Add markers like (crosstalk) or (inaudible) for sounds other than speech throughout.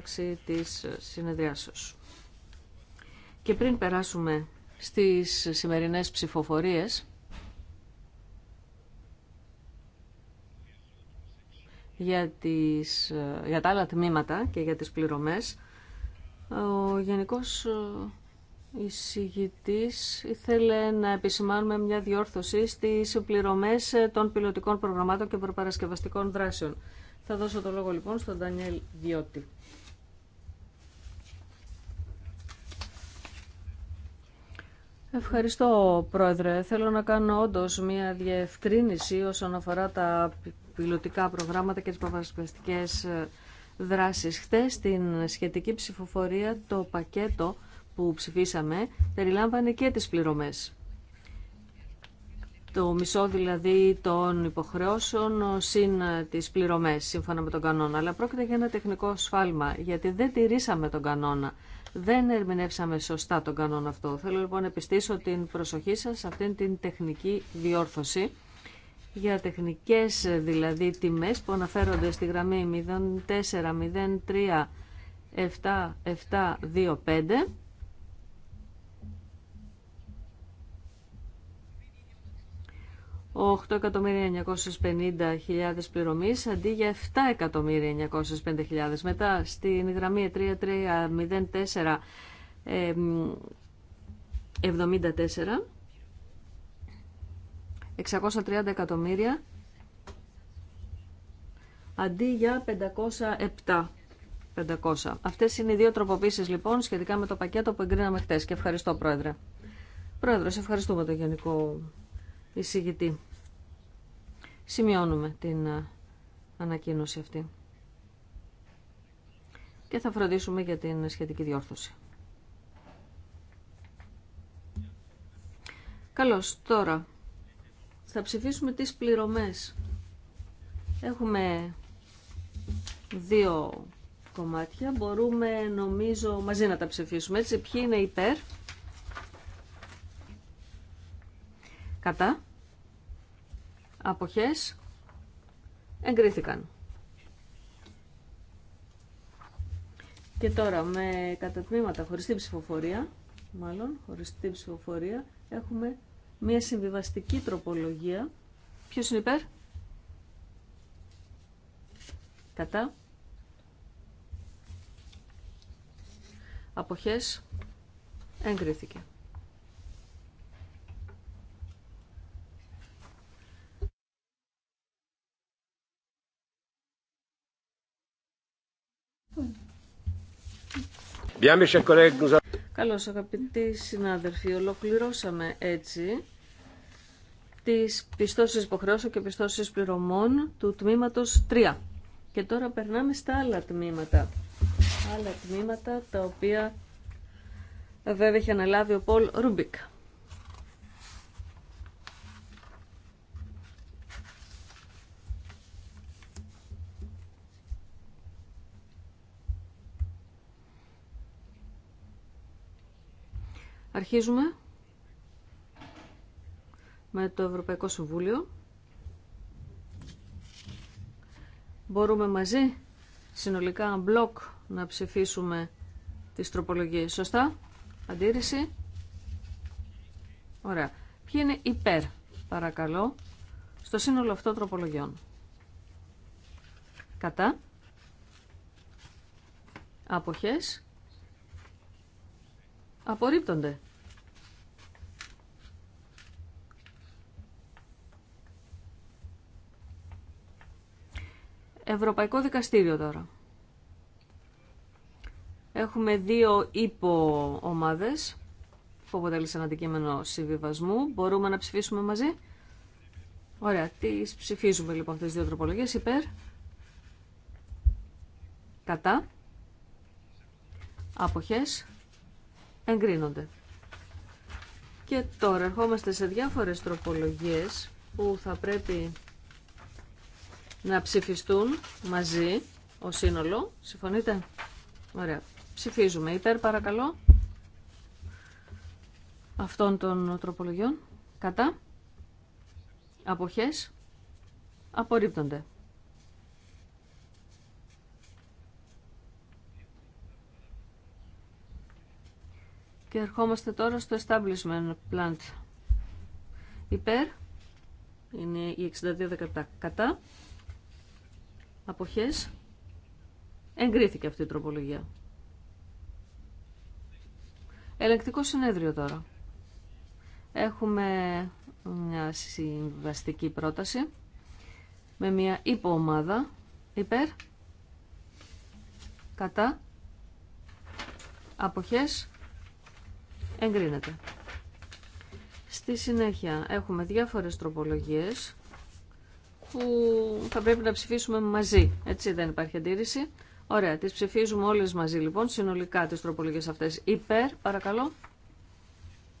της της συνεδριάσεως. Και πριν περάσουμε στις σημερινές ψηφοφορίες, για, τις, για τα άλλα τμήματα και για τις πληρωμές, ο Γενικός εισηγητής ήθελε να επισημάνουμε μια διόρθωση στις πληρωμές των πιλωτικών προγραμμάτων και προπαρασκευαστικών δράσεων. Θα δώσω το λόγο λοιπόν στον Ντανιέλ Διώτη. Ευχαριστώ, Πρόεδρε. Θέλω να κάνω όντω μια διευκρίνηση όσον αφορά τα πιλωτικά προγράμματα και τις προπαρασκευαστικές δράσεις. Χθε στην σχετική ψηφοφορία το πακέτο που ψηφίσαμε περιλάμβανε και τις πληρωμές. Το μισό δηλαδή των υποχρεώσεων συν τις πληρωμές σύμφωνα με τον κανόνα. Αλλά πρόκειται για ένα τεχνικό σφάλμα γιατί δεν τηρήσαμε τον κανόνα. Δεν ερμηνεύσαμε σωστά τον κανόνα αυτό. Θέλω λοιπόν να επιστήσω την προσοχή σας σε αυτήν την τεχνική διόρθωση για τεχνικές δηλαδή τιμές που αναφέρονται στη γραμμή 04037725 8.950.000 πληρωμή, αντί για 7.905.000. Μετά στην γραμμή 3304 ε, 74 630 εκατομμύρια αντί για 507 500. Αυτές είναι οι δύο τροποποίησεις λοιπόν σχετικά με το πακέτο που εγκρίναμε χτες και ευχαριστώ Πρόεδρε. Πρόεδρος, ευχαριστούμε τον Γενικό Εισηγητή. Σημειώνουμε την ε, ανακοίνωση αυτή. Και θα φροντίσουμε για την σχετική διόρθωση. Καλώς, τώρα θα ψηφίσουμε τις πληρωμές. Έχουμε δύο κομμάτια. Μπορούμε νομίζω μαζί να τα ψηφίσουμε. Έτσι, ποιοι είναι υπέρ. Κατά αποχές εγκρίθηκαν. Και τώρα με κατατμήματα χωριστή ψηφοφορία, μάλλον χωριστή ψηφοφορία, έχουμε μια συμβιβαστική τροπολογία. Ποιος είναι υπέρ? Κατά. Αποχές εγκρίθηκε. Καλώς αγαπητοί συνάδελφοι, ολοκληρώσαμε έτσι τις πιστώσεις υποχρεώσεων και πιστώσεις πληρωμών του τμήματος 3. Και τώρα περνάμε στα άλλα τμήματα. Άλλα τμήματα τα οποία βέβαια έχει αναλάβει ο Πολ Ρούμπικ. Αρχίζουμε με το Ευρωπαϊκό Συμβούλιο. Μπορούμε μαζί, συνολικά, μπλοκ, να ψηφίσουμε τις τροπολογίες. Σωστά. Αντίρρηση. Ωραία. Ποιοι είναι υπέρ, παρακαλώ, στο σύνολο αυτό τροπολογιών. Κατά. Αποχές. Απορρίπτονται. Ευρωπαϊκό Δικαστήριο τώρα. Έχουμε δύο υποομάδες που αποτέλεσαν αντικείμενο συμβιβασμού. Μπορούμε να ψηφίσουμε μαζί. Ωραία, Τι ψηφίζουμε λοιπόν αυτές τις δύο τροπολογίες. Υπέρ, κατά, αποχές, εγκρίνονται. Και τώρα ερχόμαστε σε διάφορες τροπολογίες που θα πρέπει να ψηφιστούν μαζί ο σύνολο. Συμφωνείτε? Ωραία. Ψηφίζουμε. Υπέρ παρακαλώ. Αυτών των τροπολογιών. Κατά. Αποχές. Απορρίπτονται. Και ερχόμαστε τώρα στο establishment plant. Υπέρ. Είναι η κατά; Κατά αποχές εγκρίθηκε αυτή η τροπολογία. Ελεκτικό συνέδριο τώρα. Έχουμε μια συμβαστική πρόταση με μια υποομάδα υπέρ κατά αποχές εγκρίνεται. Στη συνέχεια έχουμε διάφορες τροπολογίες που θα πρέπει να ψηφίσουμε μαζί. Έτσι δεν υπάρχει αντίρρηση. Ωραία, τις ψηφίζουμε όλες μαζί λοιπόν, συνολικά τις τροπολογίες αυτές. Υπέρ, παρακαλώ.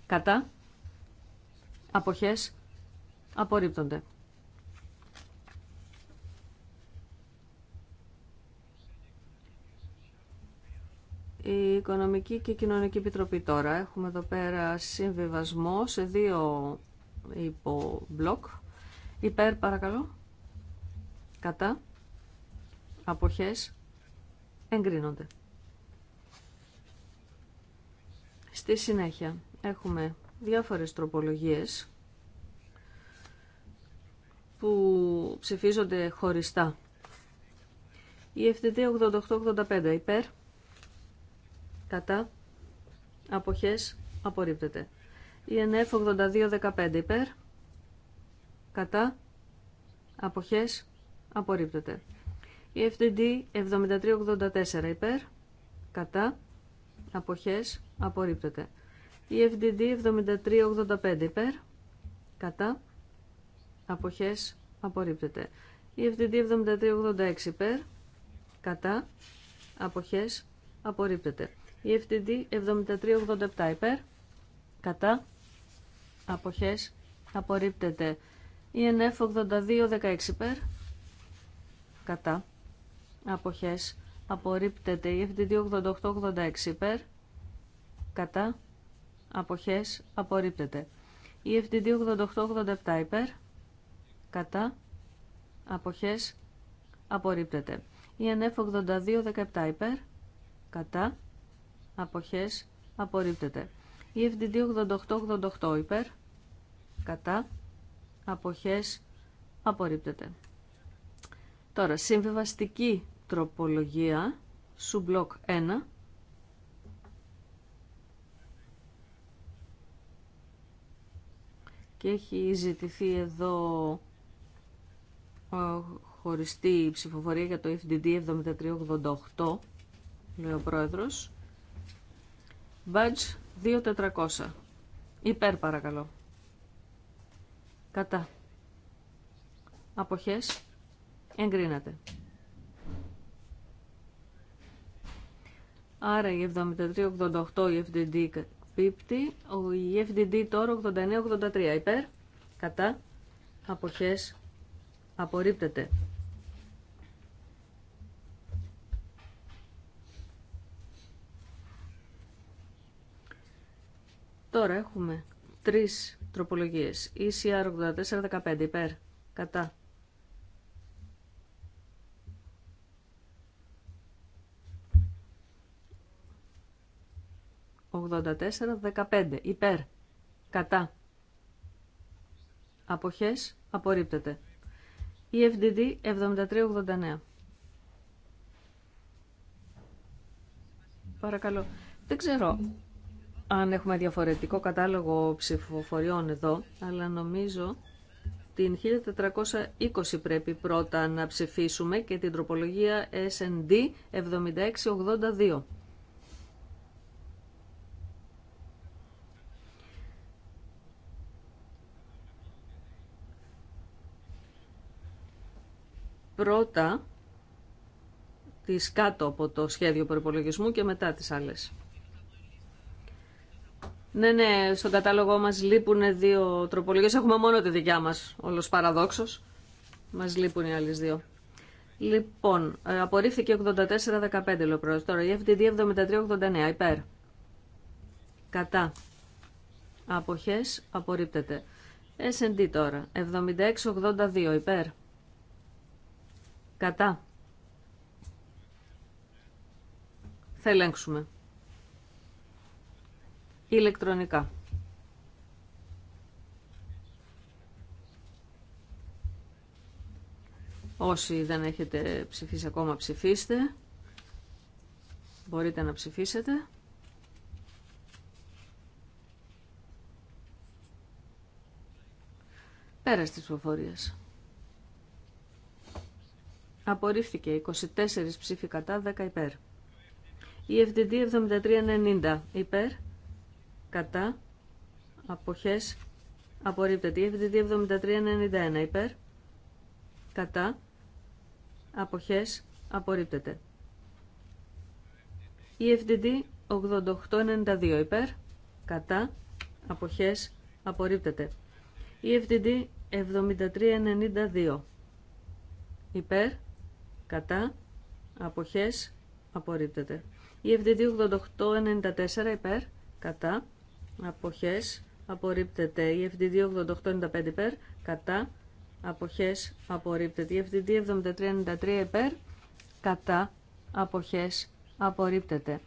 Κατά. Αποχές. Απορρίπτονται. Η Οικονομική και Κοινωνική Επιτροπή τώρα. Έχουμε εδώ πέρα συμβιβασμό σε δύο υπομπλοκ. Υπέρ παρακαλώ. Κατά. Αποχές. Εγκρίνονται. Στη συνέχεια έχουμε διάφορες τροπολογίες που ψηφίζονται χωριστά. Η FTD 8885 υπέρ, κατά, αποχές, απορρίπτεται. Η NF 8215 υπέρ, κατά, αποχές, απορρίπτεται. Η FDD 7384 υπέρ, κατά, αποχές, απορρίπτεται. Η FDD 7385 υπέρ, κατά, αποχές, απορρίπτεται. Η FDD 7386 υπέρ, κατά, αποχές, απορρίπτεται. Η FDD 7387 υπέρ, κατά, αποχές, απορρίπτεται. INF 82-16 υπέρ. Κατά. Αποχές. Απορρίπτεται η FDD 88-86 Κατά. Αποχές. Απορρίπτεται. Η FDD 88 υπέρ. Κατά. Αποχές. Απορρίπτεται. Η NF 82-17 υπέρ. Κατά. Αποχές. Απορρίπτεται. Η FDD 88-88 υπέρ. Κατά αποχές απορρίπτεται. Τώρα, συμβιβαστική τροπολογία, σου μπλοκ 1. Και έχει ζητηθεί εδώ χωριστή ψηφοφορία για το FDD 7388, λέει ο πρόεδρος. Badge 2400. Υπέρ παρακαλώ κατά αποχές εγκρίνατε. Άρα η 73-88 η FDD πίπτει, η FDD τώρα 89-83 υπέρ, κατά, αποχές, απορρίπτεται. Τώρα έχουμε τρεις τροπολογίες. ECR 8415 υπέρ. Κατά. υπέρ, κατά, αποχές, απορρίπτεται». EFDD 7389. Παρακαλώ. Δεν ξέρω αν έχουμε διαφορετικό κατάλογο ψηφοφοριών εδώ, αλλά νομίζω την 1420 πρέπει πρώτα να ψηφίσουμε και την τροπολογία SND 7682. Πρώτα τις κάτω από το σχέδιο προπολογισμού και μετά τις άλλες. Ναι, ναι, στον κατάλογό μας λείπουν δύο τροπολογίες. Έχουμε μόνο τη δικιά μας, όλος παραδόξος. Μας λείπουν οι άλλες δύο. Λοιπόν, ε, απορρίφθηκε 84-15 λεπτο Τώρα η FDD 73-89, υπέρ. Κατά. Αποχές, απορρίπτεται. S&D τώρα, 76-82, υπέρ. Κατά. Θα ελέγξουμε ηλεκτρονικά. Όσοι δεν έχετε ψηφίσει ακόμα ψηφίστε. Μπορείτε να ψηφίσετε. Πέρα στις ψηφοφορίες. Απορρίφθηκε 24 ψήφοι κατά 10 υπέρ. Η FDD 7390 υπέρ κατά, αποχές, απορρίπτεται. Η FDD 7391 υπέρ, κατά, αποχές, απορρίπτεται. Η FDD 8892 υπέρ, κατά, αποχές, απορρίπτεται. Η FDD 7392 υπέρ, κατά, αποχές, απορρίπτεται. Η FDD 8894 υπέρ, κατά, αποχές απορρίπτεται. Η FDD 8895 υπέρ, κατά, αποχές απορρίπτεται. Η FDD 7393 υπέρ, κατά, αποχές απορρίπτεται.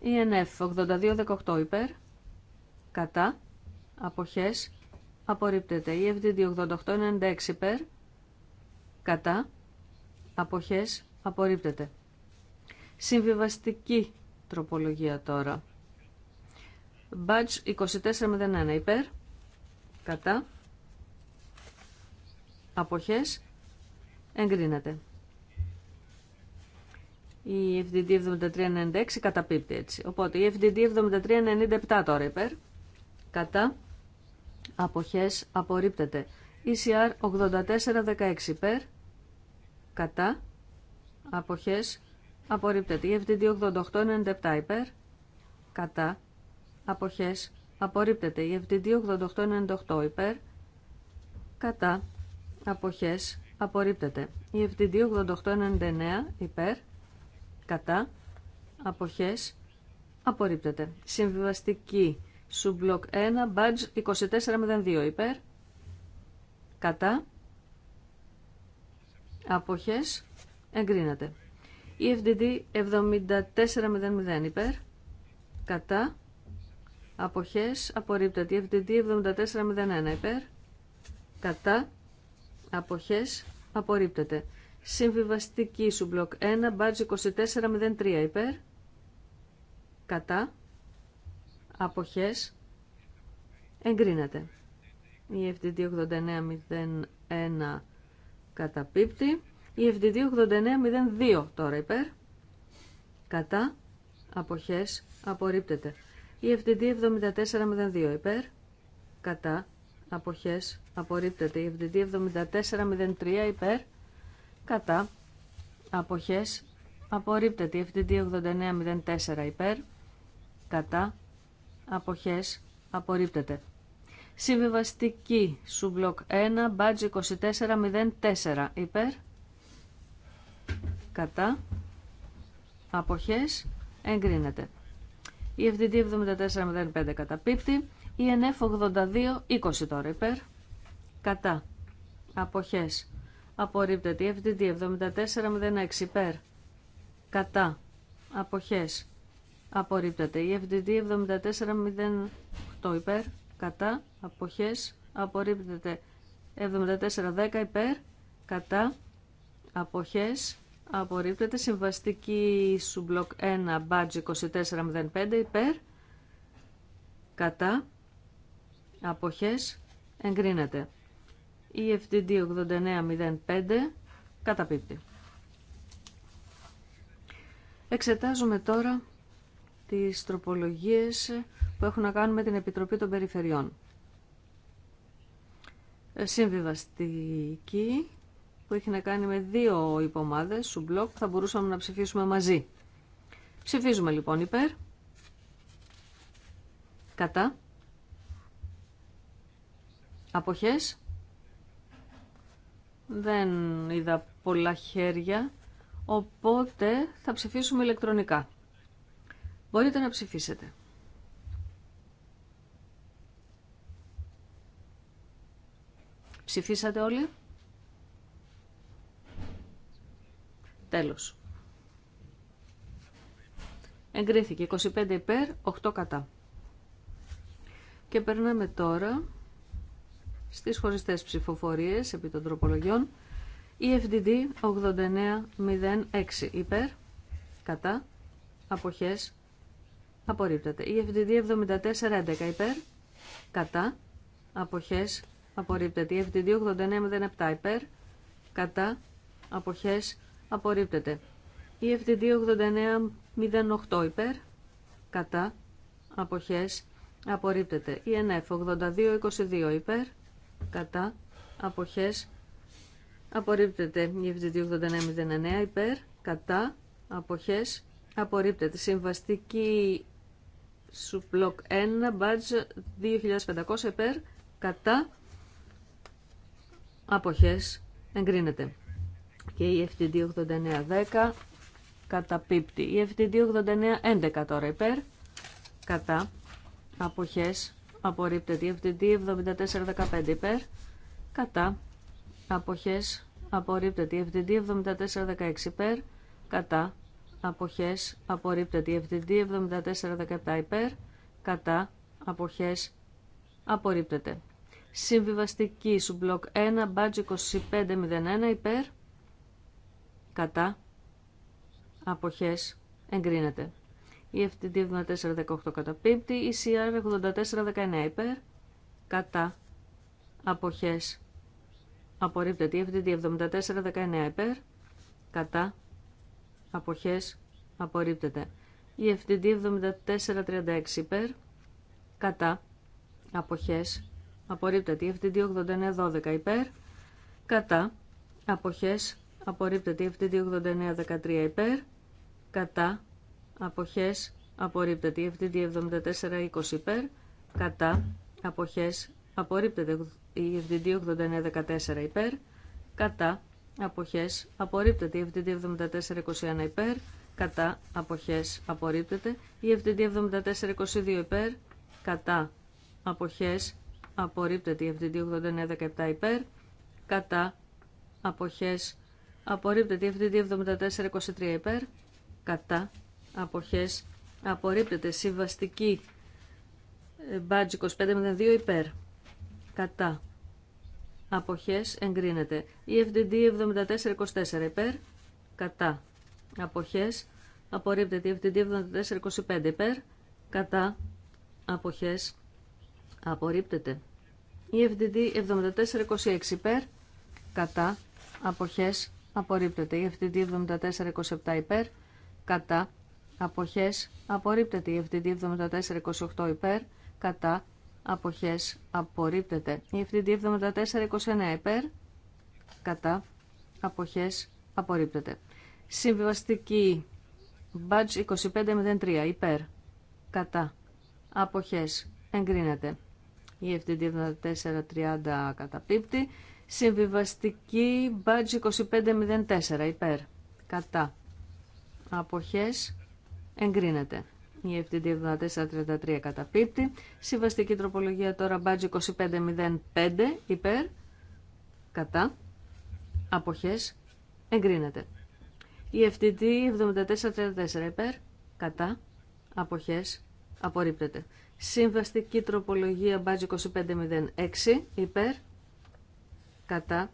Η NF 8218 υπέρ, κατά, αποχές απορρίπτεται. Η FDD 8896 υπέρ, κατά, αποχές απορρίπτεται. Συμβιβαστική τροπολογία τώρα. Badge 2401 υπέρ, κατά, αποχές, εγκρίνεται. Η FDD 7396 καταπίπτει έτσι. Οπότε η FDD 7397 τώρα υπέρ, κατά, αποχές, απορρίπτεται. ECR 8416 υπέρ, κατά, αποχές, Απορρίπτεται. Η FDD 8897 υπέρ. Κατά. Αποχές. Απορρίπτεται. Η FDD 8898 υπέρ. Κατά. Αποχές. Απορρίπτεται. Η FDD 8899 υπέρ. Κατά. Αποχές. Απορρίπτεται. Συμβιβαστική. Σουμπλοκ 1. Μπάτζ 2402 υπέρ. Κατά. Αποχές. Εγκρίνεται. Η FDD 7400 υπέρ, κατά, αποχές, απορρίπτεται. FDD 7401 υπέρ, κατά, αποχές, απορρίπτεται. Συμβιβαστική σου μπλοκ 1, μπάτζ 2403 υπέρ, κατά, αποχές, εγκρίνεται. Η FDD 8901 καταπίπτει. Η FDD 8902 τώρα υπέρ. Κατά. Αποχές. Απορρίπτεται. Η FDD 7402 υπέρ. Κατά. Αποχές. Απορρίπτεται. Η FDD 7403 υπέρ. Κατά. Αποχές. Απορρίπτεται. Η FDD 8904 υπέρ. Κατά. Αποχές. Απορρίπτεται. Συμβιβαστική. σου μπλοκ 1. Μπάτζ 2404 υπέρ κατά, αποχές, εγκρίνεται. Η FDD 7405 κατά πίπτη, η NF 8220 τώρα υπέρ, κατά, αποχές, απορρίπτεται. Η FDD 7406 υπέρ, κατά, αποχές, απορρίπτεται. Η FDD 7408 υπέρ, κατά, αποχές, απορρίπτεται. 7410 υπέρ, κατά, αποχές, Απορρίπτεται συμβαστική σου μπλοκ 1 μπάτζι 2405 υπέρ. Κατά. Αποχές. Εγκρίνεται. Η FDD 8905 καταπίπτει. Εξετάζουμε τώρα τις τροπολογίες που έχουν να κάνουν με την Επιτροπή των Περιφερειών. Ε, συμβιβαστική που έχει να κάνει με δύο υπομάδες σου μπλοκ θα μπορούσαμε να ψηφίσουμε μαζί. Ψηφίζουμε λοιπόν υπέρ. Κατά. Αποχές. Δεν είδα πολλά χέρια, οπότε θα ψηφίσουμε ηλεκτρονικά. Μπορείτε να ψηφίσετε. Ψηφίσατε όλοι. Τέλος. Εγκρίθηκε 25 υπέρ, 8 κατά. Και περνάμε τώρα στις χωριστές ψηφοφορίες επί των τροπολογιών. Η FDD 8906 υπέρ, κατά, αποχές, απορρίπτεται. FDD 7411 υπέρ, κατά, αποχές, απορρίπτεται. FDD 8907 υπέρ, κατά, αποχές, απορρίπτεται. Η FD28908 υπέρ, κατά, αποχές, απορρίπτεται. Η NF8222 υπέρ, κατά, αποχές, απορρίπτεται. Η FD28909 υπέρ, κατά, αποχές, απορρίπτεται. Συμβαστική σου μπλοκ 1, badge 2500 υπέρ, κατά, αποχές, εγκρίνεται και η FTD 8910 καταπίπτει. Η FTD 8911 τώρα υπέρ, κατά, αποχές, απορρίπτεται. Η FTD 7415 υπέρ, κατά, αποχές, απορρίπτεται. Η FTD 7416 υπέρ, κατά, αποχές, απορρίπτεται. Η FTD 7417 υπέρ, κατά, αποχές, απορρίπτεται. Συμβιβαστική σου μπλοκ 1, μπάτζ 2501 υπέρ, κατά, αποχές, εγκρίνεται. Η FTD 7418 καταπίπτει, η CR 8419 υπέρ, κατά, αποχές, απορρίπτεται. Η FTD 7419 υπέρ, κατά, αποχές, απορρίπτεται. Η FTD 7436 υπέρ, κατά, αποχές, απορρίπτεται. Η FTD 8912 υπέρ, κατά, αποχές, απορρίπτεται. FTD FTD 7420 υπέρ, κατά, αποχές, απορρίπτεται. FTD 74 υπέρ, κατά, αποχές, απορρίπτεται. Η FTD 7421 υπέρ, κατά, αποχές, απορρίπτεται. Η FTD 74 υπέρ, κατά, αποχές, απορρίπτεται. Η FTD 74 υπέρ, κατά, αποχές, απορρίπτεται. Η FTD 8917 υπέρ, κατά, αποχές, Απορρίπτεται η FDD 7423 υπέρ. Κατά. Αποχές. Απορρίπτεται συμβαστική badge ε, 2502 υπέρ. Κατά. Αποχές εγκρίνεται. Η FDD 7424 υπέρ. Κατά. Αποχές. Απορρίπτεται η FDD 7425 υπέρ. Κατά. Αποχές. Απορρίπτεται. Η FDD 7426 υπέρ. Κατά. Αποχές απορρίπτεται. Η FTD 7427 υπέρ, κατά, αποχές, απορρίπτεται. Η FTD 7428 υπέρ, κατά, αποχές, απορρίπτεται. Η FTD 7429 υπέρ, κατά, αποχές, απορρίπτεται. Συμβιβαστική badge 2503 υπέρ, κατά, αποχές, εγκρίνεται. Η FTD 7430 καταπίπτει. Συμβιβαστική μπάτζη 2504 υπέρ. Κατά. Αποχές εγκρίνεται. Η FTD 7433 καταπίπτει. Συμβαστική τροπολογία τώρα μπάτζη 2505 υπέρ. Κατά. Αποχές εγκρίνεται. Η FTD 7434 υπέρ. Κατά. Αποχές απορρίπτεται. Συμβαστική τροπολογία μπάτζ 2506 υπέρ κατά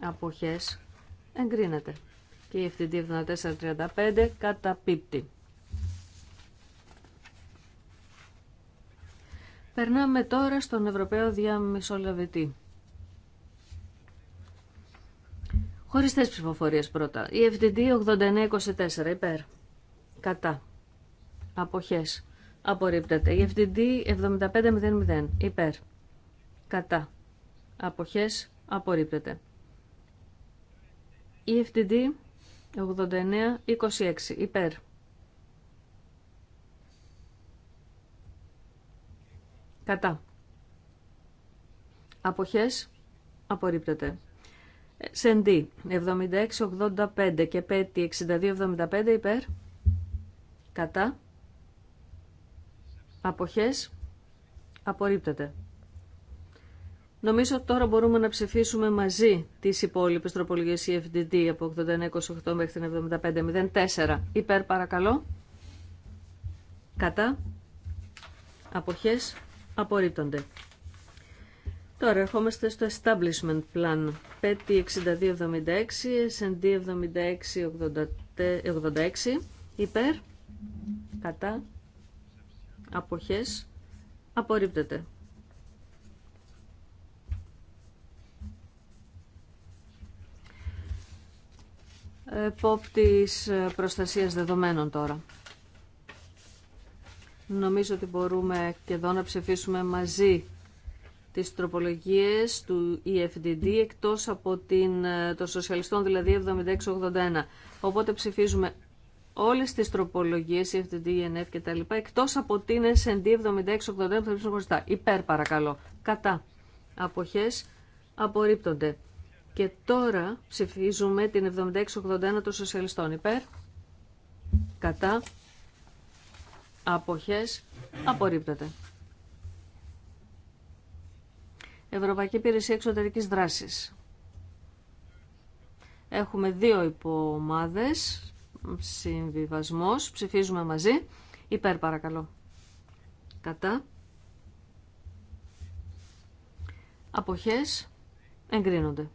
αποχές εγκρίνεται. Και η FTD 7435 πίπτη Περνάμε τώρα στον Ευρωπαίο Διαμεσολαβητή. Χωριστές ψηφοφορίες πρώτα. Η FTD 8924 υπέρ. Κατά. Αποχές. Απορρίπτεται. Η FTD 7500 υπέρ. Κατά αποχές απορρίπτεται. EFTD 89-26 υπέρ. Κατά. Αποχές απορρίπτεται. 7685 και Πέτη 62-75 υπέρ. Κατά. Αποχές απορρίπτεται. Νομίζω τώρα μπορούμε να ψηφίσουμε μαζί τι υπόλοιπε τροπολογίε EFDD απο 8128 μέχρι την 75 Υπέρ παρακαλώ. Κατά. Αποχέ. Απορρίπτονται. Τώρα ερχόμαστε στο establishment plan. 56276, S&D 7686, υπέρ, κατά, αποχές, απορρίπτεται. επόπτης ε, προστασίας δεδομένων τώρα. Νομίζω ότι μπορούμε και εδώ να ψηφίσουμε μαζί τις τροπολογίες του EFDD εκτός από την, ε, των σοσιαλιστών, δηλαδή 7681. Οπότε ψηφίζουμε όλες τις τροπολογίες, EFDD, ENF και τα λοιπά, εκτός από την S&D 7681 που θα ψηφίσουμε Υπέρ παρακαλώ. Κατά. Αποχές απορρίπτονται. Και τώρα ψηφίζουμε την 7681 των Σοσιαλιστών. Υπέρ, κατά, αποχές, απορρίπτεται. Ευρωπαϊκή Υπηρεσία Εξωτερικής Δράσης. Έχουμε δύο υποομάδες, συμβιβασμός, ψηφίζουμε μαζί. Υπέρ παρακαλώ. Κατά. Αποχές εγκρίνονται.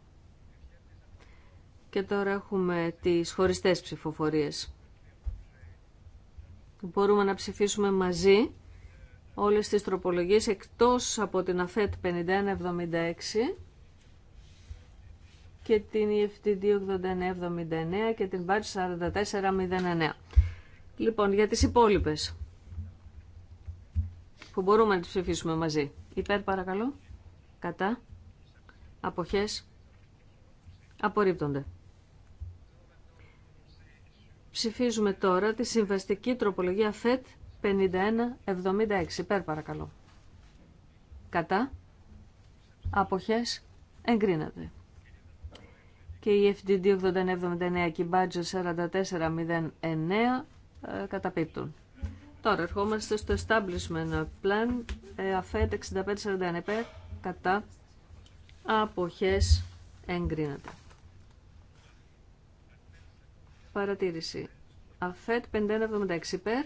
Και τώρα έχουμε τις χωριστές ψηφοφορίες. Μπορούμε να ψηφίσουμε μαζί όλες τις τροπολογίες εκτός από την ΑΦΕΤ 5176 και την EFT 28979 και την Batch 4409. Λοιπόν, για τις υπόλοιπες που μπορούμε να τις ψηφίσουμε μαζί. Υπέρ παρακαλώ. Κατά. Αποχές. Απορρίπτονται. Ψηφίζουμε τώρα τη συμβαστική τροπολογία ΦΕΤ 5176. Υπέρ παρακαλώ. Κατά. Αποχές. Εγκρίνεται. Και η FDD 8979 και η Badger 4409 ε, καταπίπτουν. Τώρα ερχόμαστε στο Establishment Plan ε, ΑΦΕΤ 6541 υπέρ κατά αποχές εγκρίνεται. Παρατήρηση. Αφέτ 5176 υπέρ.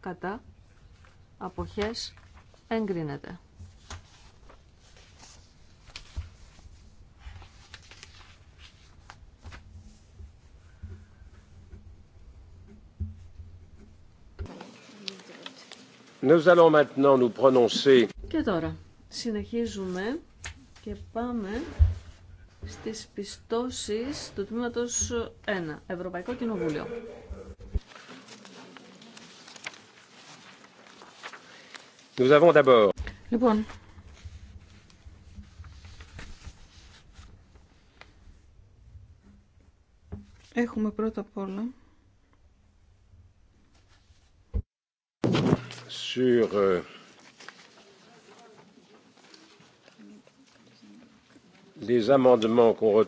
Κατά. Αποχές. Εγκρίνεται. Nous allons maintenant nous prononcer. Και τώρα συνεχίζουμε και πάμε στις πιστώσεις του τμήματος 1, Ευρωπαϊκό Κοινοβούλιο. Nous avons λοιπόν, έχουμε πρώτα απ' όλα Sur, euh, les amendements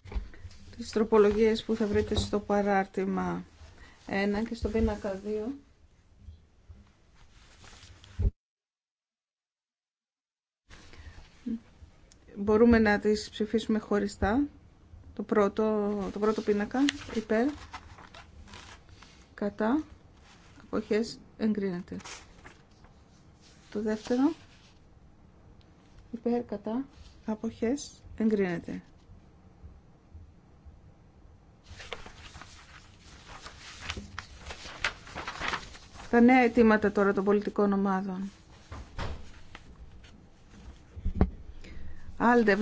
Τις τροπολογίες που θα βρείτε στο παράρτημα 1 και στο πίνακα 2. Μπορούμε να τις ψηφίσουμε χωριστά. Το πρώτο, το πρώτο πίνακα υπέρ, κατά, αποχές εγκρίνεται. Το δεύτερο υπέρ, κατά, αποχές Εγκρίνεται. Τα νέα αιτήματα τώρα των πολιτικών ομάδων. Άλντε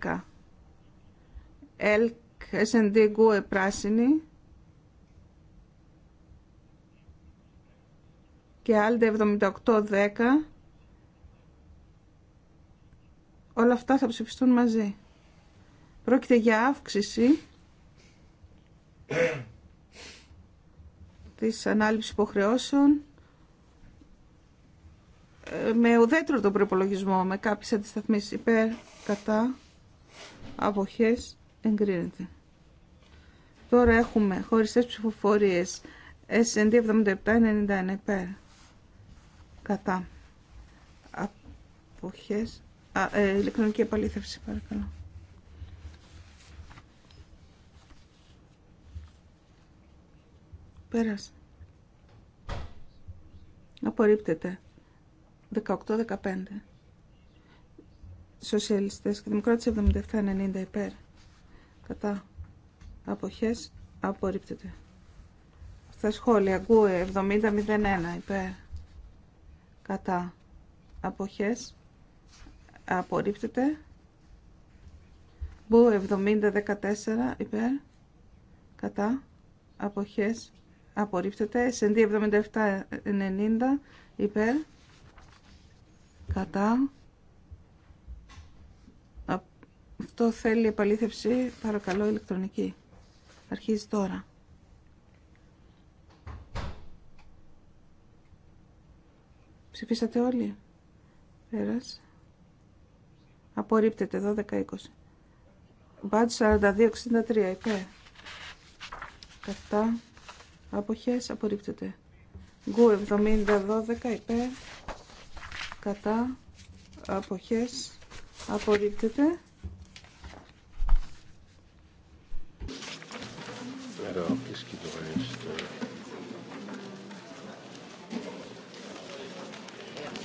78-10. ΕΛΚ, SND, ΓΚΟΕ, πράσινη. Και αλτε 78 78-10 όλα αυτά θα ψηφιστούν μαζί. Πρόκειται για αύξηση της ανάληψης υποχρεώσεων ε, με ουδέτερο τον προπολογισμό, με κάποιες αντισταθμίσεις υπέρ, κατά, αποχές, εγκρίνεται. Τώρα έχουμε χωριστές ψηφοφορίες S&D 77-91 υπέρ, κατά, αποχές, ε, ηλεκτρονική επαλήθευση, παρακαλώ. Πέρασε. Απορρίπτεται. 18-15. Σοσιαλιστές και δημοκράτες 77-90 υπέρ. Κατά. Αποχές. Απορρίπτεται. Στα σχόλια. Γκούε 70-01 υπέρ. Κατά. Αποχές απορρίπτεται. Μπου 70-14 υπέρ, κατά, αποχές, απορρίπτεται. Σεντή 77-90 υπέρ, κατά. Αυτό θέλει επαλήθευση, παρακαλώ, ηλεκτρονική. Αρχίζει τώρα. Ψηφίσατε όλοι. Πέρασε. Απορρίπτεται 12-20. Μπάτ 42-63 υπέρ. Κατά. Αποχές απορρίπτεται. Γκου 70-12 υπέρ. Κατά. Αποχές απορρίπτεται.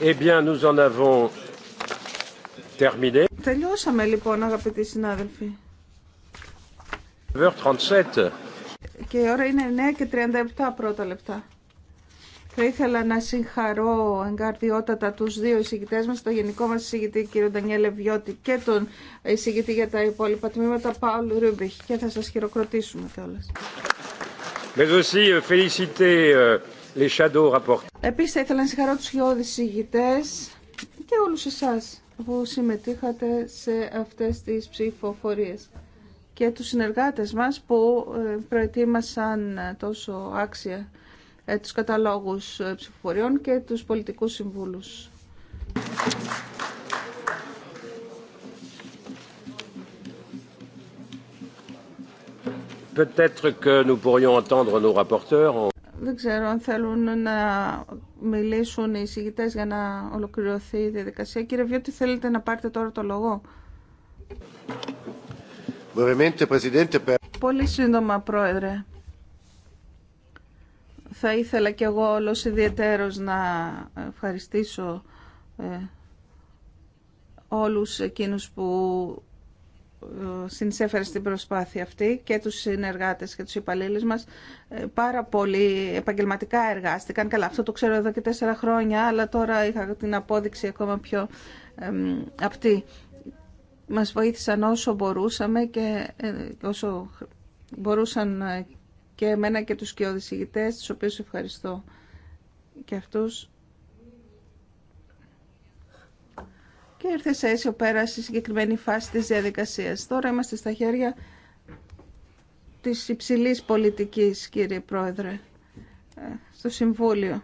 Eh bien, nous en avons Τελειώσαμε λοιπόν αγαπητοί συνάδελφοι. Και η ώρα είναι 9 και 37 πρώτα λεπτά. Θα ήθελα να συγχαρώ εγκαρδιότατα τους δύο εισηγητές μας, τον γενικό μας εισηγητή κύριο Ντανιέλε Βιώτη, και τον εισηγητή για τα υπόλοιπα τμήματα Παουλ Ρούμπιχ και θα σας χειροκροτήσουμε κιόλας. Mais euh, euh, Επίσης θα ήθελα να συγχαρώ τους γεώδεις εισηγητές και όλους εσάς που συμμετείχατε σε αυτές τις ψηφοφορίες και τους συνεργάτες μας που ε, προετοίμασαν τόσο άξια ε, τους καταλόγους ε, ψηφοφοριών και τους πολιτικούς συμβούλους. Peut-être que δεν ξέρω αν θέλουν να μιλήσουν οι εισηγητές για να ολοκληρωθεί η διαδικασία. Κύριε Βιώτη, θέλετε να πάρετε τώρα το λόγο. Πολύ σύντομα, Πρόεδρε. Θα ήθελα κι εγώ όλος ιδιαίτερος να ευχαριστήσω ε, όλους εκείνους που συνεισέφερε στην προσπάθεια αυτή και τους συνεργάτες και τους υπαλλήλους μας ε, πάρα πολύ επαγγελματικά εργάστηκαν. Καλά, αυτό το ξέρω εδώ και τέσσερα χρόνια, αλλά τώρα είχα την απόδειξη ακόμα πιο εμ, απτή. Μας βοήθησαν όσο μπορούσαμε και ε, όσο μπορούσαν ε, και εμένα και τους κοιόδης ηγητές, τους οποίους ευχαριστώ και αυτούς και ήρθε σε αίσιο πέρα στη συγκεκριμένη φάση της διαδικασίας. Τώρα είμαστε στα χέρια της υψηλής πολιτικής, κύριε Πρόεδρε, ε, στο Συμβούλιο.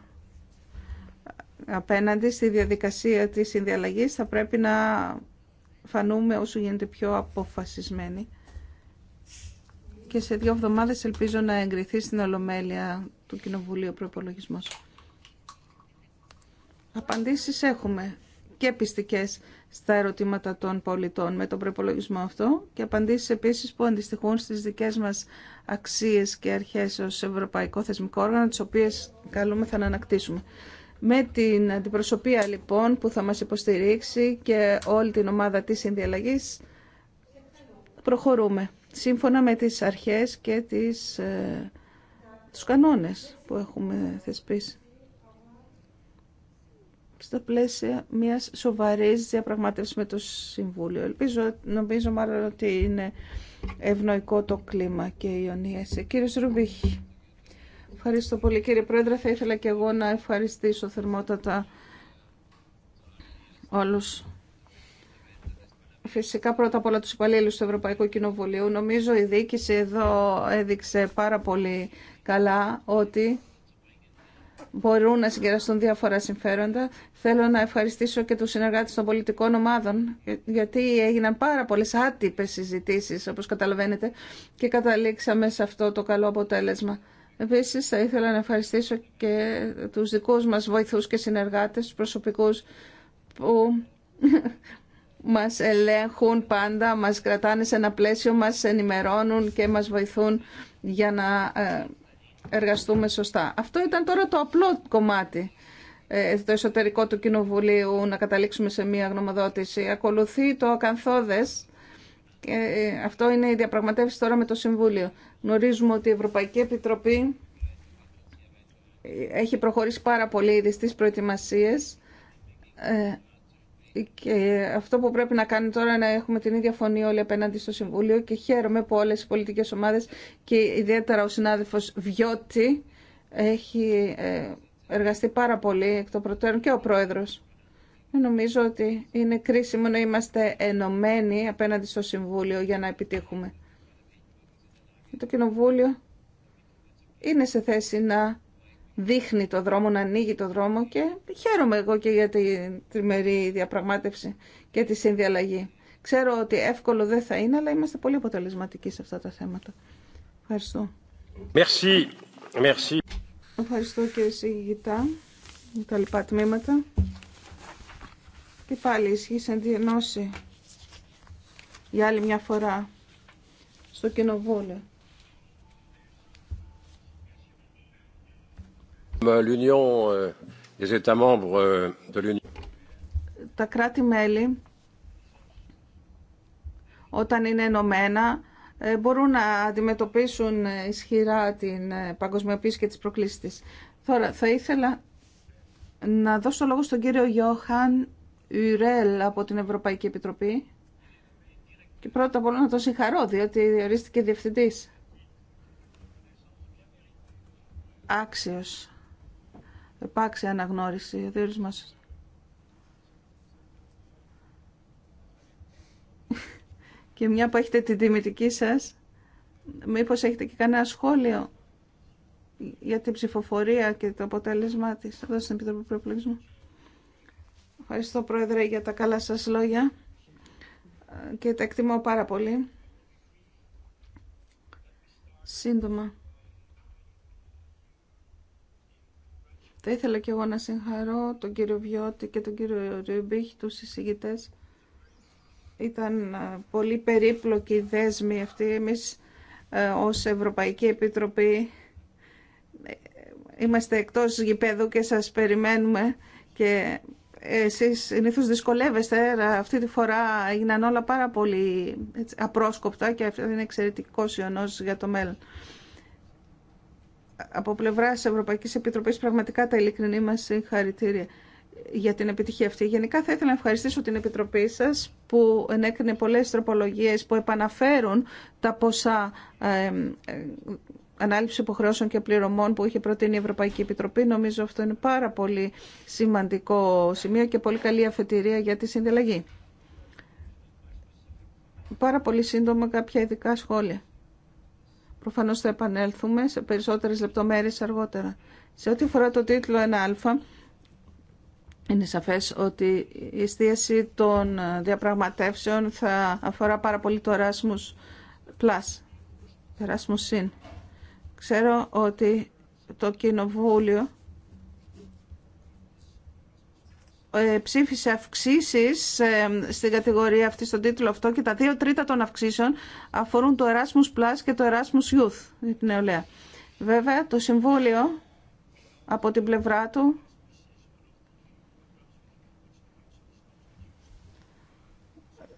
Απέναντι στη διαδικασία της συνδιαλλαγής θα πρέπει να φανούμε όσο γίνεται πιο αποφασισμένοι. Και σε δύο εβδομάδες ελπίζω να εγκριθεί στην Ολομέλεια του Κοινοβουλίου Προπολογισμό. Απαντήσεις έχουμε και πιστικές στα ερωτήματα των πολιτών με τον προπολογισμό αυτό και απαντήσεις επίσης που αντιστοιχούν στις δικές μας αξίες και αρχές ως Ευρωπαϊκό Θεσμικό Όργανο, τις οποίες καλούμε θα ανακτήσουμε. Με την αντιπροσωπεία λοιπόν που θα μας υποστηρίξει και όλη την ομάδα της συνδιαλλαγής προχωρούμε σύμφωνα με τις αρχές και τις, ε, τους κανόνες που έχουμε θεσπίσει στα πλαίσια μια σοβαρή διαπραγμάτευση με το Συμβούλιο. Ελπίζω, νομίζω μάλλον ότι είναι ευνοϊκό το κλίμα και η Ιωνία. Κύριε Ρουμπίχη, ευχαριστώ πολύ κύριε Πρόεδρε. Θα ήθελα και εγώ να ευχαριστήσω θερμότατα όλους. Φυσικά πρώτα απ' όλα τους υπαλλήλους του Ευρωπαϊκού Κοινοβουλίου. Νομίζω η διοίκηση εδώ έδειξε πάρα πολύ καλά ότι μπορούν να συγκεραστούν διάφορα συμφέροντα. Θέλω να ευχαριστήσω και τους συνεργάτες των πολιτικών ομάδων, γιατί έγιναν πάρα πολλές άτυπες συζητήσεις, όπως καταλαβαίνετε, και καταλήξαμε σε αυτό το καλό αποτέλεσμα. Επίσης, θα ήθελα να ευχαριστήσω και τους δικούς μας βοηθούς και συνεργάτες, τους προσωπικούς που (laughs) μας ελέγχουν πάντα, μας κρατάνε σε ένα πλαίσιο, μας ενημερώνουν και μας βοηθούν για να ε, εργαστούμε σωστά. Αυτό ήταν τώρα το απλό κομμάτι στο ε, εσωτερικό του Κοινοβουλίου να καταλήξουμε σε μία γνωμοδότηση. Ακολουθεί το Ακανθόδες. και ε, ε, αυτό είναι η διαπραγματεύση τώρα με το Συμβούλιο. Γνωρίζουμε ότι η Ευρωπαϊκή Επιτροπή έχει προχωρήσει πάρα πολύ ήδη στις προετοιμασίες και αυτό που πρέπει να κάνει τώρα είναι να έχουμε την ίδια φωνή όλοι απέναντι στο Συμβούλιο και χαίρομαι που όλες οι πολιτικές ομάδες και ιδιαίτερα ο συνάδελφος Βιώτη έχει ε, εργαστεί πάρα πολύ εκ των προτέρων και ο Πρόεδρος. Ε, νομίζω ότι είναι κρίσιμο να είμαστε ενωμένοι απέναντι στο Συμβούλιο για να επιτύχουμε. Το Κοινοβούλιο είναι σε θέση να δείχνει το δρόμο, να ανοίγει το δρόμο και χαίρομαι εγώ και για την τριμερή διαπραγμάτευση και τη συνδιαλλαγή. Ξέρω ότι εύκολο δεν θα είναι, αλλά είμαστε πολύ αποτελεσματικοί σε αυτά τα θέματα. Ευχαριστώ. Merci. Merci. Ευχαριστώ κύριε Σιγητά για τα λοιπά τμήματα. Και πάλι ισχύει σαν για άλλη μια φορά στο κοινοβούλιο. Euh, euh, euh, Τα κράτη-μέλη, όταν είναι ενωμένα, ε, μπορούν να αντιμετωπίσουν ισχυρά την ε, παγκοσμιοποίηση και τις προκλήσεις της. Τώρα, θα ήθελα να δώσω λόγο στον κύριο Γιώχαν Ιουρέλ από την Ευρωπαϊκή Επιτροπή. Και πρώτα μπορώ να τον συγχαρώ, διότι ορίστηκε διευθυντής. Άξιος επάξια αναγνώριση. Ο μας (laughs) Και μια που έχετε την τιμητική σας, μήπως έχετε και κανένα σχόλιο για την ψηφοφορία και το αποτέλεσμά της εδώ στην Επιτροπή Προπολογισμού. Ευχαριστώ Πρόεδρε για τα καλά σας λόγια ε, και τα εκτιμώ πάρα πολύ. Σύντομα. Θα ήθελα και εγώ να συγχαρώ τον κύριο Βιώτη και τον κύριο Ριμπίχ, τους συζητητέ. Ήταν ε, πολύ περίπλοκη δέσμη αυτή. Εμείς ε, ως Ευρωπαϊκή Επιτροπή ε, είμαστε εκτός γηπέδου και σας περιμένουμε και εσείς συνήθω δυσκολεύεστε, αυτή τη φορά έγιναν όλα πάρα πολύ απρόσκοπτα και αυτό είναι εξαιρετικό ιονός για το μέλλον από πλευρά τη Ευρωπαϊκή Επιτροπή πραγματικά τα ειλικρινή μα συγχαρητήρια για την επιτυχία αυτή. Γενικά θα ήθελα να ευχαριστήσω την Επιτροπή σας που ενέκρινε πολλές τροπολογίες που επαναφέρουν τα ποσά ε, ε, ανάληψη υποχρεώσεων και πληρωμών που είχε προτείνει η Ευρωπαϊκή Επιτροπή. Νομίζω αυτό είναι πάρα πολύ σημαντικό σημείο και πολύ καλή αφετηρία για τη συνδελαγή. Πάρα πολύ σύντομα κάποια ειδικά σχόλια. Προφανώς θα επανέλθουμε σε περισσότερες λεπτομέρειες αργότερα. Σε ό,τι αφορά το τίτλο 1α, είναι σαφές ότι η εστίαση των διαπραγματεύσεων θα αφορά πάρα πολύ το Erasmus Plus, Erasmus Ξέρω ότι το Κοινοβούλιο Ε, ψήφισε αυξήσεις ε, στην κατηγορία αυτή, στον τίτλο αυτό και τα δύο τρίτα των αυξήσεων αφορούν το Erasmus Plus και το Erasmus Youth, την νεολαία. Βέβαια, το Συμβούλιο από την πλευρά του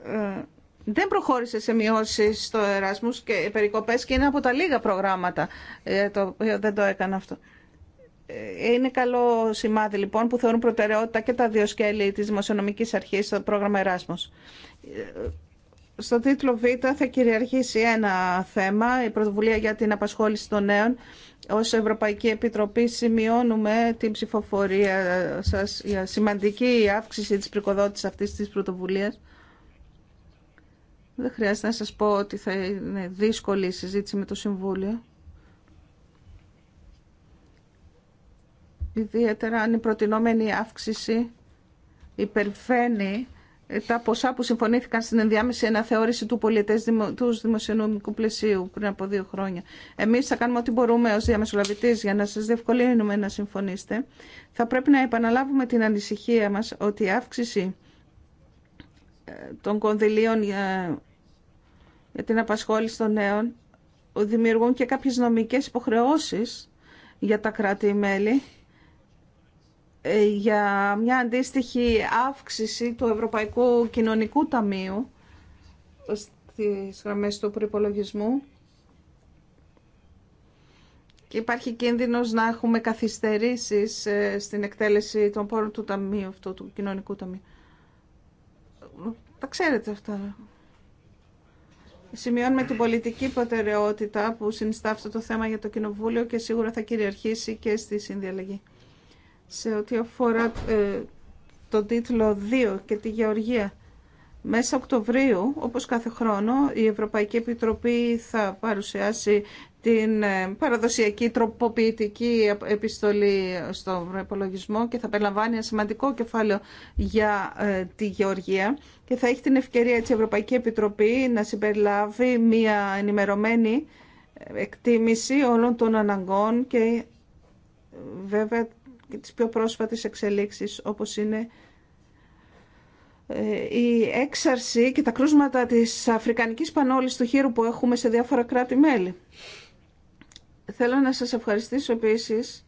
ε, δεν προχώρησε σε μειώσεις στο Erasmus και περικοπές και είναι από τα λίγα προγράμματα το δεν το έκανε αυτό. Ε, είναι καλό σημάδι λοιπόν που θεωρούν προτεραιότητα και τα δύο σκέλη της Δημοσιονομικής Αρχής στο πρόγραμμα Εράσμος. Ε, στο τίτλο Β θα κυριαρχήσει ένα θέμα, η πρωτοβουλία για την απασχόληση των νέων. Ως Ευρωπαϊκή Επιτροπή σημειώνουμε την ψηφοφορία σας για σημαντική αύξηση της πρικοδότησης αυτής της πρωτοβουλίας. Δεν χρειάζεται να σας πω ότι θα είναι δύσκολη η συζήτηση με το Συμβούλιο. Ιδιαίτερα αν η προτινόμενη αύξηση υπερβαίνει τα ποσά που συμφωνήθηκαν στην ενδιάμεση αναθεώρηση του πολιτές του δημοσιονομικού πλαισίου πριν από δύο χρόνια. Εμείς θα κάνουμε ό,τι μπορούμε ως διαμεσολαβητής για να σας διευκολύνουμε να συμφωνήσετε. Θα πρέπει να επαναλάβουμε την ανησυχία μας ότι η αύξηση ε, των κονδυλίων για, για την απασχόληση των νέων δημιουργούν και κάποιες νομικές υποχρεώσεις για τα κράτη-μέλη ε, για μια αντίστοιχη αύξηση του Ευρωπαϊκού Κοινωνικού Ταμείου στις γραμμές του προϋπολογισμού και υπάρχει κίνδυνος να έχουμε καθυστερήσεις ε, στην εκτέλεση των πόρων του Ταμείου αυτού, του Κοινωνικού Ταμείου. Τα ξέρετε αυτά. Σημειώνουμε την πολιτική προτεραιότητα που συνιστά αυτό το θέμα για το Κοινοβούλιο και σίγουρα θα κυριαρχήσει και στη συνδιαλλαγή σε ό,τι αφορά ε, τον τίτλο 2 και τη γεωργία. Μέσα Οκτωβρίου, όπως κάθε χρόνο, η Ευρωπαϊκή Επιτροπή θα παρουσιάσει την ε, παραδοσιακή τροποποιητική επιστολή στον προπολογισμό και θα περιλαμβάνει ένα σημαντικό κεφάλαιο για ε, τη Γεωργία και θα έχει την ευκαιρία της Ευρωπαϊκή Επιτροπή να συμπεριλάβει μια ενημερωμένη εκτίμηση όλων των αναγκών και βέβαια και τις πιο πρόσφατες εξελίξεις όπως είναι ε, η έξαρση και τα κρούσματα της αφρικανικής πανόλης του χείρου που έχουμε σε διάφορα κράτη-μέλη. Θέλω να σας ευχαριστήσω επίσης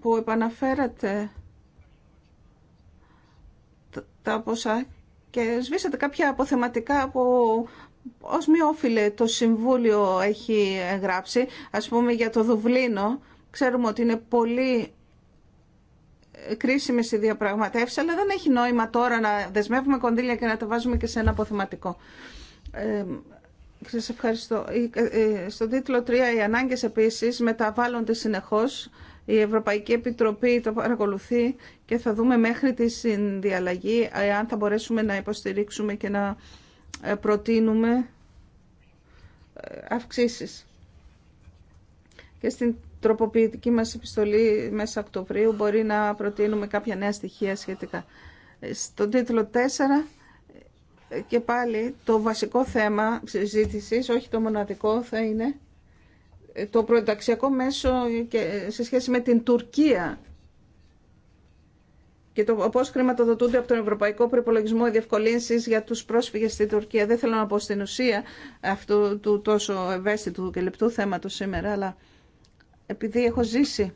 που επαναφέρατε τα ποσά και σβήσατε κάποια αποθεματικά που ως μη όφιλε το Συμβούλιο έχει γράψει, ας πούμε για το Δουβλίνο, Ξέρουμε ότι είναι πολύ κρίσιμε οι διαπραγματεύσει, αλλά δεν έχει νόημα τώρα να δεσμεύουμε κονδύλια και να τα βάζουμε και σε ένα αποθεματικό. Ε, σας ευχαριστώ. Ε, στον τίτλο 3 οι ανάγκε επίση μεταβάλλονται συνεχώς. Η Ευρωπαϊκή Επιτροπή το παρακολουθεί και θα δούμε μέχρι τη συνδιαλλαγή αν θα μπορέσουμε να υποστηρίξουμε και να ε, προτείνουμε ε, αυξήσεις τροποποιητική μας επιστολή μέσα Οκτωβρίου μπορεί να προτείνουμε κάποια νέα στοιχεία σχετικά. Ε, Στον τίτλο 4 ε, και πάλι το βασικό θέμα συζήτηση, όχι το μοναδικό, θα είναι ε, το πρωταξιακό μέσο και σε σχέση με την Τουρκία και το πώ χρηματοδοτούνται από τον Ευρωπαϊκό Προπολογισμό οι για του πρόσφυγε στην Τουρκία. Δεν θέλω να πω στην ουσία αυτού του τόσο ευαίσθητου και λεπτού θέματο σήμερα, αλλά επειδή έχω ζήσει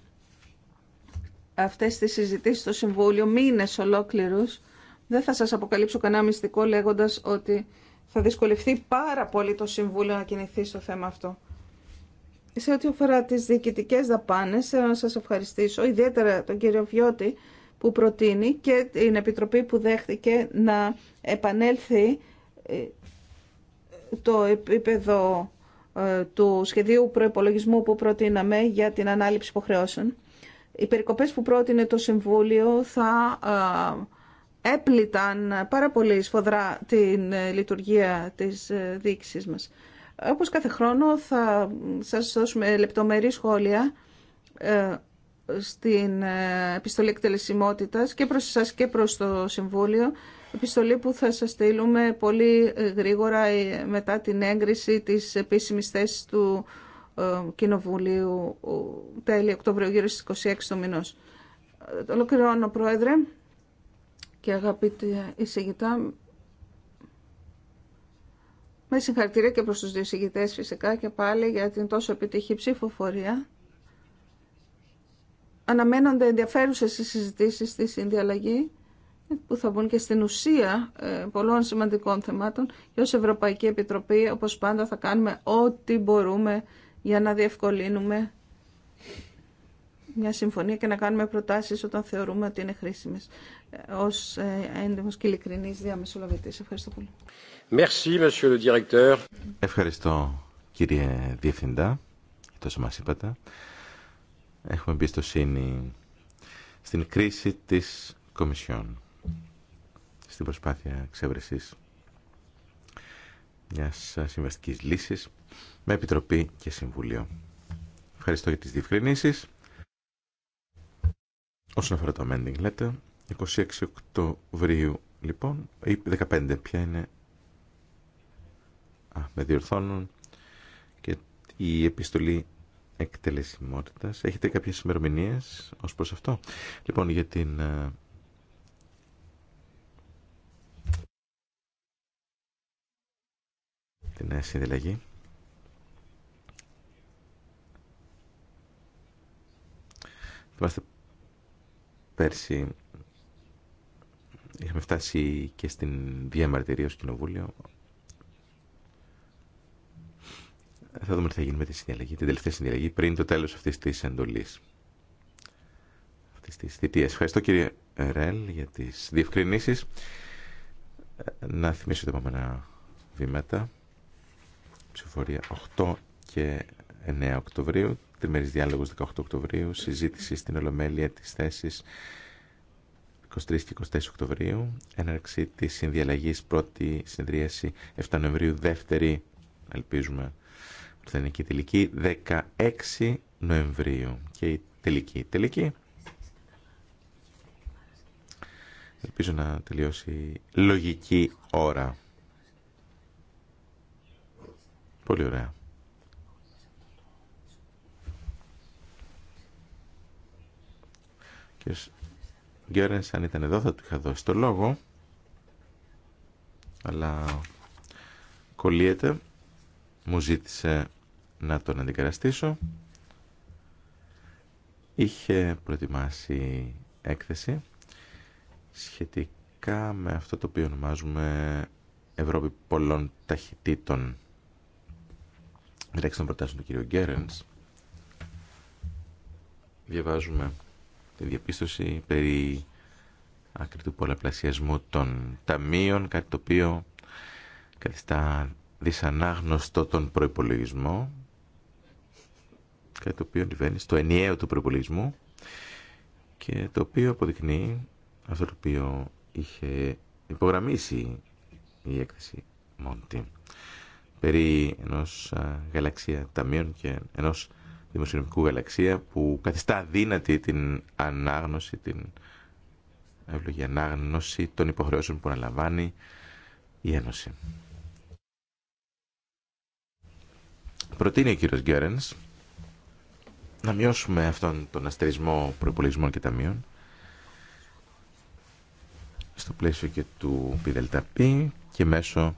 αυτές τις συζητήσεις στο Συμβούλιο μήνες ολόκληρους, δεν θα σας αποκαλύψω κανένα μυστικό λέγοντας ότι θα δυσκολευτεί πάρα πολύ το Συμβούλιο να κινηθεί στο θέμα αυτό. Σε ό,τι αφορά τις διοικητικές δαπάνες, θέλω να σας ευχαριστήσω, ιδιαίτερα τον κύριο Βιώτη που προτείνει και την Επιτροπή που δέχτηκε να επανέλθει ε, το επίπεδο ε, του σχεδίου προπολογισμού που προτείναμε για την ανάληψη υποχρεώσεων. Οι περικοπές που πρότεινε το Συμβούλιο θα ε, έπληταν πάρα πολύ σφοδρά την ε, λειτουργία της διοίκησης μας. Όπως κάθε χρόνο θα σας δώσουμε λεπτομερή σχόλια στην επιστολή εκτελεσιμότητας και προς εσάς και προς το Συμβούλιο επιστολή που θα σας στείλουμε πολύ γρήγορα ε, μετά την έγκριση της επίσημης θέσης του ε, Κοινοβουλίου τέλη Οκτωβρίου γύρω στις 26 του μηνός. Ε, ολοκληρώνω, Πρόεδρε και αγαπητοί εισηγητά. Με συγχαρητήρια και προς τους δύο εισηγητές φυσικά και πάλι για την τόσο επιτυχή ψηφοφορία. Αναμένονται ενδιαφέρουσες οι συζητήσεις στη συνδιαλλαγή που θα μπουν και στην ουσία ε, πολλών σημαντικών θεμάτων και ως Ευρωπαϊκή Επιτροπή όπως πάντα θα κάνουμε ό,τι μπορούμε για να διευκολύνουμε μια συμφωνία και να κάνουμε προτάσεις όταν θεωρούμε ότι είναι χρήσιμες ε, ως ε, έντιμος και ειλικρινής διαμεσολαβητής. Ευχαριστώ πολύ. Merci, le directeur. Ευχαριστώ κύριε Διευθυντά, τόσο μας είπατε. Έχουμε εμπιστοσύνη στην κρίση της Κομισιόν στην προσπάθεια εξέβρεση μια συμβαστική λύση με Επιτροπή και Συμβούλιο. Ευχαριστώ για τις διευκρινήσεις. Όσον αφορά το amending letter, 26 Οκτωβρίου λοιπόν, ή 15 ποια είναι, α, με διορθώνουν, και η επιστολή εκτελεσιμότητας. Έχετε κάποιες ημερομηνίε ως προς αυτό. Λοιπόν, για την ε, την ε, συνδυαλλαγή. Θυμάστε πέρσι είχαμε φτάσει και στην διαμαρτυρία ως κοινοβούλιο. Θα δούμε τι θα γίνει με τη συνδυαλλαγή, την τελευταία συνδυαλλαγή πριν το τέλος αυτής της εντολής. Αυτής της θητείας. Ευχαριστώ κύριε Ρέλ για τις διευκρινήσεις. Ε, να θυμίσω τα επόμενα βήματα ψηφορία 8 και 9 Οκτωβρίου, τριμερής διάλογο 18 Οκτωβρίου, συζήτηση στην Ολομέλεια της θέση 23 και 24 Οκτωβρίου, έναρξη της συνδιαλλαγής πρώτη συνδρίαση 7 Νοεμβρίου, δεύτερη, ελπίζουμε, θα είναι και τελική, 16 Νοεμβρίου και η τελική. Τελική. Ελπίζω να τελειώσει λογική ώρα. Πολύ ωραία. Και Γιώργης αν ήταν εδώ θα του είχα δώσει το λόγο αλλά κολλείεται μου ζήτησε να τον αντικαταστήσω είχε προετοιμάσει έκθεση σχετικά με αυτό το οποίο ονομάζουμε Ευρώπη πολλών ταχυτήτων μεταξύ των προτάσεων του κ. Γκέρενς διαβάζουμε τη διαπίστωση περί άκρη του πολλαπλασιασμού των ταμείων, κάτι το οποίο καθιστά δυσανάγνωστο τον προϋπολογισμό, κάτι το οποίο αντιβαίνει στο ενιαίο του προϋπολογισμού και το οποίο αποδεικνύει αυτό το οποίο είχε υπογραμμίσει η έκθεση Μόντι περί ενός γαλαξία ταμείων και ενός δημοσιονομικού γαλαξία που καθιστά δύνατη την ανάγνωση, την ευλογή ανάγνωση των υποχρεώσεων που αναλαμβάνει η Ένωση. Προτείνει ο κύριος Γκέρενς να μειώσουμε αυτόν τον αστερισμό προπολογισμών και ταμείων στο πλαίσιο και του πίδελταπή και μέσω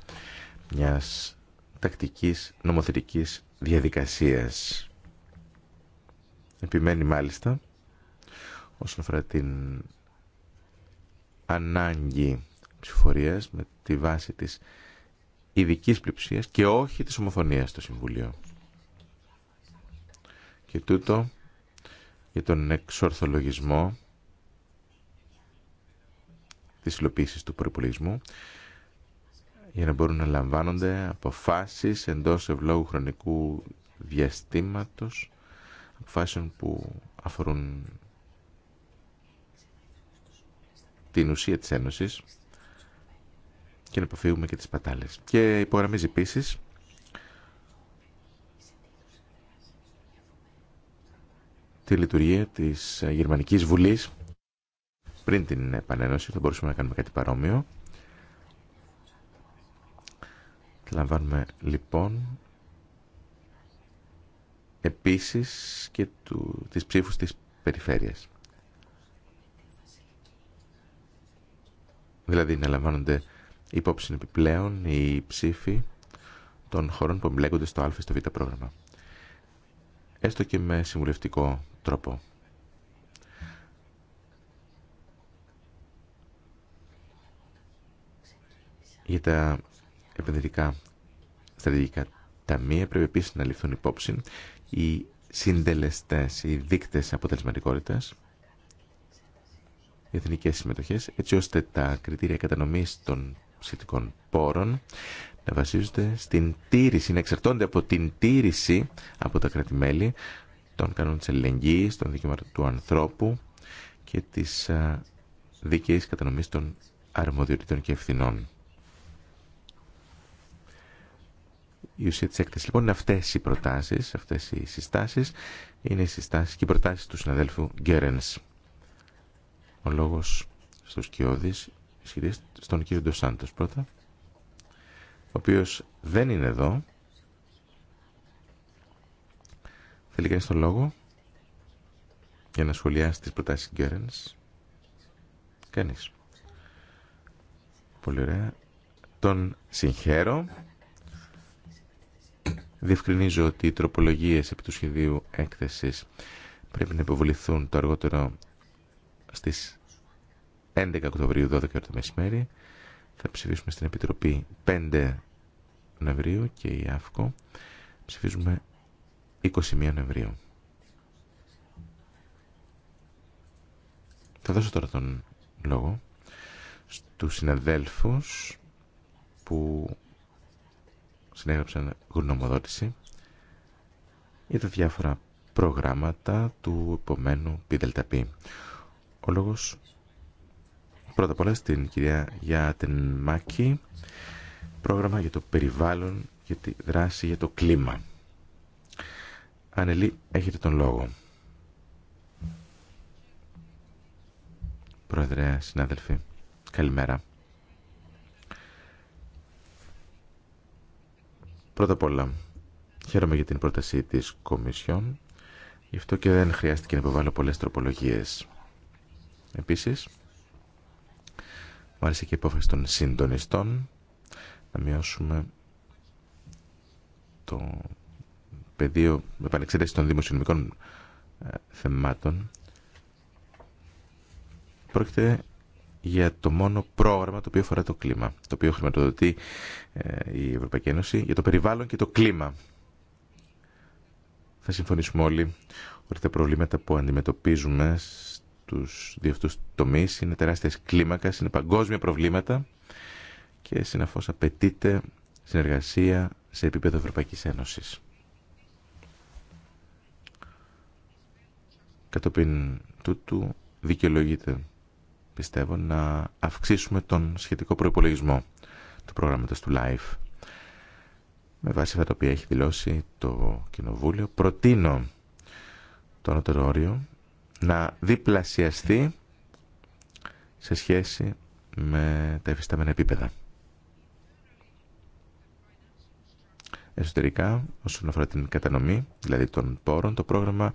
μιας τακτικής νομοθετικής διαδικασίας. Επιμένει μάλιστα όσον αφορά την ανάγκη ψηφορίας με τη βάση της ειδικής πληψίας και όχι της ομοφωνίας στο Συμβουλίο. Και τούτο για τον εξορθολογισμό της υλοποίησης του προϋπολογισμού για να μπορούν να λαμβάνονται αποφάσεις εντός ευλόγου χρονικού διαστήματος αποφάσεων που αφορούν την ουσία της Ένωσης και να αποφύγουμε και τις πατάλες. Και υπογραμμίζει επίση. τη λειτουργία της Γερμανικής Βουλής πριν την επανένωση, θα μπορούσαμε να κάνουμε κάτι παρόμοιο. Λαμβάνουμε λοιπόν επίσης και του, τις ψήφους της περιφέρειας. Δηλαδή να λαμβάνονται υπόψη επιπλέον οι ψήφοι των χωρών που εμπλέκονται στο α στο β πρόγραμμα. Έστω και με συμβουλευτικό τρόπο. Για τα επενδυτικά στρατηγικά ταμεία πρέπει επίση να ληφθούν υπόψη οι συντελεστέ, οι δείκτε αποτελεσματικότητα, οι εθνικέ συμμετοχέ, έτσι ώστε τα κριτήρια κατανομής των σχετικών πόρων να βασίζονται στην τήρηση, να εξαρτώνται από την τήρηση από τα κρατημέλη των κανόνων τη ελληνική, των δικαιωμάτων του ανθρώπου και τη δίκαιης κατανομής των αρμοδιοτήτων και ευθυνών. η ουσία τη έκθεση. Λοιπόν, είναι αυτές οι προτάσει, αυτέ οι συστάσει είναι οι συστάσει και οι προτάσει του συναδέλφου Γκέρεν. Ο λόγος στο Κιώδης στον κύριο Ντοσάντο πρώτα, ο οποίο δεν είναι εδώ. Θέλει κανεί τον λόγο για να σχολιάσει τις προτάσεις Γκέρεν. Κανεί. Πολύ ωραία. Τον συγχαίρω. Διευκρινίζω ότι οι τροπολογίε επί του σχεδίου έκθεσης πρέπει να υποβληθούν το αργότερο στι 11 Οκτωβρίου 12 το μεσημέρι. Θα ψηφίσουμε στην Επιτροπή 5 Νοεμβρίου και η ΑΦΚΟ. Ψηφίζουμε 21 Νοεμβρίου. Θα δώσω τώρα τον λόγο στους συναδέλφους που συνέγραψαν γνωμοδότηση για τα διάφορα προγράμματα του επομένου ΠΔΠ. Ο λόγος πρώτα απ' όλα στην κυρία Γιάτεν Μάκη, πρόγραμμα για το περιβάλλον, για τη δράση, για το κλίμα. Ανελή, έχετε τον λόγο. Πρόεδρε, συνάδελφοι, καλημέρα. Πρώτα απ' όλα, χαίρομαι για την πρόταση της Κομισιόν, γι' αυτό και δεν χρειάστηκε να υποβάλω πολλές τροπολογίες. Επίσης, μου άρεσε και η υπόφαση των συντονιστών να μειώσουμε το πεδίο επανεξέταση των δημοσιονομικών ε, θεμάτων. Πρόκειται για το μόνο πρόγραμμα το οποίο αφορά το κλίμα, το οποίο χρηματοδοτεί ε, η Ευρωπαϊκή Ένωση για το περιβάλλον και το κλίμα. Θα συμφωνήσουμε όλοι ότι τα προβλήματα που αντιμετωπίζουμε στους δύο αυτούς τομείς είναι τεράστιες κλίμακα, είναι παγκόσμια προβλήματα και συναφώς απαιτείται συνεργασία σε επίπεδο Ευρωπαϊκής Ένωσης. Κατόπιν τούτου δικαιολογείται πιστεύω να αυξήσουμε τον σχετικό προϋπολογισμό του προγράμματος του LIFE. Με βάση αυτά τα οποία έχει δηλώσει το Κοινοβούλιο, προτείνω το ανώτερο όριο να διπλασιαστεί σε σχέση με τα εφιστάμενα επίπεδα. Εσωτερικά, όσον αφορά την κατανομή, δηλαδή των πόρων, το πρόγραμμα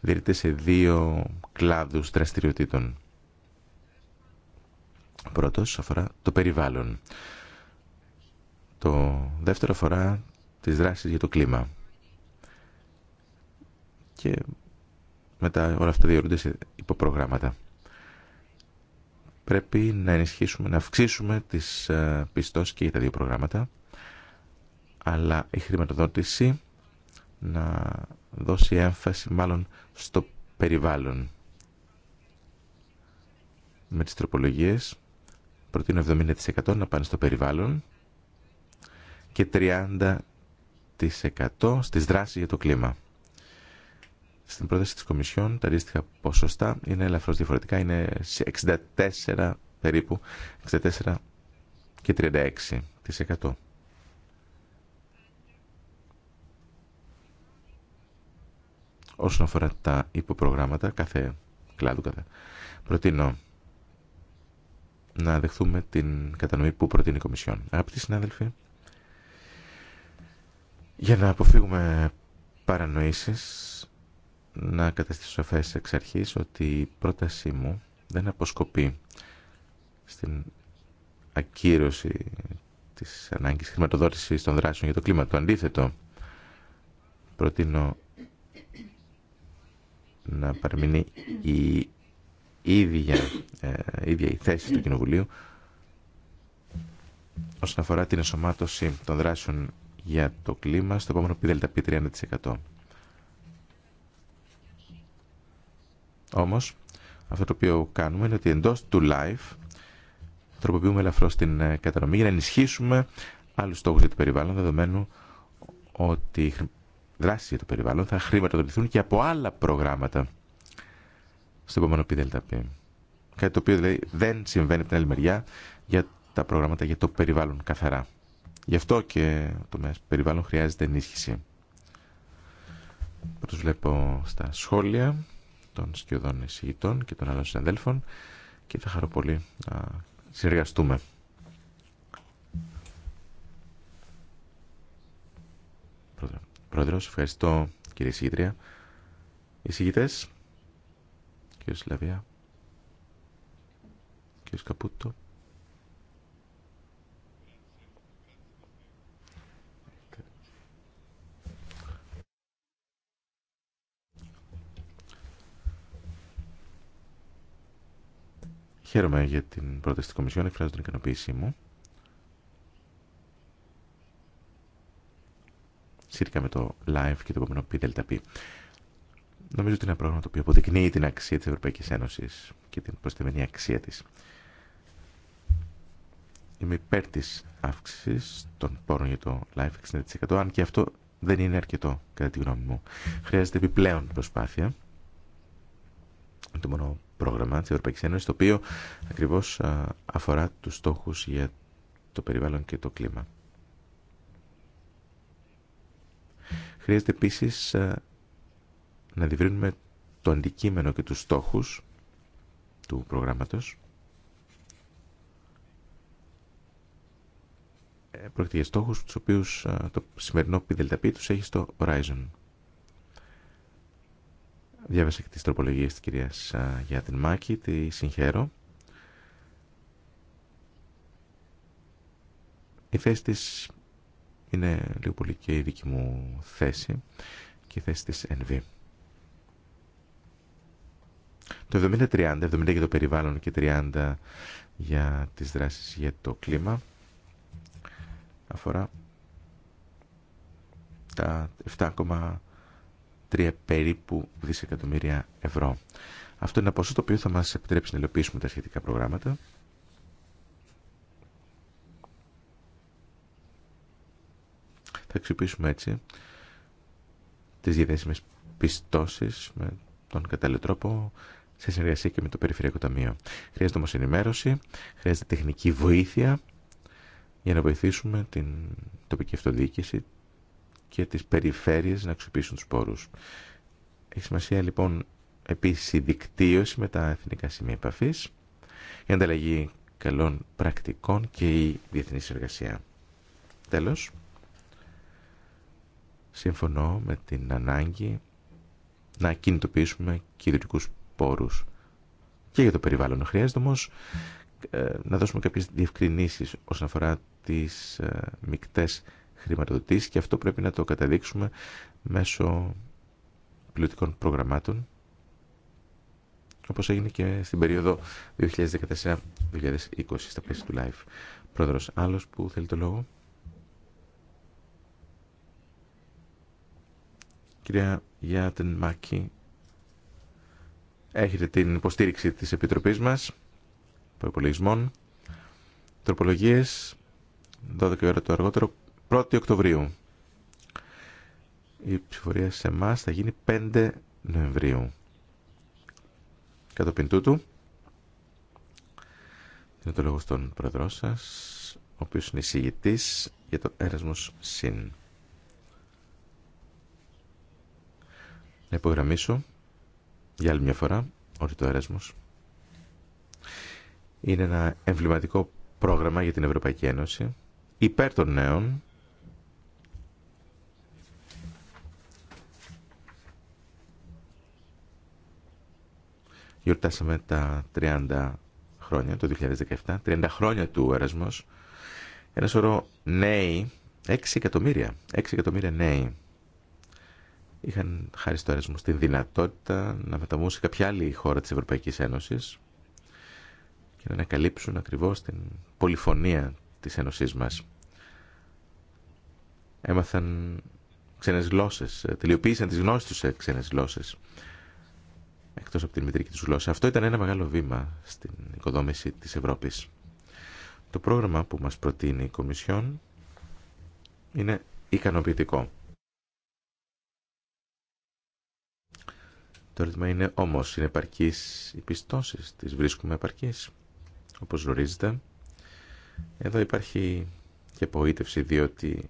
διαιρείται σε δύο κλάδους δραστηριοτήτων πρώτος αφορά το περιβάλλον. Το δεύτερο αφορά τις δράσεις για το κλίμα. Και μετά όλα αυτά διορούνται σε υποπρογράμματα. Πρέπει να ενισχύσουμε, να αυξήσουμε τις ε, πιστώσεις και για τα δύο προγράμματα, αλλά η χρηματοδότηση να δώσει έμφαση μάλλον στο περιβάλλον. Με τις τροπολογίες προτείνω 70% να πάνε στο περιβάλλον και 30% στις δράσεις για το κλίμα. Στην πρόταση της Κομισιόν τα αντίστοιχα ποσοστά είναι ελαφρώς διαφορετικά, είναι 64 περίπου, 64 και 36%. Όσον αφορά τα υποπρογράμματα, κάθε κλάδου, κάθε. Προτείνω να δεχθούμε την κατανομή που προτείνει η Κομισιόν. Αγαπητοί συνάδελφοι, για να αποφύγουμε παρανοήσεις, να καταστήσω σαφές εξ αρχής ότι η πρότασή μου δεν αποσκοπεί στην ακύρωση της ανάγκης χρηματοδότησης των δράσεων για το κλίμα. Το αντίθετο, προτείνω να παραμείνει η ίδια, η ε, ίδια η θέση του Κοινοβουλίου όσον αφορά την ενσωμάτωση των δράσεων για το κλίμα στο επόμενο πηδελταπή 30%. Όμως, αυτό το οποίο κάνουμε είναι ότι εντός του LIFE τροποποιούμε ελαφρώς την ε, κατανομή για να ενισχύσουμε άλλους στόχους για το περιβάλλον, δεδομένου ότι οι δράσεις για το περιβάλλον θα χρηματοδοτηθούν και από άλλα προγράμματα στο επόμενο ΠΔΕΛΤΑΠΗ. Κάτι το οποίο δηλαδή δεν συμβαίνει από την άλλη μεριά για τα προγράμματα για το περιβάλλον καθαρά. Γι' αυτό και το περιβάλλον χρειάζεται ενίσχυση. Πρώτο βλέπω στα σχόλια των σκιωδών εισηγητών και των άλλων συναδέλφων και θα χαρώ πολύ να συνεργαστούμε. Πρόεδρος, ευχαριστώ κύριε εισηγητρία. Εισηγητές. Κύριε Λαβιά. κύριε Καπούτο. Χαίρομαι για την πρόταση της Κομισιόν, εκφράζω την ικανοποίησή μου. Σύρκα με το live και το επόμενο πί. Νομίζω ότι είναι ένα πρόγραμμα το οποίο αποδεικνύει την αξία της Ευρωπαϊκής Ένωσης και την προστιμένη αξία της. Είμαι υπέρ τη αύξηση των πόρων για το Life 60%, αν και αυτό δεν είναι αρκετό, κατά τη γνώμη μου. Χρειάζεται επιπλέον προσπάθεια. Είναι το μόνο πρόγραμμα τη Ευρωπαϊκής Ένωσης, το οποίο ακριβώς αφορά του στόχου για το περιβάλλον και το κλίμα. Χρειάζεται επίση να διευρύνουμε το αντικείμενο και τους στόχους του προγράμματος. Ε, πρόκειται για στόχους τους οποίους το σημερινό ΠΔΠ τους έχει στο Horizon. Διάβασα και τις τροπολογίες της κυρίας την Μάκη, τη συγχαίρω. Η θέση της είναι λίγο πολύ και η δική μου θέση και η θέση της NV. Το 70-30, 70 για το περιβάλλον και 30 για τις δράσεις για το κλίμα αφορά τα 7,3 περίπου δισεκατομμύρια ευρώ. Αυτό είναι ένα ποσό το οποίο θα μας επιτρέψει να υλοποιήσουμε τα σχετικά προγράμματα. Θα αξιοποιήσουμε έτσι τις διαθέσιμες πιστώσεις με τον κατάλληλο τρόπο σε συνεργασία και με το Περιφερειακό Ταμείο. Χρειάζεται όμω ενημέρωση, χρειάζεται τεχνική βοήθεια για να βοηθήσουμε την τοπική αυτοδιοίκηση και τις περιφέρειες να αξιοποιήσουν τους πόρους. Έχει σημασία λοιπόν επίση η δικτύωση με τα εθνικά σημεία επαφής, η ανταλλαγή καλών πρακτικών και η διεθνή συνεργασία. Τέλος, συμφωνώ με την ανάγκη να κινητοποιήσουμε κεντρικούς και για το περιβάλλον. Χρειάζεται όμως ε, να δώσουμε κάποιες διευκρινήσεις όσον αφορά τις ε, μικτές χρηματοδοτήσεις και αυτό πρέπει να το καταδείξουμε μέσω πιλωτικών προγραμμάτων όπως έγινε και στην περίοδο 2014-2020 στα πλαίσια του Live. Πρόεδρος, άλλος που θέλει το λόγο. Κυρία Γιάτεν Μάκη, Έχετε την υποστήριξη της Επιτροπής μας, προπολογισμών, τροπολογίες, 12 ώρα το αργότερο, 1η Οκτωβρίου. Η ψηφορία σε εμά θα γίνει 5 Νοεμβρίου. Κατόπιν τούτου, είναι το λόγο στον πρόεδρό σας, ο οποίος είναι εισηγητής για το Έρασμό Συν. Να υπογραμμίσω για άλλη μια φορά ότι το είναι ένα εμβληματικό πρόγραμμα για την Ευρωπαϊκή Ένωση υπέρ των νέων Γιορτάσαμε τα 30 χρόνια, το 2017, 30 χρόνια του Εράσμος. Ένα σωρό νέοι, 6 εκατομμύρια, 6 εκατομμύρια νέοι είχαν χάρη στο αρισμό στη δυνατότητα να μεταβούν σε κάποια άλλη χώρα της Ευρωπαϊκής Ένωσης και να ανακαλύψουν ακριβώς την πολυφωνία της Ένωσής μας. Έμαθαν ξένες γλώσσες, τελειοποίησαν τις γνώσεις τους σε ξένες γλώσσες εκτός από την μητρική τους γλώσσα. Αυτό ήταν ένα μεγάλο βήμα στην οικοδόμηση της Ευρώπης. Το πρόγραμμα που μας προτείνει η Κομισιόν είναι ικανοποιητικό. Το ερώτημα είναι όμως, είναι επαρκείς οι πιστώσεις, τις βρίσκουμε επαρκείς. Όπως γνωρίζετε, εδώ υπάρχει και απογοήτευση διότι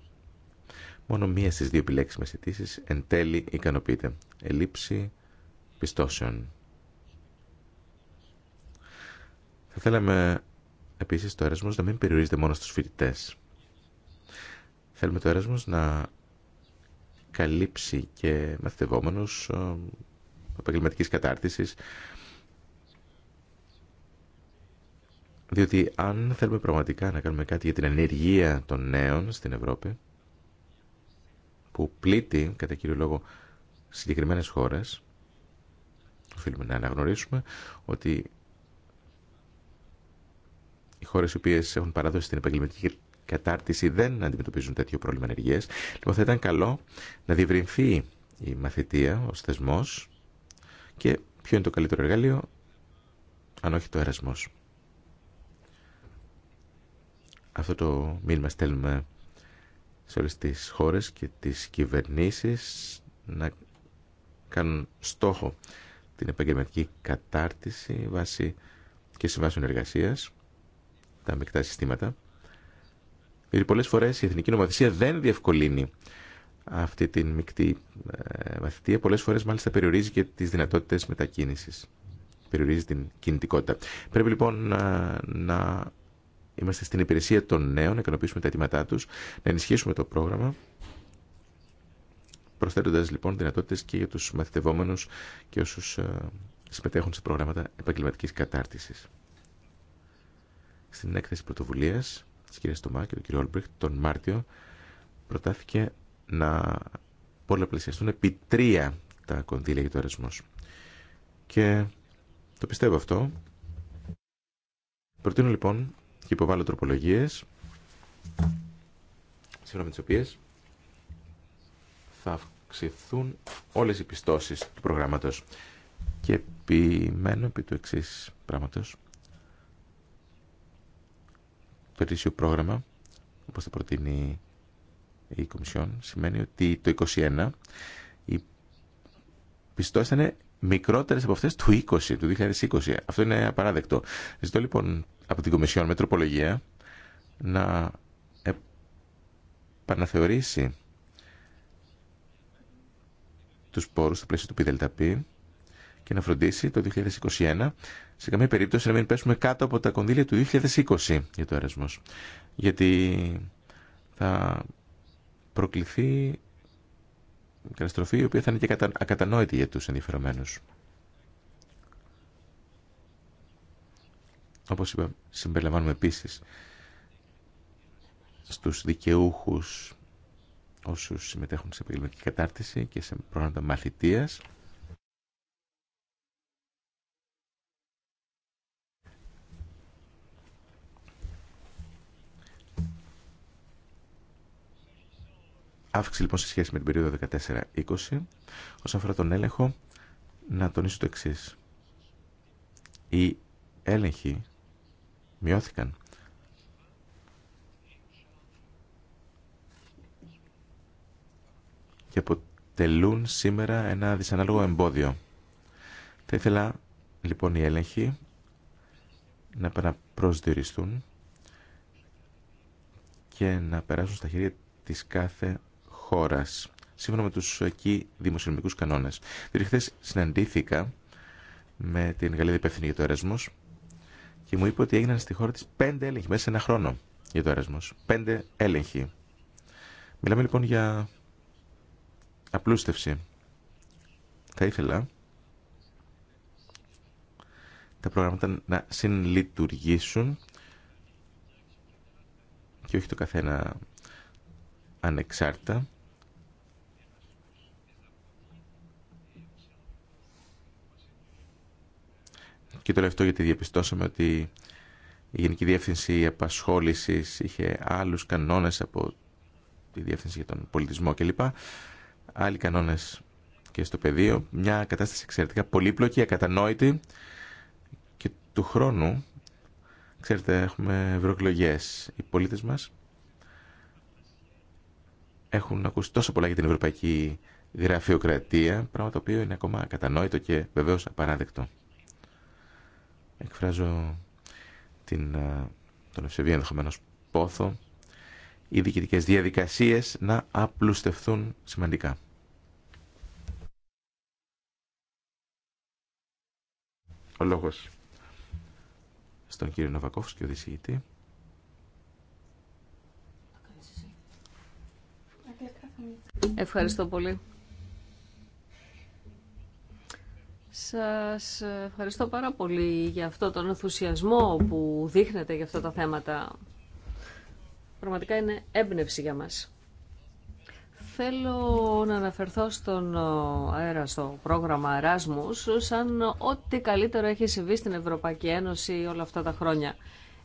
μόνο μία στις δύο επιλέξιμες αιτήσει εν τέλει ικανοποιείται. Ελήψη πιστώσεων. Θα θέλαμε επίσης το έρασμος να μην περιορίζεται μόνο στους φοιτητέ. Θέλουμε το έρεσμος να καλύψει και μαθητευόμενους επαγγελματική κατάρτιση. Διότι αν θέλουμε πραγματικά να κάνουμε κάτι για την ενεργεία των νέων στην Ευρώπη, που πλήττει κατά κύριο λόγο συγκεκριμένες χώρες, οφείλουμε να αναγνωρίσουμε ότι οι χώρες οι οποίες έχουν παράδοση στην επαγγελματική κατάρτιση δεν αντιμετωπίζουν τέτοιο πρόβλημα ενεργείας. Λοιπόν, θα ήταν καλό να διευρυνθεί η μαθητεία, ο θεσμός, και ποιο είναι το καλύτερο εργαλείο, αν όχι το έρασμος. Αυτό το μήνυμα στέλνουμε σε όλες τις χώρες και τις κυβερνήσεις να κάνουν στόχο την επαγγελματική κατάρτιση βάσει και συμβάσεων εργασίας, τα μεικτά συστήματα. Γιατί πολλές φορές η εθνική νομοθεσία δεν διευκολύνει αυτή την μεικτή ε, μαθητεία Πολλέ φορέ μάλιστα περιορίζει και τι δυνατότητε μετακίνηση Περιορίζει την κινητικότητα. Πρέπει λοιπόν ε, να, είμαστε στην υπηρεσία των νέων, να ικανοποιήσουμε τα αιτήματά του, να ενισχύσουμε το πρόγραμμα, προσθέτοντα λοιπόν δυνατότητε και για του μαθητευόμενου και όσου ε, συμμετέχουν σε προγράμματα επαγγελματική κατάρτιση. Στην έκθεση πρωτοβουλία τη κυρία Τωμά και του κυρίου Όλμπριχτ τον Μάρτιο προτάθηκε να πολλαπλασιαστούν επί τρία τα κονδύλια για το αρισμό. Και το πιστεύω αυτό. Προτείνω λοιπόν και υποβάλλω τροπολογίε, σύμφωνα με τι οποίε θα αυξηθούν όλες οι πιστώσει του προγράμματο. Και επιμένω επί του εξή πράγματο. Το ετήσιο πρόγραμμα, όπω θα προτείνει η Κομισιόν σημαίνει ότι το 2021 οι θα είναι μικρότερες από αυτέ του 20, του 2020. Αυτό είναι απαράδεκτο. Ζητώ λοιπόν από την Κομισιόν με να επαναθεωρήσει τους πόρους στο πλαίσιο του ΠΔΠ και να φροντίσει το 2021 σε καμία περίπτωση να μην πέσουμε κάτω από τα κονδύλια του 2020 για το αερασμός. Γιατί θα προκληθεί καταστροφή η οποία θα είναι και ακατανόητη για τους ενδιαφερομένους. Όπως είπα, συμπεριλαμβάνουμε επίσης στους δικαιούχους όσους συμμετέχουν σε επαγγελματική κατάρτιση και σε πρόγραμματα μαθητείας Αύξηση λοιπόν σε σχέση με την περίοδο 14-20. Όσον αφορά τον έλεγχο, να τονίσω το εξή. Οι έλεγχοι μειώθηκαν. και αποτελούν σήμερα ένα δυσανάλογο εμπόδιο. Θα ήθελα λοιπόν οι έλεγχοι να επαναπροσδιοριστούν και να περάσουν στα χέρια της κάθε σύμφωνα με τους εκεί δημοσιονομικού κανόνες. Διότι χθε συναντήθηκα με την Γαλλία υπεύθυνη για το έρασμό και μου είπε ότι έγιναν στη χώρα τη πέντε έλεγχοι μέσα σε ένα χρόνο για το έρασμό. Πέντε έλεγχοι. Μιλάμε λοιπόν για απλούστευση. Θα ήθελα τα προγράμματα να συλλειτουργήσουν και όχι το καθένα ανεξάρτητα. Και το λεφτό γιατί διαπιστώσαμε ότι η Γενική Διεύθυνση απασχόληση, είχε άλλους κανόνες από τη Διεύθυνση για τον Πολιτισμό κλπ. Άλλοι κανόνες και στο πεδίο. Μια κατάσταση εξαιρετικά πολύπλοκη, ακατανόητη και του χρόνου Ξέρετε, έχουμε ευρωεκλογέ. Οι πολίτε μα έχουν ακούσει τόσο πολλά για την ευρωπαϊκή γραφειοκρατία, πράγμα το οποίο είναι ακόμα ακατανόητο και βεβαίω απαράδεκτο εκφράζω την, ε, τον ευσεβή ενδεχομένω πόθο οι διοικητικέ διαδικασίες να απλουστευθούν σημαντικά. Ο λόγος στον κύριο Νοβακόφ και ο δισηγητή. Ευχαριστώ πολύ. Σας ευχαριστώ πάρα πολύ για αυτό τον ενθουσιασμό που δείχνετε για αυτά τα θέματα. Πραγματικά είναι έμπνευση για μας. Θέλω να αναφερθώ στον αέρα, στο πρόγραμμα Erasmus, σαν ό,τι καλύτερο έχει συμβεί στην Ευρωπαϊκή Ένωση όλα αυτά τα χρόνια.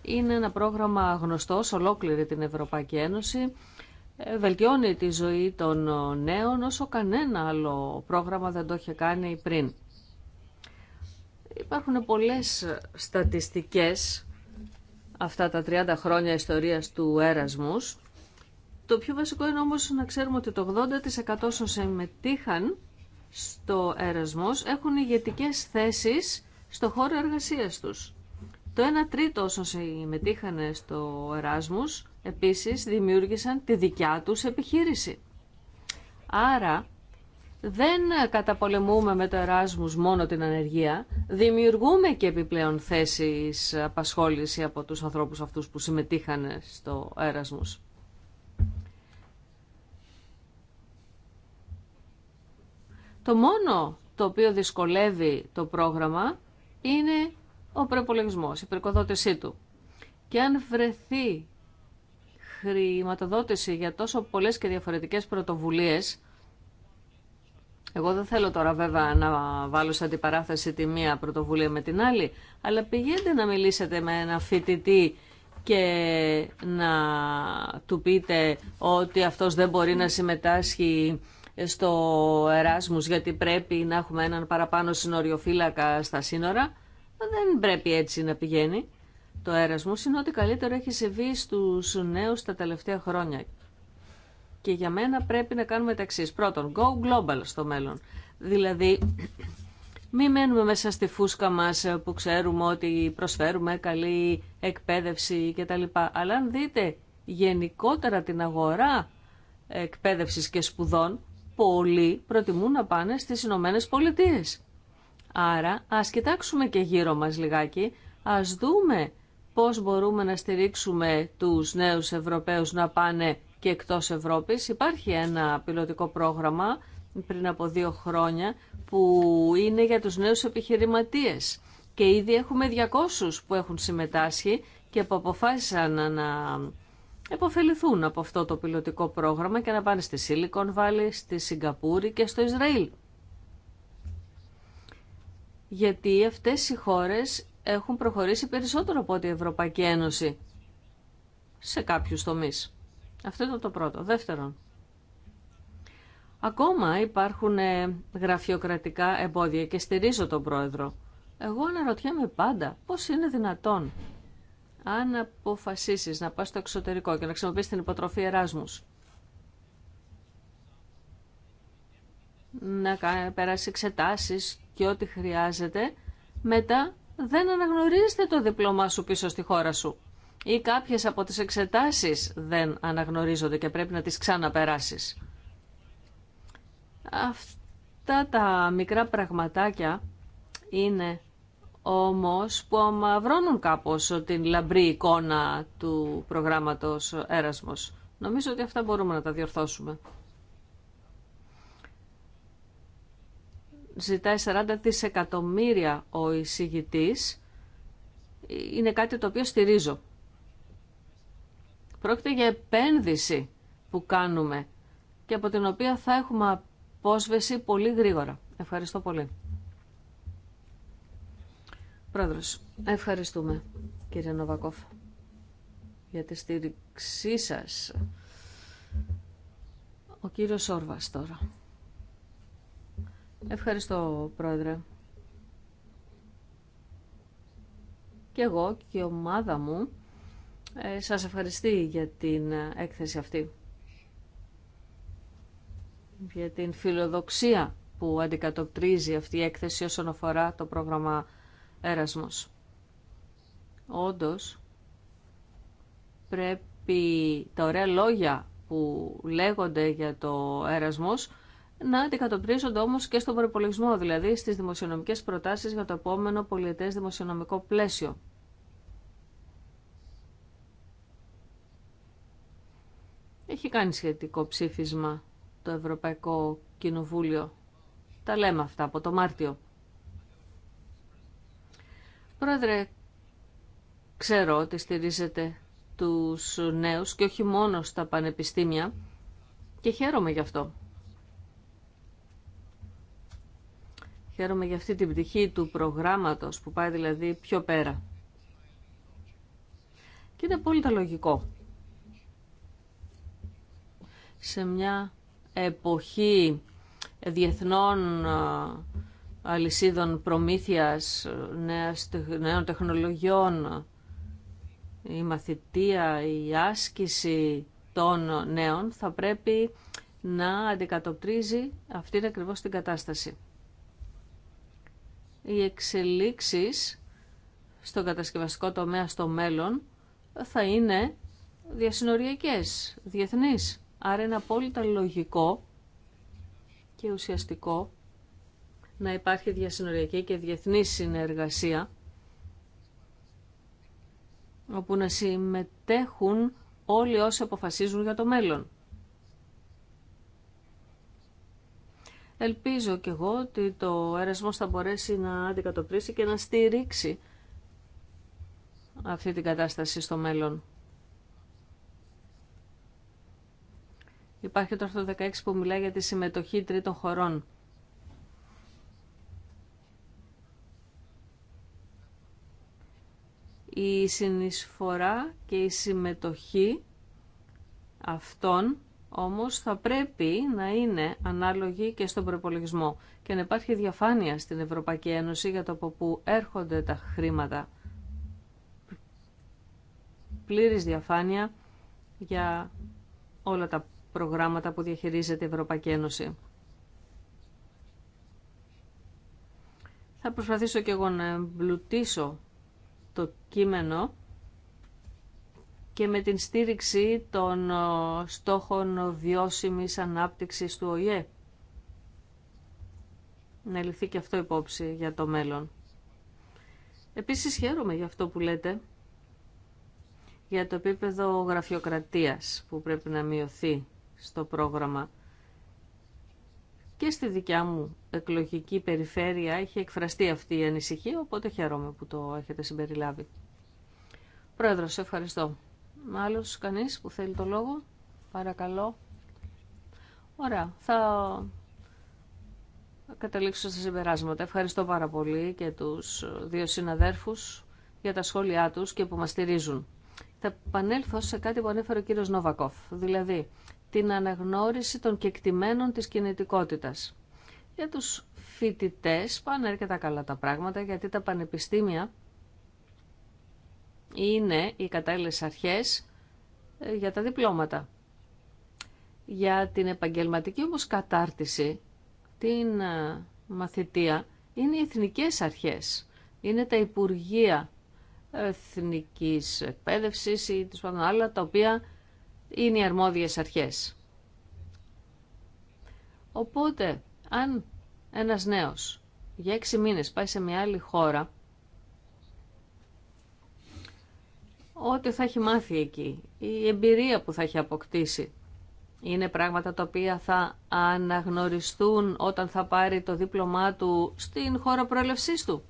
Είναι ένα πρόγραμμα γνωστό ολόκληρη την Ευρωπαϊκή Ένωση. Ε, βελτιώνει τη ζωή των νέων όσο κανένα άλλο πρόγραμμα δεν το είχε κάνει πριν. Υπάρχουν πολλές στατιστικές αυτά τα 30 χρόνια ιστορίας του Έρασμους. Το πιο βασικό είναι όμως να ξέρουμε ότι το 80% όσων συμμετείχαν στο Έρασμος έχουν ηγετικέ θέσεις στο χώρο εργασίας τους. Το 1 τρίτο όσων συμμετείχαν στο Εράσμους επίσης δημιούργησαν τη δικιά τους επιχείρηση. Άρα δεν καταπολεμούμε με το Εράσμους μόνο την ανεργία, δημιουργούμε και επιπλέον θέσεις απασχόληση από τους ανθρώπους αυτούς που συμμετείχαν στο Εράσμους. Το μόνο το οποίο δυσκολεύει το πρόγραμμα είναι ο προπολογισμός, η προκοδότησή του. Και αν βρεθεί χρηματοδότηση για τόσο πολλές και διαφορετικές πρωτοβουλίες, εγώ δεν θέλω τώρα βέβαια να βάλω σε αντιπαράθεση τη μία πρωτοβουλία με την άλλη, αλλά πηγαίνετε να μιλήσετε με ένα φοιτητή και να του πείτε ότι αυτός δεν μπορεί να συμμετάσχει στο Εράσμους γιατί πρέπει να έχουμε έναν παραπάνω συνοριοφύλακα στα σύνορα. Δεν πρέπει έτσι να πηγαίνει. Το Εράσμους είναι ότι καλύτερο έχει συμβεί στους νέους τα τελευταία χρόνια και για μένα πρέπει να κάνουμε τα Πρώτον, go global στο μέλλον. Δηλαδή, μην μένουμε μέσα στη φούσκα μας ε, που ξέρουμε ότι προσφέρουμε καλή εκπαίδευση κτλ. Αλλά αν δείτε γενικότερα την αγορά εκπαίδευσης και σπουδών, πολλοί προτιμούν να πάνε στις Ηνωμένε Πολιτείε. Άρα ας κοιτάξουμε και γύρω μας λιγάκι, ας δούμε πώς μπορούμε να στηρίξουμε τους νέους Ευρωπαίους να πάνε και εκτός Ευρώπης. Υπάρχει ένα πιλωτικό πρόγραμμα πριν από δύο χρόνια που είναι για τους νέους επιχειρηματίες και ήδη έχουμε 200 που έχουν συμμετάσχει και που αποφάσισαν να επωφεληθούν από αυτό το πιλωτικό πρόγραμμα και να πάνε στη Silicon Valley, στη Σιγκαπούρη και στο Ισραήλ. Γιατί αυτές οι χώρες έχουν προχωρήσει περισσότερο από την Ευρωπαϊκή Ένωση σε κάποιους τομείς. Αυτό ήταν το πρώτο. Δεύτερον, ακόμα υπάρχουν ε, γραφειοκρατικά εμπόδια και στηρίζω τον πρόεδρο. Εγώ αναρωτιέμαι πάντα πώς είναι δυνατόν αν αποφασίσεις να πας στο εξωτερικό και να χρησιμοποιήσεις την υποτροφή Εράσμους να περάσει εξετάσεις και ό,τι χρειάζεται μετά δεν αναγνωρίζετε το διπλώμά σου πίσω στη χώρα σου ή κάποιες από τις εξετάσεις δεν αναγνωρίζονται και πρέπει να τις ξαναπεράσεις. Αυτά τα μικρά πραγματάκια είναι όμως που αμαυρώνουν κάπως την λαμπρή εικόνα του προγράμματος Έρασμος. Νομίζω ότι αυτά μπορούμε να τα διορθώσουμε. Ζητάει 40 δισεκατομμύρια ο εισηγητής. Είναι κάτι το οποίο στηρίζω. Πρόκειται για επένδυση που κάνουμε και από την οποία θα έχουμε απόσβεση πολύ γρήγορα. Ευχαριστώ πολύ. Πρόεδρος, ευχαριστούμε κύριε Νοβακόφ για τη στήριξή σας. Ο κύριος Σόρβας τώρα. Ευχαριστώ πρόεδρε. Και εγώ και η ομάδα μου ε, σας ευχαριστεί για την έκθεση αυτή. Για την φιλοδοξία που αντικατοπτρίζει αυτή η έκθεση όσον αφορά το πρόγραμμα Έρασμος. Όντως, πρέπει τα ωραία λόγια που λέγονται για το Έρασμος να αντικατοπτρίζονται όμως και στον προπολογισμό, δηλαδή στις δημοσιονομικές προτάσεις για το επόμενο πολιετές δημοσιονομικό πλαίσιο. Έχει κάνει σχετικό ψήφισμα το Ευρωπαϊκό Κοινοβούλιο. Τα λέμε αυτά από το Μάρτιο. Πρόεδρε, ξέρω ότι στηρίζετε τους νέους και όχι μόνο στα πανεπιστήμια και χαίρομαι γι' αυτό. Χαίρομαι για αυτή την πτυχή του προγράμματος που πάει δηλαδή πιο πέρα. Και είναι απόλυτα λογικό σε μια εποχή διεθνών αλυσίδων προμήθειας νέων τεχνολογιών, η μαθητεία, η άσκηση των νέων θα πρέπει να αντικατοπτρίζει αυτήν ακριβώς την κατάσταση. Οι εξελίξεις στο κατασκευαστικό τομέα στο μέλλον θα είναι διασυνοριακές, διεθνείς. Άρα είναι απόλυτα λογικό και ουσιαστικό να υπάρχει διασυνοριακή και διεθνή συνεργασία όπου να συμμετέχουν όλοι όσοι αποφασίζουν για το μέλλον. Ελπίζω και εγώ ότι το αερασμό θα μπορέσει να αντικατοπτρίσει και να στηρίξει αυτή την κατάσταση στο μέλλον. Υπάρχει το άρθρο 16 που μιλάει για τη συμμετοχή τρίτων χωρών. Η συνεισφορά και η συμμετοχή αυτών όμως θα πρέπει να είναι ανάλογη και στον προπολογισμό και να υπάρχει διαφάνεια στην Ευρωπαϊκή Ένωση για το από πού έρχονται τα χρήματα. Πλήρης διαφάνεια για όλα τα προγράμματα που διαχειρίζεται η Ευρωπαϊκή Ένωση. Θα προσπαθήσω και εγώ να εμπλουτίσω το κείμενο και με την στήριξη των ε, στόχων βιώσιμης ανάπτυξης του ΟΗΕ. Να ληφθεί και αυτό υπόψη για το μέλλον. Επίσης χαίρομαι για αυτό που λέτε για το επίπεδο γραφειοκρατίας που πρέπει να μειωθεί στο πρόγραμμα. Και στη δικιά μου εκλογική περιφέρεια έχει εκφραστεί αυτή η ανησυχία, οπότε χαίρομαι που το έχετε συμπεριλάβει. Πρόεδρος, σε ευχαριστώ. Άλλος κανείς που θέλει το λόγο, παρακαλώ. Ωραία, θα καταλήξω στα συμπεράσματα. Ευχαριστώ πάρα πολύ και τους δύο συναδέρφους για τα σχόλιά τους και που μας στηρίζουν. Θα επανέλθω σε κάτι που ανέφερε ο κύριος Νοβακόφ, δηλαδή την αναγνώριση των κεκτημένων της κινητικότητας. Για τους φοιτητέ πάνε αρκετά καλά τα πράγματα γιατί τα πανεπιστήμια είναι οι κατάλληλες αρχές ε, για τα διπλώματα. Για την επαγγελματική όμως κατάρτιση, την ε, μαθητεία, είναι οι εθνικές αρχές. Είναι τα Υπουργεία Εθνικής Εκπαίδευσης ή τους πάντων άλλα τα οποία είναι οι αρμόδιες αρχές. Οπότε, αν ένας νέος για έξι μήνες πάει σε μια άλλη χώρα, ό,τι θα έχει μάθει εκεί, η εμπειρία που θα έχει αποκτήσει, είναι πράγματα τα οποία θα αναγνωριστούν όταν θα πάρει το δίπλωμά του στην χώρα προέλευσής του.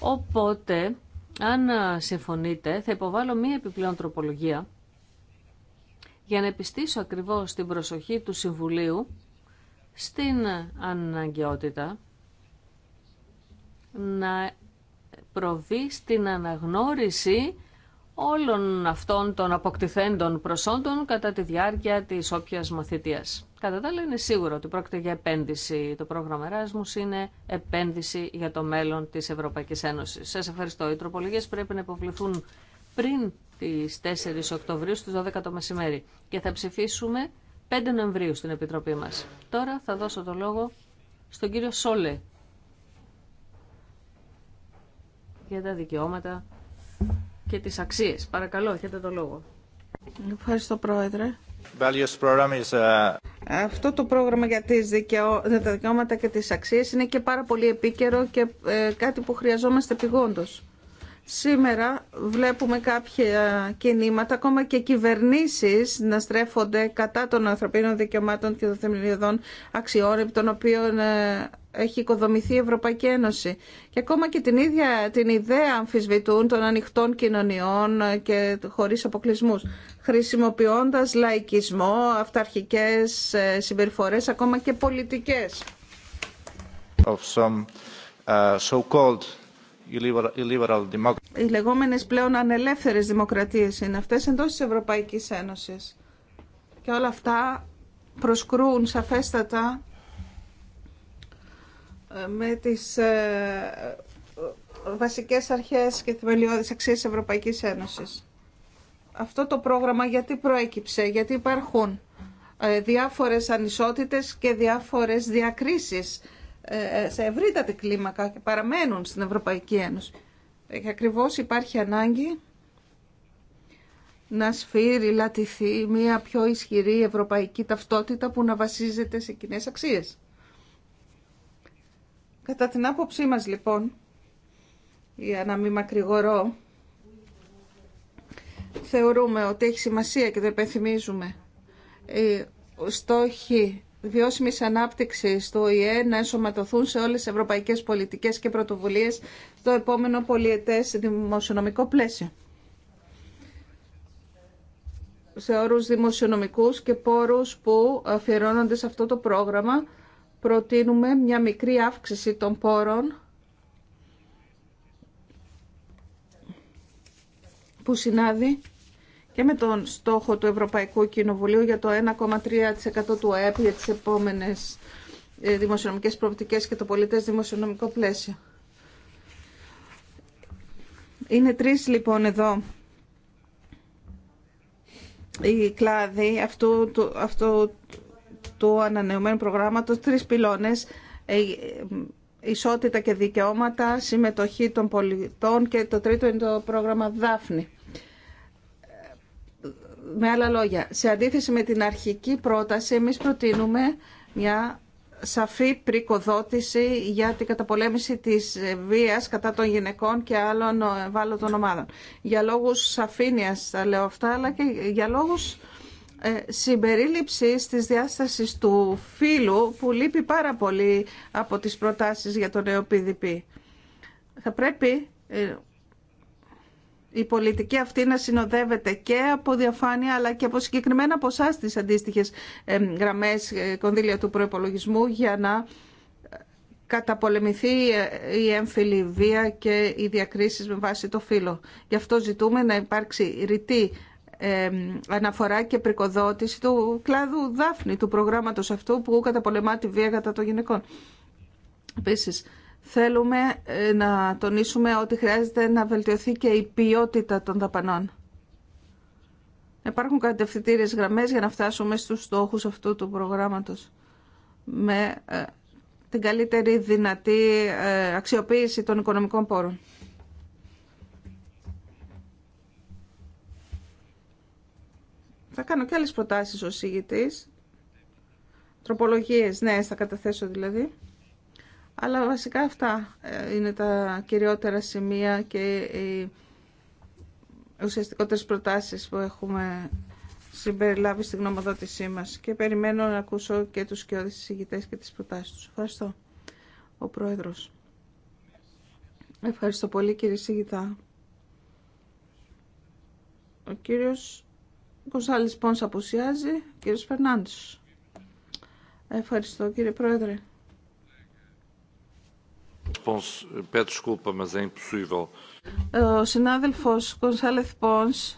Οπότε, αν συμφωνείτε, θα υποβάλω μία επιπλέον τροπολογία για να επιστήσω ακριβώς την προσοχή του Συμβουλίου στην αναγκαιότητα να προβεί στην αναγνώριση όλων αυτών των αποκτηθέντων προσόντων κατά τη διάρκεια της όποιας μαθητείας. Κατά τα άλλα είναι σίγουρο ότι πρόκειται για επένδυση. Το πρόγραμμα Εράσμους είναι επένδυση για το μέλλον της Ευρωπαϊκής Ένωσης. Σας ευχαριστώ. Οι πρέπει να υποβληθούν πριν στις 4 Οκτωβρίου στις 12 το μεσημέρι και θα ψηφίσουμε 5 Νοεμβρίου στην Επιτροπή μας. Τώρα θα δώσω το λόγο στον κύριο Σόλε για τα δικαιώματα και τις αξίες. Παρακαλώ, έχετε το λόγο. Ευχαριστώ, Πρόεδρε. Uh, Αυτό το πρόγραμμα για τις τα δικαιώματα και τις αξίες είναι και πάρα πολύ επίκαιρο και ε, κάτι που χρειαζόμαστε πηγόντως. Σήμερα βλέπουμε κάποια κινήματα, ακόμα και κυβερνήσεις να στρέφονται κατά των ανθρωπίνων δικαιωμάτων και των θεμελιωδών αξιών, των οποίων ε, έχει οικοδομηθεί η Ευρωπαϊκή Ένωση. Και ακόμα και την ίδια την ιδέα αμφισβητούν των ανοιχτών κοινωνιών ε, και χωρίς αποκλεισμούς, χρησιμοποιώντας λαϊκισμό, αυταρχικές ε, συμπεριφορές, ακόμα και πολιτικές. Of some, uh, οι λεγόμενες πλέον ανελεύθερες δημοκρατίες είναι αυτές εντός της Ευρωπαϊκής Ένωσης. Και όλα αυτά προσκρούν σαφέστατα ε, με τις ε, ε, βασικές αρχές και θεμελιώδεις αξίες της Ευρωπαϊκής Ένωσης. Αυτό το πρόγραμμα γιατί προέκυψε, γιατί υπάρχουν διάφορες ανισότητες και διάφορες διακρίσεις ε, ε, σε ευρύτατη κλίμακα και παραμένουν στην Ευρωπαϊκή Ένωση. Και ακριβώς υπάρχει ανάγκη να σφύρει, λατηθεί μια πιο ισχυρή ευρωπαϊκή ταυτότητα που να βασίζεται σε κοινέ αξίες. Κατά την άποψή μας λοιπόν, για να μην μακρηγορώ, θεωρούμε ότι έχει σημασία και το επενθυμίζουμε οι στόχοι βιώσιμης ανάπτυξης του ΟΗΕ να ενσωματωθούν σε όλες τις ευρωπαϊκές πολιτικές και πρωτοβουλίες στο επόμενο πολιετές δημοσιονομικό πλαίσιο. Σε όρους δημοσιονομικούς και πόρους που αφιερώνονται σε αυτό το πρόγραμμα προτείνουμε μια μικρή αύξηση των πόρων που συνάδει και με τον στόχο του Ευρωπαϊκού Κοινοβουλίου για το 1,3% του ΑΕΠ για τις επόμενες ε, δημοσιονομικές προοπτικές και το πολιτές δημοσιονομικό πλαίσιο. Είναι τρεις λοιπόν εδώ οι κλάδοι αυτού, του, αυτού του ανανεωμένου προγράμματος, τρεις πυλώνες, ε, ισότητα και δικαιώματα, συμμετοχή των πολιτών και το τρίτο είναι το πρόγραμμα Δάφνη. Με άλλα λόγια, σε αντίθεση με την αρχική πρόταση, εμείς προτείνουμε μια σαφή πρικοδότηση για την καταπολέμηση της βίας κατά των γυναικών και άλλων ευάλωτων ομάδων. Για λόγους σαφήνειας τα λέω αυτά, αλλά και για λόγους ε, συμπερίληψης της διάστασης του φύλου που λείπει πάρα πολύ από τις προτάσεις για το νέο PDP. Θα πρέπει ε, η πολιτική αυτή να συνοδεύεται και από διαφάνεια αλλά και από συγκεκριμένα ποσά στις αντίστοιχες γραμμές ε, κονδύλια του προϋπολογισμού για να ε, καταπολεμηθεί ε, η έμφυλη βία και οι διακρίσεις με βάση το φύλλο. Γι' αυτό ζητούμε να υπάρξει ρητή αναφορά και πρικοδότηση του κλάδου Δάφνη, του προγράμματος αυτού που καταπολεμά τη βία κατά των γυναικών. Επίσης, θέλουμε ε, να τονίσουμε ότι χρειάζεται να βελτιωθεί και η ποιότητα των δαπανών. Υπάρχουν κατευθυντήριες γραμμές για να φτάσουμε στους στόχους αυτού του προγράμματος με ε, την καλύτερη δυνατή ε, αξιοποίηση των οικονομικών πόρων. Θα κάνω και άλλες προτάσεις ως ηγητής. Τροπολογίες, ναι, θα καταθέσω δηλαδή. Αλλά βασικά αυτά ε, είναι τα κυριότερα σημεία και οι ουσιαστικότερες προτάσεις που έχουμε συμπεριλάβει στη γνωμοδότησή μας και περιμένω να ακούσω και τους κοιόδης συζητητές και τις προτάσεις τους. Ευχαριστώ. Ο Πρόεδρος. Ευχαριστώ πολύ κύριε Σιγητά. Ο κύριος Κωνσάλης Πόνς απουσιάζει, ο κύριος Φερνάντης. Ευχαριστώ κύριε Πρόεδρε. Eh, Ο συνάδελφος Κονσάλεθ Πόνς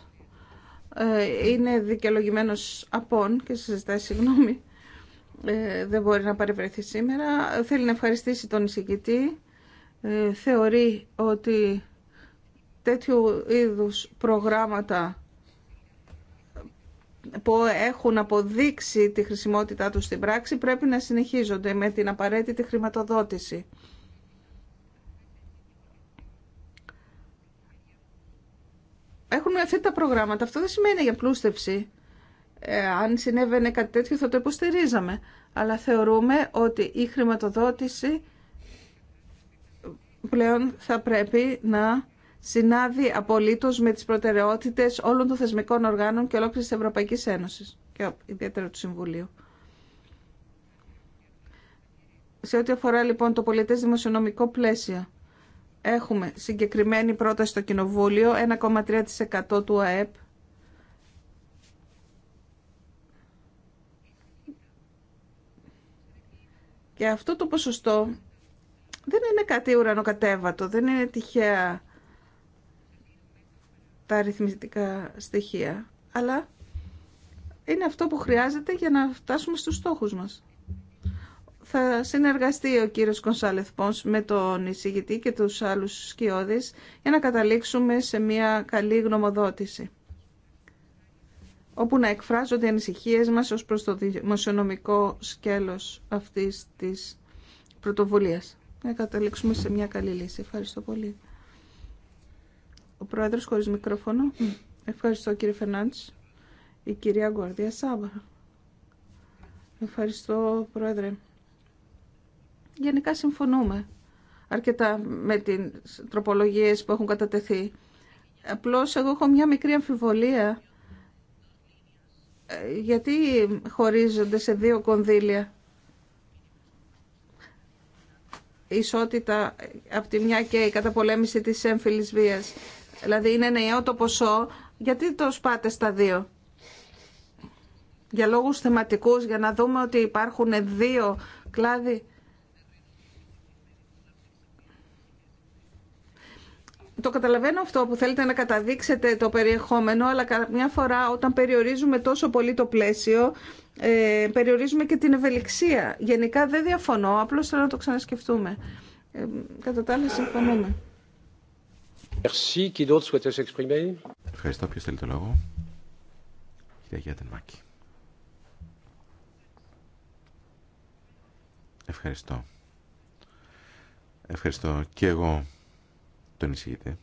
είναι δικαιολογημένος απόν και σας ζητάει συγγνώμη. Ε, δεν μπορεί να παρευρεθεί σήμερα. Θέλει να ευχαριστήσει τον εισηγητή. Ε, θεωρεί ότι τέτοιου είδους προγράμματα που έχουν αποδείξει τη χρησιμότητά τους στην πράξη πρέπει να συνεχίζονται με την απαραίτητη χρηματοδότηση. έχουν αυτά τα προγράμματα. Αυτό δεν σημαίνει για πλούστευση. Ε, αν συνέβαινε κάτι τέτοιο θα το υποστηρίζαμε. Αλλά θεωρούμε ότι η χρηματοδότηση πλέον θα πρέπει να συνάδει απολύτως με τις προτεραιότητες όλων των θεσμικών οργάνων και ολόκληρης της Ευρωπαϊκής Ένωσης και ιδιαίτερα του Συμβουλίου. Σε ό,τι αφορά λοιπόν το πολιτές δημοσιονομικό πλαίσιο, Έχουμε συγκεκριμένη πρόταση στο Κοινοβούλιο, 1,3% του ΑΕΠ. Και αυτό το ποσοστό δεν είναι κάτι ουρανοκατέβατο, δεν είναι τυχαία τα αριθμητικά στοιχεία, αλλά είναι αυτό που χρειάζεται για να φτάσουμε στους στόχους μας θα συνεργαστεί ο κύριος Κονσάλεθ Πόνς με τον εισηγητή και τους άλλους σκιώδεις για να καταλήξουμε σε μια καλή γνωμοδότηση όπου να εκφράζονται οι ανησυχίες μας ως προς το δημοσιονομικό σκέλος αυτής της πρωτοβουλίας. Να καταλήξουμε σε μια καλή λύση. Ευχαριστώ πολύ. Ο Πρόεδρος χωρίς μικρόφωνο. Ευχαριστώ κύριε Φερνάντς. Η κυρία Γκουαρδία Σάβα. Ευχαριστώ Πρόεδρε γενικά συμφωνούμε αρκετά με την τροπολογίες που έχουν κατατεθεί. Απλώς εγώ έχω μια μικρή αμφιβολία ε, γιατί χωρίζονται σε δύο κονδύλια η ισότητα ε, από τη μια και η καταπολέμηση της έμφυλης βίας. Δηλαδή είναι νεό το ποσό, γιατί το σπάτε στα δύο. Για λόγους θεματικούς, για να δούμε ότι υπάρχουν δύο κλάδοι το καταλαβαίνω αυτό που θέλετε να καταδείξετε το περιεχόμενο, αλλά μια φορά όταν περιορίζουμε τόσο πολύ το πλαίσιο, ε, περιορίζουμε και την ευελιξία. Γενικά δεν διαφωνώ, απλώς θέλω να το ξανασκεφτούμε. Ε, κατά τα άλλα συμφωνούμε. Ευχαριστώ. Ποιος θέλει το λόγο. Κυρία Γιάννη Ευχαριστώ. Ευχαριστώ και εγώ τον ενισχύετε.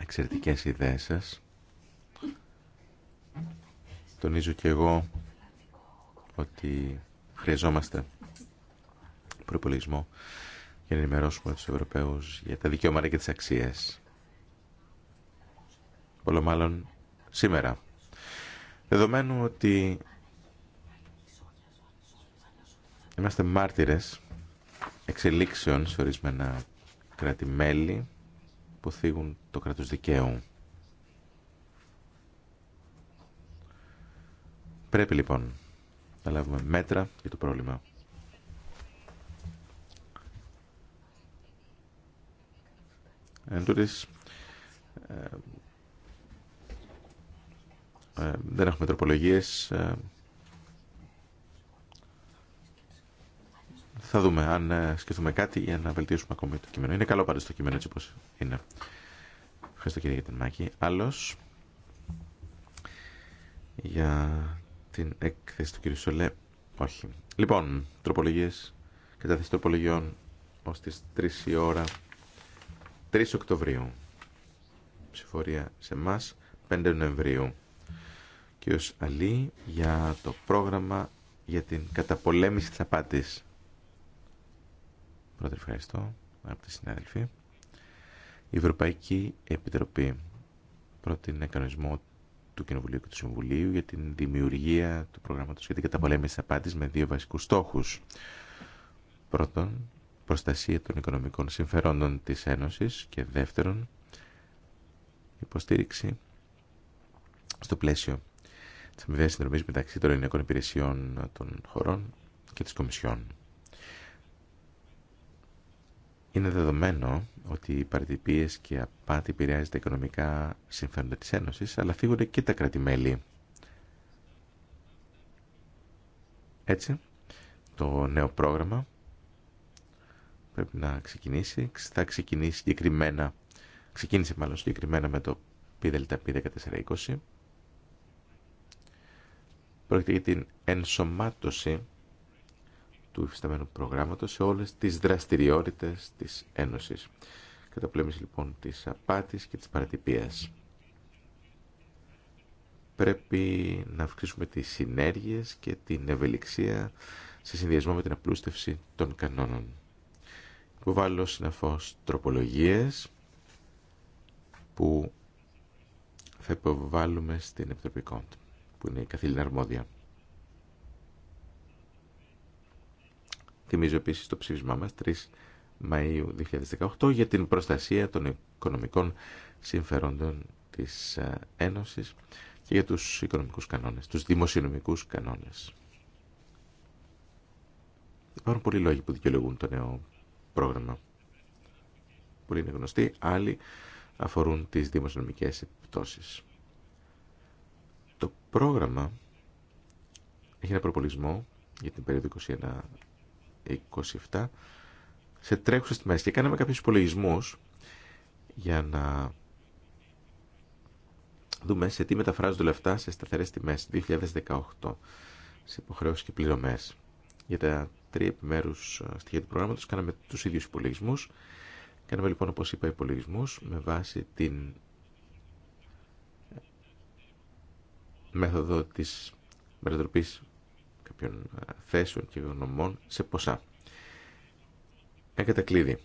Εξαιρετικές ιδέες σας. Τονίζω και εγώ ότι χρειαζόμαστε προπολογισμό για να ενημερώσουμε τους Ευρωπαίους για τα δικαιώματα και τις αξίες. Όλο μάλλον σήμερα. Δεδομένου ότι είμαστε μάρτυρες εξελίξεων σε ορισμένα κράτη-μέλη που θίγουν το κράτος δικαίου. Πρέπει λοιπόν να λάβουμε μέτρα για το πρόβλημα. Εν ε, ε, δεν έχουμε τροπολογίες, ε, θα δούμε αν ε, σκεφτούμε κάτι για να βελτιώσουμε ακόμη το κείμενο. Είναι καλό πάντω το κείμενο έτσι όπω είναι. Ευχαριστώ κύριε Γιατρινάκη. Άλλο για την έκθεση του κύριου Σολέ. Όχι. Λοιπόν, τροπολογίες, κατάθεση τροπολογιών ω τι 3 η ώρα 3 Οκτωβρίου. Ψηφορία σε εμά 5 Νοεμβρίου. Κύριο Αλή για το πρόγραμμα για την καταπολέμηση της απάτης. Πρώτα ευχαριστώ από τη συνάδελφη. Η Ευρωπαϊκή Επιτροπή πρότεινε κανονισμό του Κοινοβουλίου και του Συμβουλίου για την δημιουργία του προγράμματο για την καταπολέμηση τη με δύο βασικού στόχου. Πρώτον, προστασία των οικονομικών συμφερόντων τη Ένωση και δεύτερον, υποστήριξη στο πλαίσιο τη αμοιβαία συνδρομή μεταξύ των ελληνικών υπηρεσιών των χωρών και τη Κομισιόν. Είναι δεδομένο ότι οι παρατυπίες και απάτη επηρεάζονται οικονομικά συμφέροντα της Ένωσης, αλλά φύγονται και τα κρατη Έτσι, το νέο πρόγραμμα πρέπει να ξεκινήσει. Θα ξεκινήσει συγκεκριμένα, ξεκίνησε μάλλον συγκεκριμένα με το ΠΔΛΤΑΠΗ 1420 Πρόκειται για την ενσωμάτωση του υφισταμένου προγράμματος σε όλες τις δραστηριότητες της Ένωσης. πλέμιση λοιπόν της απάτης και της παρατυπίας. Πρέπει να αυξήσουμε τις συνέργειες και την ευελιξία σε συνδυασμό με την απλούστευση των κανόνων. Υποβάλλω συναφώς τροπολογίες που θα υποβάλλουμε στην Επιτροπή Κόντ, που είναι η καθήλυνα αρμόδια. Θυμίζω επίση το ψήφισμά μα 3 Μαου 2018 για την προστασία των οικονομικών συμφερόντων τη ε, Ένωση και για του οικονομικού κανόνε, του δημοσιονομικού κανόνε. Υπάρχουν πολλοί λόγοι που δικαιολογούν το νέο πρόγραμμα. Πολλοί είναι γνωστοί, άλλοι αφορούν τις δημοσιονομικές επιπτώσεις. Το πρόγραμμα έχει ένα προπολισμό για την περίοδο 27 σε τρέχουσες τιμές και κάναμε κάποιους υπολογισμού για να δούμε σε τι μεταφράζονται λεφτά σε σταθερές τιμές 2018 σε υποχρεώσεις και πληρωμές. Για τα τρία επιμέρους ε, στοιχεία του προγράμματος κάναμε τους ίδιους υπολογισμού. Κάναμε λοιπόν όπως είπα υπολογισμού με βάση την ε, μέθοδο της μετατροπής κάποιων ε, θέσεων και γνωμών σε ποσά. Έκατα κλείδι.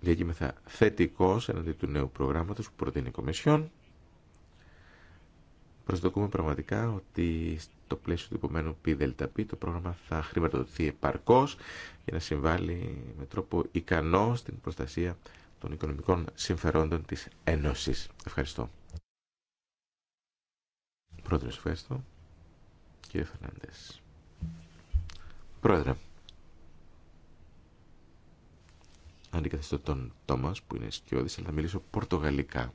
Διακείμεθα θετικό εναντί του νέου προγράμματο που προτείνει η Κομισιόν. Προσδοκούμε πραγματικά ότι στο πλαίσιο του επομένου ΠΔΠ το πρόγραμμα θα χρηματοδοτηθεί επαρκώ για να συμβάλλει με τρόπο ικανό στην προστασία των οικονομικών συμφερόντων της Ένωσης. Ευχαριστώ. Πρόεδρος, ευχαριστώ. Κύριε Φερνάντες. Πρόεδρε. Αντικαθιστώ τον Τόμας που είναι σκιώδης, αλλά θα μιλήσω πορτογαλικά.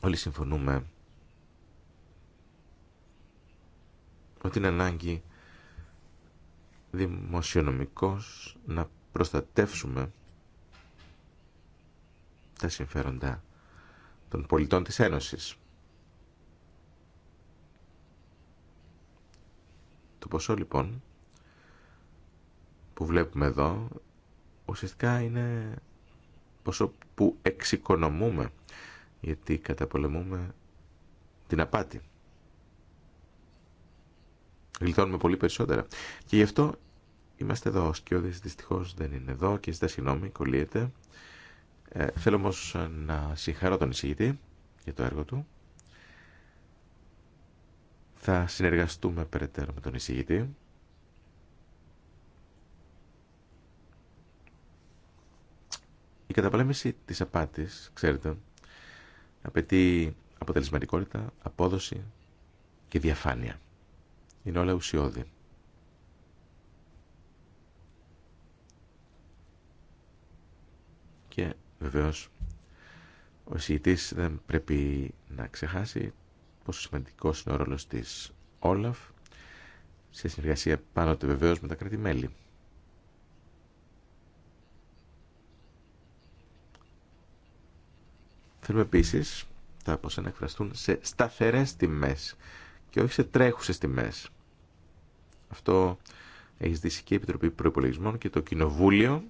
Όλοι συμφωνούμε ότι είναι ανάγκη δημοσιονομικός να προστατεύσουμε τα συμφέροντα των πολιτών της Ένωσης. Το ποσό λοιπόν που βλέπουμε εδώ ουσιαστικά είναι ποσό που εξοικονομούμε γιατί καταπολεμούμε την απάτη. Γλιτώνουμε πολύ περισσότερα. Και γι' αυτό είμαστε εδώ. Ο Σκιώδης δυστυχώς δεν είναι εδώ και ζητά συγγνώμη, κολλείεται. Ε, θέλω όμως να συγχαρώ τον εισηγητή για το έργο του. Θα συνεργαστούμε περαιτέρω με τον εισηγητή. Η καταπολέμηση της απάτης, ξέρετε, απαιτεί αποτελεσματικότητα, απόδοση και διαφάνεια. Είναι όλα ουσιώδη. Και βεβαίως ο εισηγητής δεν πρέπει να ξεχάσει πόσο σημαντικός είναι ο ρόλο της Όλαφ σε συνεργασία του βεβαίω με τα κράτη-μέλη. Θέλουμε επίση τα ποσά να εκφραστούν σε σταθερές τιμές και όχι σε τρέχουσες τιμές. Αυτό έχει ζητήσει και η Επιτροπή Προπολογισμών και το Κοινοβούλιο.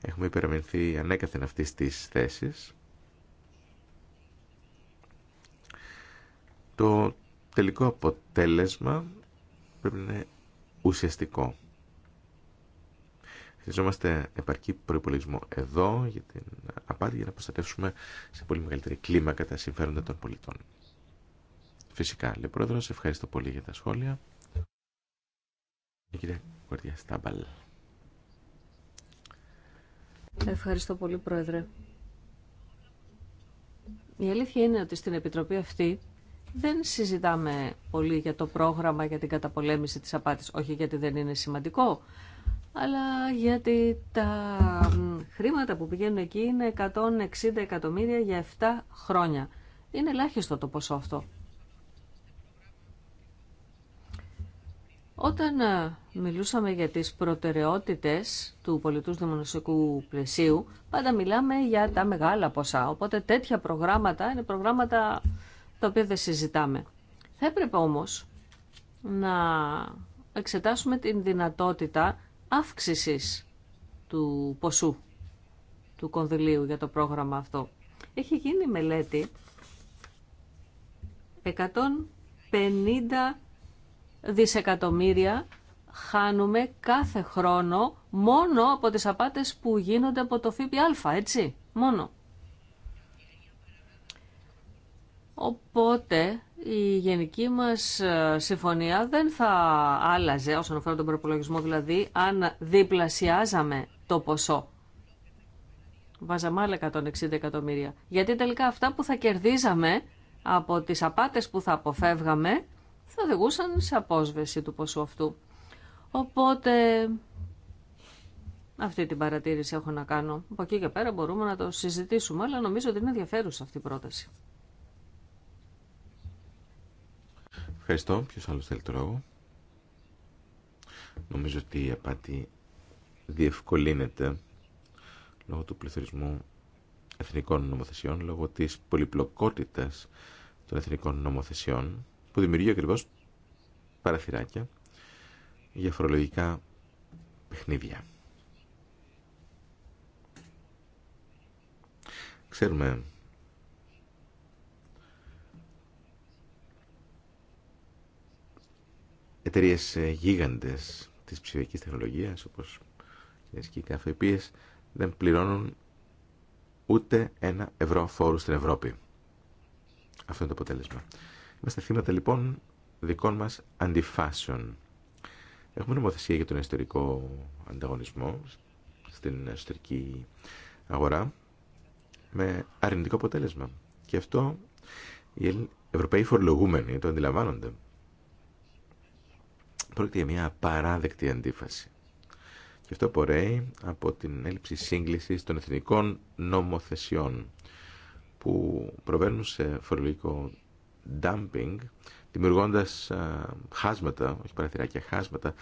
Έχουμε υπεραμενθεί ανέκαθεν αυτή τη θέση. το τελικό αποτέλεσμα πρέπει να είναι ουσιαστικό. Χρειαζόμαστε επαρκή προπολογισμό εδώ για την απάτη για να προστατεύσουμε σε πολύ μεγαλύτερη κλίμακα τα συμφέροντα των πολιτών. Φυσικά, λέει πρόεδρος, ευχαριστώ πολύ για τα σχόλια. Η κυρία Κορδιά Στάμπαλ. Ευχαριστώ πολύ, Πρόεδρε. Η αλήθεια είναι ότι στην Επιτροπή αυτή δεν συζητάμε πολύ για το πρόγραμμα για την καταπολέμηση της απάτης, όχι γιατί δεν είναι σημαντικό, αλλά γιατί τα χρήματα που πηγαίνουν εκεί είναι 160 εκατομμύρια για 7 χρόνια. Είναι ελάχιστο το ποσό αυτό. Όταν ε, μιλούσαμε για τις προτεραιότητες του πολιτούς δημοσιοκού πλαισίου, πάντα μιλάμε για τα μεγάλα ποσά. Οπότε τέτοια προγράμματα είναι προγράμματα το οποίο δεν συζητάμε. Θα έπρεπε όμως να εξετάσουμε την δυνατότητα αύξησης του ποσού του κονδυλίου για το πρόγραμμα αυτό. Έχει γίνει μελέτη 150 δισεκατομμύρια χάνουμε κάθε χρόνο μόνο από τις απάτες που γίνονται από το ΦΠΑ, έτσι, μόνο. Οπότε η γενική μας ε, συμφωνία δεν θα άλλαζε όσον αφορά τον προπολογισμό, δηλαδή αν διπλασιάζαμε το ποσό. Βάζαμε άλλα 160 εκατομμύρια. Γιατί τελικά αυτά που θα κερδίζαμε από τις απάτες που θα αποφεύγαμε θα οδηγούσαν σε απόσβεση του ποσού αυτού. Οπότε αυτή την παρατήρηση έχω να κάνω. Από εκεί και πέρα μπορούμε να το συζητήσουμε, αλλά νομίζω ότι είναι ενδιαφέρουσα αυτή η πρόταση. Ευχαριστώ. Ποιος άλλο θέλει το λόγο. Νομίζω ότι η απάτη διευκολύνεται λόγω του πληθωρισμού εθνικών νομοθεσιών, λόγω της πολυπλοκότητας των εθνικών νομοθεσιών, που δημιουργεί ακριβώ παραθυράκια για φορολογικά παιχνίδια. Ξέρουμε εταιρείε ε, γίγαντες της ψηφιακής τεχνολογίας όπως και οι δεν πληρώνουν ούτε ένα ευρώ φόρου στην Ευρώπη. Αυτό είναι το αποτέλεσμα. Είμαστε θύματα λοιπόν δικών μας αντιφάσεων. Έχουμε νομοθεσία για τον ιστορικό ανταγωνισμό στην εσωτερική αγορά με αρνητικό αποτέλεσμα. Και αυτό οι Ευρωπαίοι φορολογούμενοι το αντιλαμβάνονται. Πρόκειται για μια απαράδεκτη αντίφαση. Και αυτό πορεύει από την έλλειψη σύγκληση των εθνικών νομοθεσιών που προβαίνουν σε φορολογικό dumping, δημιουργώντας χάσματα, όχι παραθυράκια, χάσματα,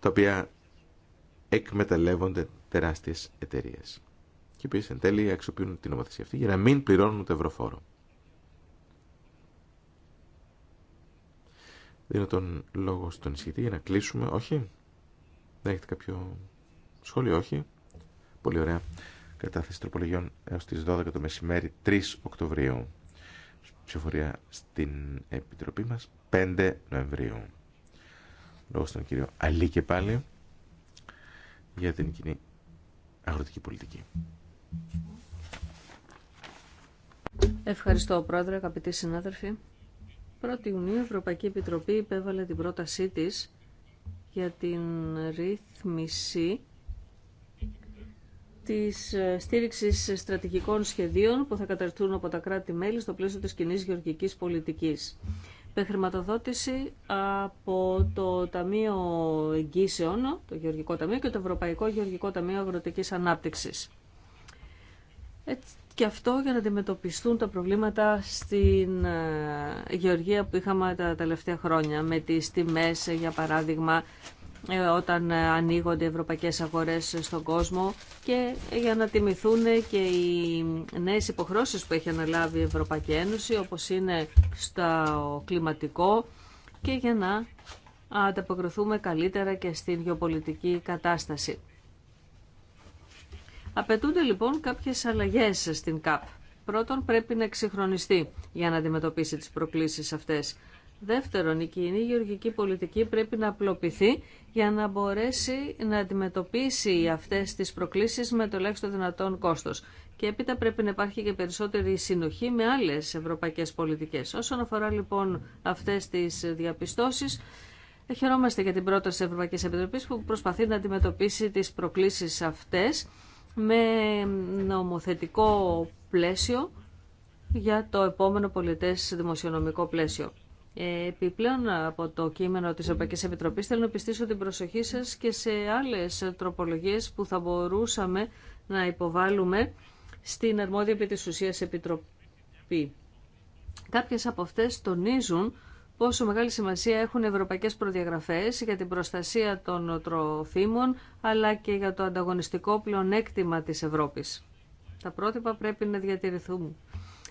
τα οποία εκμεταλλεύονται τεράστιες εταιρείε. Και οι οποίε εν τέλει αξιοποιούν την νομοθεσία αυτή για να μην πληρώνουν το ευρωφόρο. Δίνω τον λόγο στον ισχυτή για να κλείσουμε. Όχι. Δεν έχετε κάποιο σχόλιο. Όχι. Πολύ ωραία. Κατάθεση τροπολογιών έως τις 12 το μεσημέρι 3 Οκτωβρίου. Ψηφοφορία στην Επιτροπή μας 5 Νοεμβρίου. Λόγω στον κύριο Αλή και πάλι για την κοινή αγροτική πολιτική. Ευχαριστώ, Πρόεδρε, αγαπητοί συνάδελφοι. 1η Ιουνίου η Ευρωπαϊκή Επιτροπή υπέβαλε την πρότασή της για την ρύθμιση της ε, στήριξης στρατηγικών σχεδίων που θα καταρτούν από τα κράτη-μέλη στο πλαίσιο της κοινή γεωργικής πολιτικής. Με χρηματοδότηση από το Ταμείο Εγγύσεων, το Γεωργικό Ταμείο και το Ευρωπαϊκό Γεωργικό Ταμείο Αγροτικής Ανάπτυξης και αυτό για να αντιμετωπιστούν τα προβλήματα στην ε, γεωργία που είχαμε τα τελευταία χρόνια με τις τιμές ε, για παράδειγμα ε, όταν ανοίγονται ευρωπαϊκές αγορές στον κόσμο και για να τιμηθούν και οι νέες υποχρώσεις που έχει αναλάβει η Ευρωπαϊκή Ένωση όπως είναι στο κλιματικό και για να ανταποκριθούμε καλύτερα και στην γεωπολιτική κατάσταση. Απαιτούνται λοιπόν κάποιε αλλαγέ στην ΚΑΠ. Πρώτον πρέπει να εξυγχρονιστεί για να αντιμετωπίσει τι προκλήσει αυτέ. Δεύτερον, η κοινή γεωργική πολιτική πρέπει να απλοποιηθεί για να μπορέσει να αντιμετωπίσει αυτέ τι προκλήσει με το ελάχιστο δυνατόν κόστο. Και έπειτα πρέπει να υπάρχει και περισσότερη συνοχή με άλλε ευρωπαϊκέ. πολιτικές. Όσον αφορά λοιπόν αυτές τις διαπιστώσεις, χαιρόμαστε για την πρόταση τη Ευρωπαϊκή Επιτροπή που προσπαθεί να αντιμετωπίσει τι προκλήσει αυτέ με νομοθετικό πλαίσιο για το επόμενο πολιτές δημοσιονομικό πλαίσιο. Ε, επιπλέον από το κείμενο της Ευρωπαϊκής Επιτροπής θέλω να πιστήσω την προσοχή σας και σε άλλες τροπολογίες που θα μπορούσαμε να υποβάλουμε στην αρμόδια επί της Επιτροπή. Κάποιες από αυτές τονίζουν πόσο μεγάλη σημασία έχουν οι ευρωπαϊκές προδιαγραφές για την προστασία των τροφίμων, αλλά και για το ανταγωνιστικό πλεονέκτημα της Ευρώπης. Τα πρότυπα πρέπει να διατηρηθούν.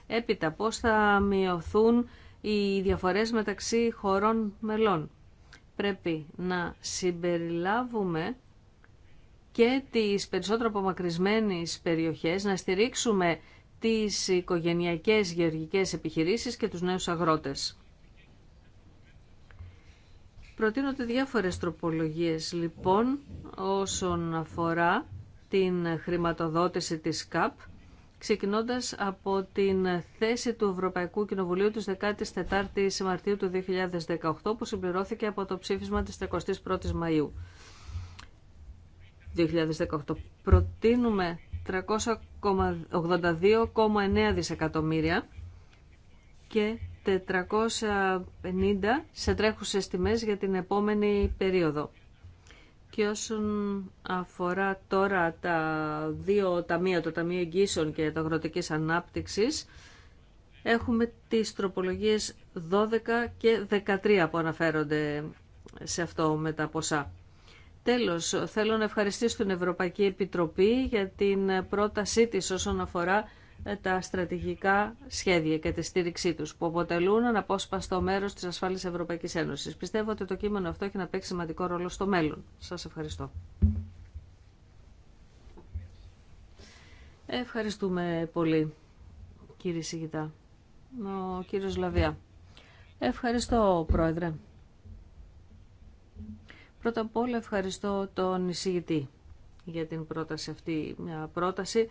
Έπειτα, πώς θα μειωθούν οι διαφορές μεταξύ χωρών μελών. Πρέπει να συμπεριλάβουμε και τις περισσότερο απομακρυσμένες περιοχές, να στηρίξουμε τις οικογενειακές γεωργικές επιχειρήσεις και τους νέους αγρότες. Προτείνονται διάφορες τροπολογίες λοιπόν όσον αφορά την χρηματοδότηση της ΚΑΠ ξεκινώντας από την θέση του Ευρωπαϊκού Κοινοβουλίου της 14ης Μαρτίου του 2018 που συμπληρώθηκε από το ψήφισμα της 31ης Μαΐου 2018. Προτείνουμε 382,9 δισεκατομμύρια και 450 σε τρέχουσες τιμές για την επόμενη περίοδο. Και όσον αφορά τώρα τα δύο ταμεία, το Ταμείο Εγγύσεων και το Αγροτικής Ανάπτυξης, έχουμε τις τροπολογίες 12 και 13 που αναφέρονται σε αυτό με τα ποσά. Τέλος, θέλω να ευχαριστήσω την Ευρωπαϊκή Επιτροπή για την πρότασή της όσον αφορά ε, τα στρατηγικά σχέδια και τη στήριξή τους, που αποτελούν αναπόσπαστο μέρος της ασφάλεια Ευρωπαϊκής Ένωσης. Πιστεύω ότι το κείμενο αυτό έχει να παίξει σημαντικό ρόλο στο μέλλον. Σας ευχαριστώ. Ευχαριστούμε πολύ, κύριε Σιγητά. Ο κύριος Λαβία. Ευχαριστώ, Πρόεδρε. Πρώτα απ' όλα ευχαριστώ τον εισηγητή για την πρόταση αυτή, μια πρόταση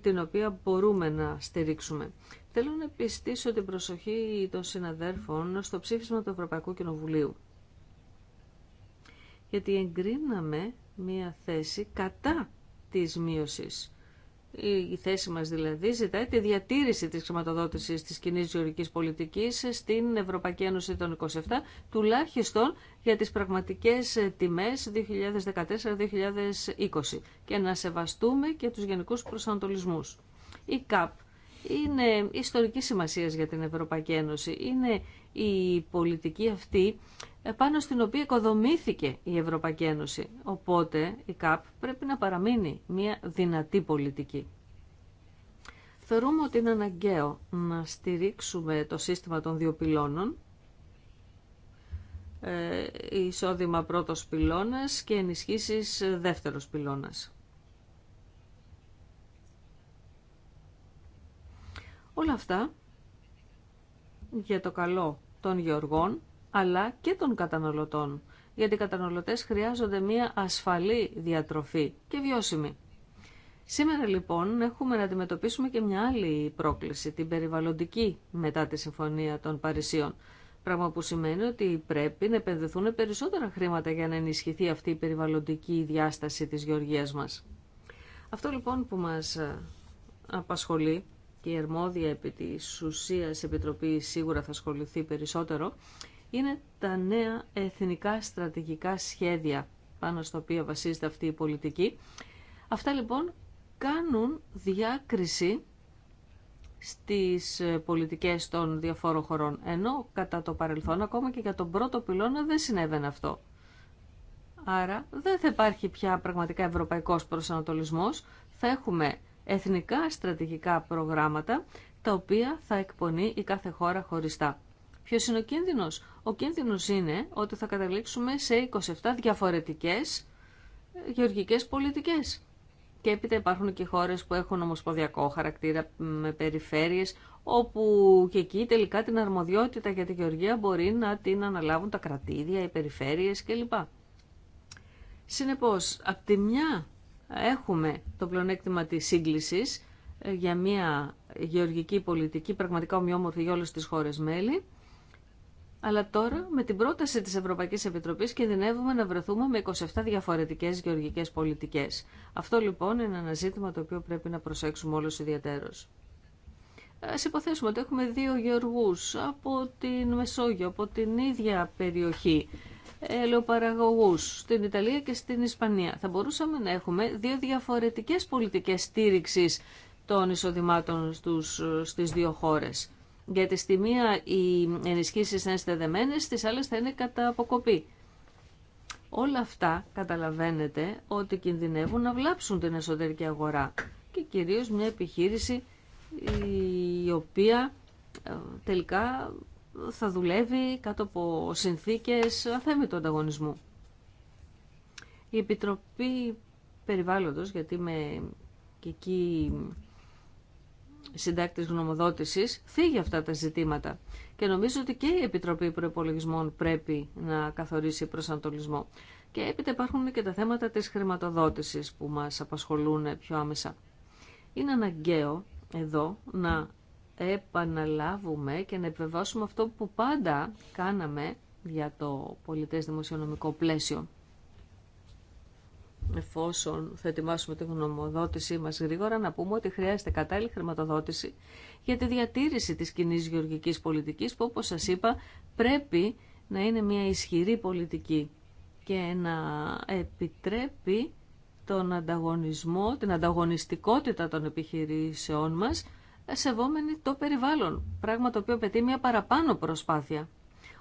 την οποία μπορούμε να στηρίξουμε. Θέλω να επιστήσω την προσοχή των συναδέρφων στο ψήφισμα του Ευρωπαϊκού Κοινοβουλίου. Γιατί εγκρίναμε μία θέση κατά της μείωσης η θέση μας δηλαδή ζητάει τη διατήρηση της χρηματοδότησης της κοινή γεωργικής πολιτικής στην Ευρωπαϊκή Ένωση των 27, τουλάχιστον για τις πραγματικές τιμές 2014-2020 και να σεβαστούμε και τους γενικούς προσανατολισμούς. Η ΚΑΠ είναι ιστορική σημασία για την Ευρωπαϊκή Ένωση. Είναι η πολιτική αυτή ε, πάνω στην οποία οικοδομήθηκε η Ευρωπαϊκή Ένωση. Οπότε η ΚΑΠ πρέπει να παραμείνει μια δυνατή πολιτική. Θεωρούμε ότι είναι αναγκαίο να στηρίξουμε το σύστημα των δύο πυλώνων, ε, εισόδημα πρώτος πυλώνας και ενισχύσεις δεύτερος πυλώνας. Όλα αυτά για το καλό των γεωργών αλλά και των καταναλωτών. Γιατί οι καταναλωτές χρειάζονται μια ασφαλή διατροφή και βιώσιμη. Σήμερα λοιπόν έχουμε να αντιμετωπίσουμε και μια άλλη πρόκληση, την περιβαλλοντική μετά τη Συμφωνία των Παρισίων. Πράγμα που σημαίνει ότι πρέπει να επενδυθούν περισσότερα χρήματα για να ενισχυθεί αυτή η περιβαλλοντική διάσταση της γεωργίας μας. Αυτό λοιπόν που μας ε, απασχολεί και η αρμόδια επί της ουσίας επιτροπή σίγουρα θα ασχοληθεί περισσότερο, είναι τα νέα εθνικά στρατηγικά σχέδια πάνω στο οποία βασίζεται αυτή η πολιτική. Αυτά λοιπόν κάνουν διάκριση στις ε, πολιτικές των διαφόρων χωρών. Ενώ κατά το παρελθόν ακόμα και για τον πρώτο πυλώνα δεν συνέβαινε αυτό. Άρα δεν θα υπάρχει πια πραγματικά ευρωπαϊκός προσανατολισμός. Θα έχουμε εθνικά στρατηγικά προγράμματα τα οποία θα εκπονεί η κάθε χώρα χωριστά. Ποιο είναι ο κίνδυνο, Ο κίνδυνο είναι ότι θα καταλήξουμε σε 27 διαφορετικέ ε, γεωργικέ πολιτικέ. Και έπειτα υπάρχουν και χώρε που έχουν ομοσπονδιακό χαρακτήρα με περιφέρειε, όπου και εκεί τελικά την αρμοδιότητα για τη γεωργία μπορεί να την αναλάβουν τα κρατήδια, οι περιφέρειες κλπ. Συνεπώ, από τη μια έχουμε το πλεονέκτημα της σύγκλησης ε, για μια γεωργική πολιτική πραγματικά ομοιόμορφη για όλες τις χώρες μέλη. Αλλά τώρα με την πρόταση της Ευρωπαϊκής Επιτροπής κινδυνεύουμε να βρεθούμε με 27 διαφορετικές γεωργικές πολιτικές. Αυτό λοιπόν είναι ένα ζήτημα το οποίο πρέπει να προσέξουμε όλους ιδιαίτερος. Α υποθέσουμε ότι έχουμε δύο γεωργούς από την Μεσόγειο, από την ίδια περιοχή ελαιοπαραγωγού στην Ιταλία και στην Ισπανία. Θα μπορούσαμε να έχουμε δύο διαφορετικές πολιτικές στήριξης των εισοδημάτων στους, στις δύο χώρες. Γιατί στη μία οι ενισχύσεις θα είναι στεδεμένες, στις άλλες θα είναι κατά αποκοπή. Όλα αυτά καταλαβαίνετε ότι κινδυνεύουν να βλάψουν την εσωτερική αγορά και κυρίως μια οι ενισχυσει θα ειναι στεδεμενες στι αλλες θα ειναι κατα αποκοπη ολα αυτα καταλαβαινετε οτι κινδυνευουν να βλαψουν την εσωτερικη αγορα και κυριως μια επιχειρηση η οποία ε, τελικά θα δουλεύει κάτω από συνθήκες αθέμη του ανταγωνισμού. Η Επιτροπή Περιβάλλοντος, γιατί με και εκεί συντάκτης γνωμοδότησης, φύγει αυτά τα ζητήματα. Και νομίζω ότι και η Επιτροπή Προπολογισμών πρέπει να καθορίσει προσανατολισμό. Και έπειτα υπάρχουν και τα θέματα της χρηματοδότησης που μας απασχολούν πιο άμεσα. Είναι αναγκαίο εδώ να επαναλάβουμε και να επιβεβαιώσουμε αυτό που πάντα κάναμε για το πολιτές δημοσιονομικό πλαίσιο. Εφόσον θα ετοιμάσουμε τη γνωμοδότησή μας γρήγορα, να πούμε ότι χρειάζεται κατάλληλη χρηματοδότηση για τη διατήρηση της κοινή γεωργικής πολιτικής που όπως σας είπα πρέπει να είναι μια ισχυρή πολιτική και να επιτρέπει τον ανταγωνισμό, την ανταγωνιστικότητα των επιχειρήσεών μας σεβόμενοι το περιβάλλον, πράγμα το οποίο πετύχει μια παραπάνω προσπάθεια.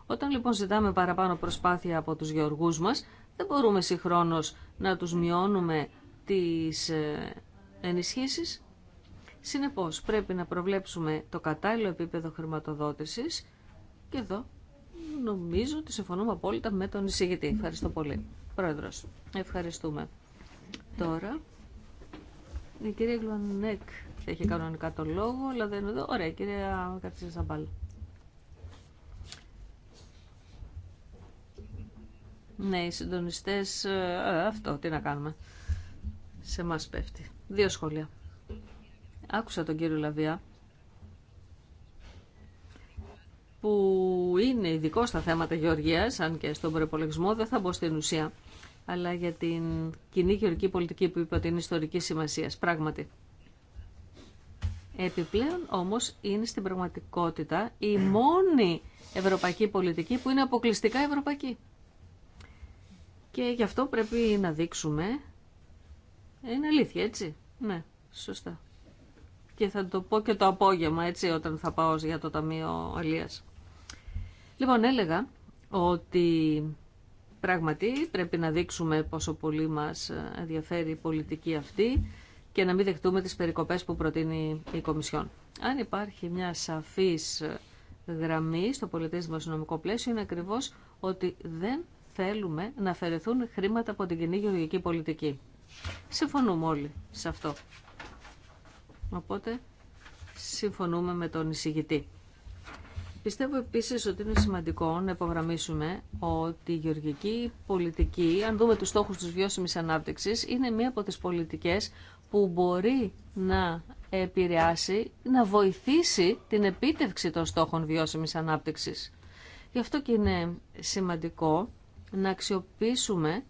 Όταν λοιπόν ζητάμε παραπάνω προσπάθεια από τους γεωργούς μας, δεν μπορούμε συγχρόνως να τους μειώνουμε τις ε, ενισχύσεις. Συνεπώς πρέπει να προβλέψουμε το κατάλληλο επίπεδο χρηματοδότησης και εδώ νομίζω ότι συμφωνούμε απόλυτα με τον εισηγητή. Ευχαριστώ πολύ. Πρόεδρος, ευχαριστούμε. Τώρα, η κυρία Γλουανέκ θα είχε κανονικά το λόγο, αλλά δεν είναι εδώ. Ωραία, κυρία Καρτσίνα Σαμπάλ. Ναι, οι συντονιστέ. Ε, αυτό, τι να κάνουμε. Σε μας πέφτει. Δύο σχόλια. Άκουσα τον κύριο Λαβία, που είναι ειδικό στα θέματα γεωργίας, αν και στον προπολογισμό δεν θα μπω στην ουσία, αλλά για την κοινή γεωργική πολιτική που είπε ότι είναι ιστορική σημασία. Πράγματι, Επιπλέον όμως είναι στην πραγματικότητα η μόνη ευρωπαϊκή πολιτική που είναι αποκλειστικά ευρωπαϊκή. Και γι' αυτό πρέπει να δείξουμε. Είναι αλήθεια, έτσι. Ναι, σωστά. Και θα το πω και το απόγευμα, έτσι, όταν θα πάω για το Ταμείο Αλίας. Λοιπόν, έλεγα ότι πράγματι πρέπει να δείξουμε πόσο πολύ μας ενδιαφέρει η πολιτική αυτή και να μην δεχτούμε τις περικοπές που προτείνει η Κομισιόν. Αν υπάρχει μια σαφής γραμμή στο πολιτισμο δημοσιονομικό πλαίσιο είναι ακριβώς ότι δεν θέλουμε να αφαιρεθούν χρήματα από την κοινή γεωργική πολιτική. Συμφωνούμε όλοι σε αυτό. Οπότε συμφωνούμε με τον εισηγητή. Πιστεύω επίσης ότι είναι σημαντικό να υπογραμμίσουμε ότι η γεωργική πολιτική, αν δούμε τους στόχους της βιώσιμης ανάπτυξης, είναι μία από τις πολιτικές που μπορεί να επηρεάσει, να βοηθήσει την επίτευξη των στόχων βιώσιμης ανάπτυξης. Γι' αυτό και είναι σημαντικό να αξιοποιήσουμε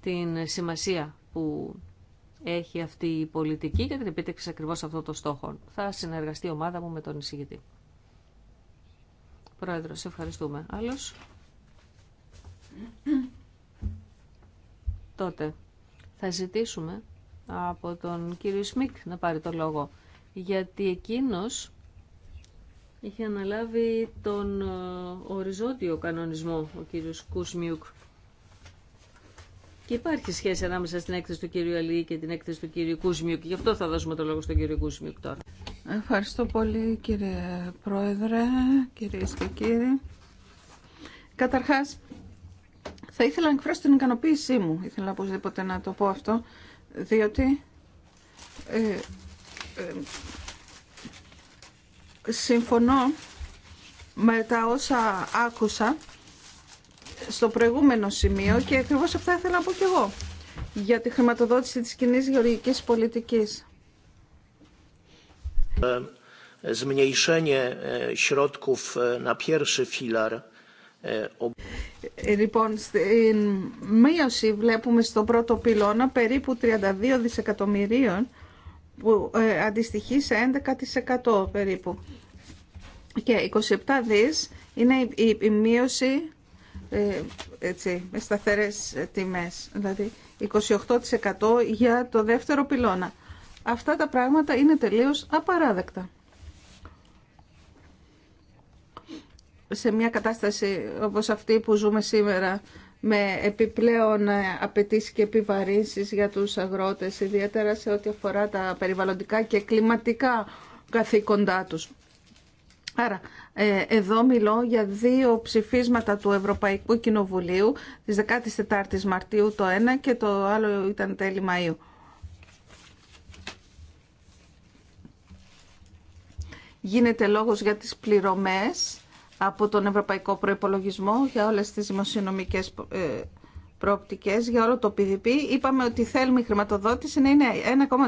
την σημασία που έχει αυτή η πολιτική για την επίτευξη ακριβώς αυτών των στόχων. Θα συνεργαστεί η ομάδα μου με τον εισηγητή. Πρόεδρος, ευχαριστούμε. Άλλος. Τότε θα ζητήσουμε από τον κύριο Σμικ να πάρει το λόγο. Γιατί εκείνος είχε αναλάβει τον ε, οριζόντιο κανονισμό ο κύριος Κουσμιούκ. Και υπάρχει σχέση ανάμεσα στην έκθεση του κύριου Αλή και την έκθεση του κύριου Κούσμιουκ. Γι' αυτό θα δώσουμε το λόγο στον κύριο Κούσμιουκ τώρα. Ευχαριστώ πολύ κύριε Πρόεδρε, κυρίες και κύριοι. Καταρχάς, θα ήθελα να εκφράσω την ικανοποίησή μου, ήθελα οπωσδήποτε να το πω αυτό, διότι ε, ε, συμφωνώ με τα όσα άκουσα στο προηγούμενο σημείο και ακριβώς αυτά ήθελα να πω και εγώ για τη χρηματοδότηση της κοινή γεωργικής πολιτικής. Λοιπόν, στην e, μείωση βλέπουμε στον πρώτο πυλώνα περίπου 32 δισεκατομμυρίων που ε, αντιστοιχεί σε 11% περίπου. Και 27 δις είναι η, μείωση ε, έτσι, με σταθερές τιμές, δηλαδή 28% για το δεύτερο πυλώνα. Αυτά τα πράγματα είναι τελείως απαράδεκτα. Σε μια κατάσταση όπως αυτή που ζούμε σήμερα, με επιπλέον απαιτήσει και επιβαρύνσεις για τους αγρότες, ιδιαίτερα σε ό,τι αφορά τα περιβαλλοντικά και κλιματικά καθήκοντά τους. Άρα, ε, εδώ μιλώ για δύο ψηφίσματα του Ευρωπαϊκού Κοινοβουλίου, της 14ης Μαρτίου το ένα και το άλλο ήταν τέλη Μαΐου. γίνεται λόγος για τις πληρωμές από τον Ευρωπαϊκό Προϋπολογισμό για όλες τις δημοσιονομικές ε, προοπτικές, για όλο το PDP. Είπαμε ότι θέλουμε η χρηματοδότηση να είναι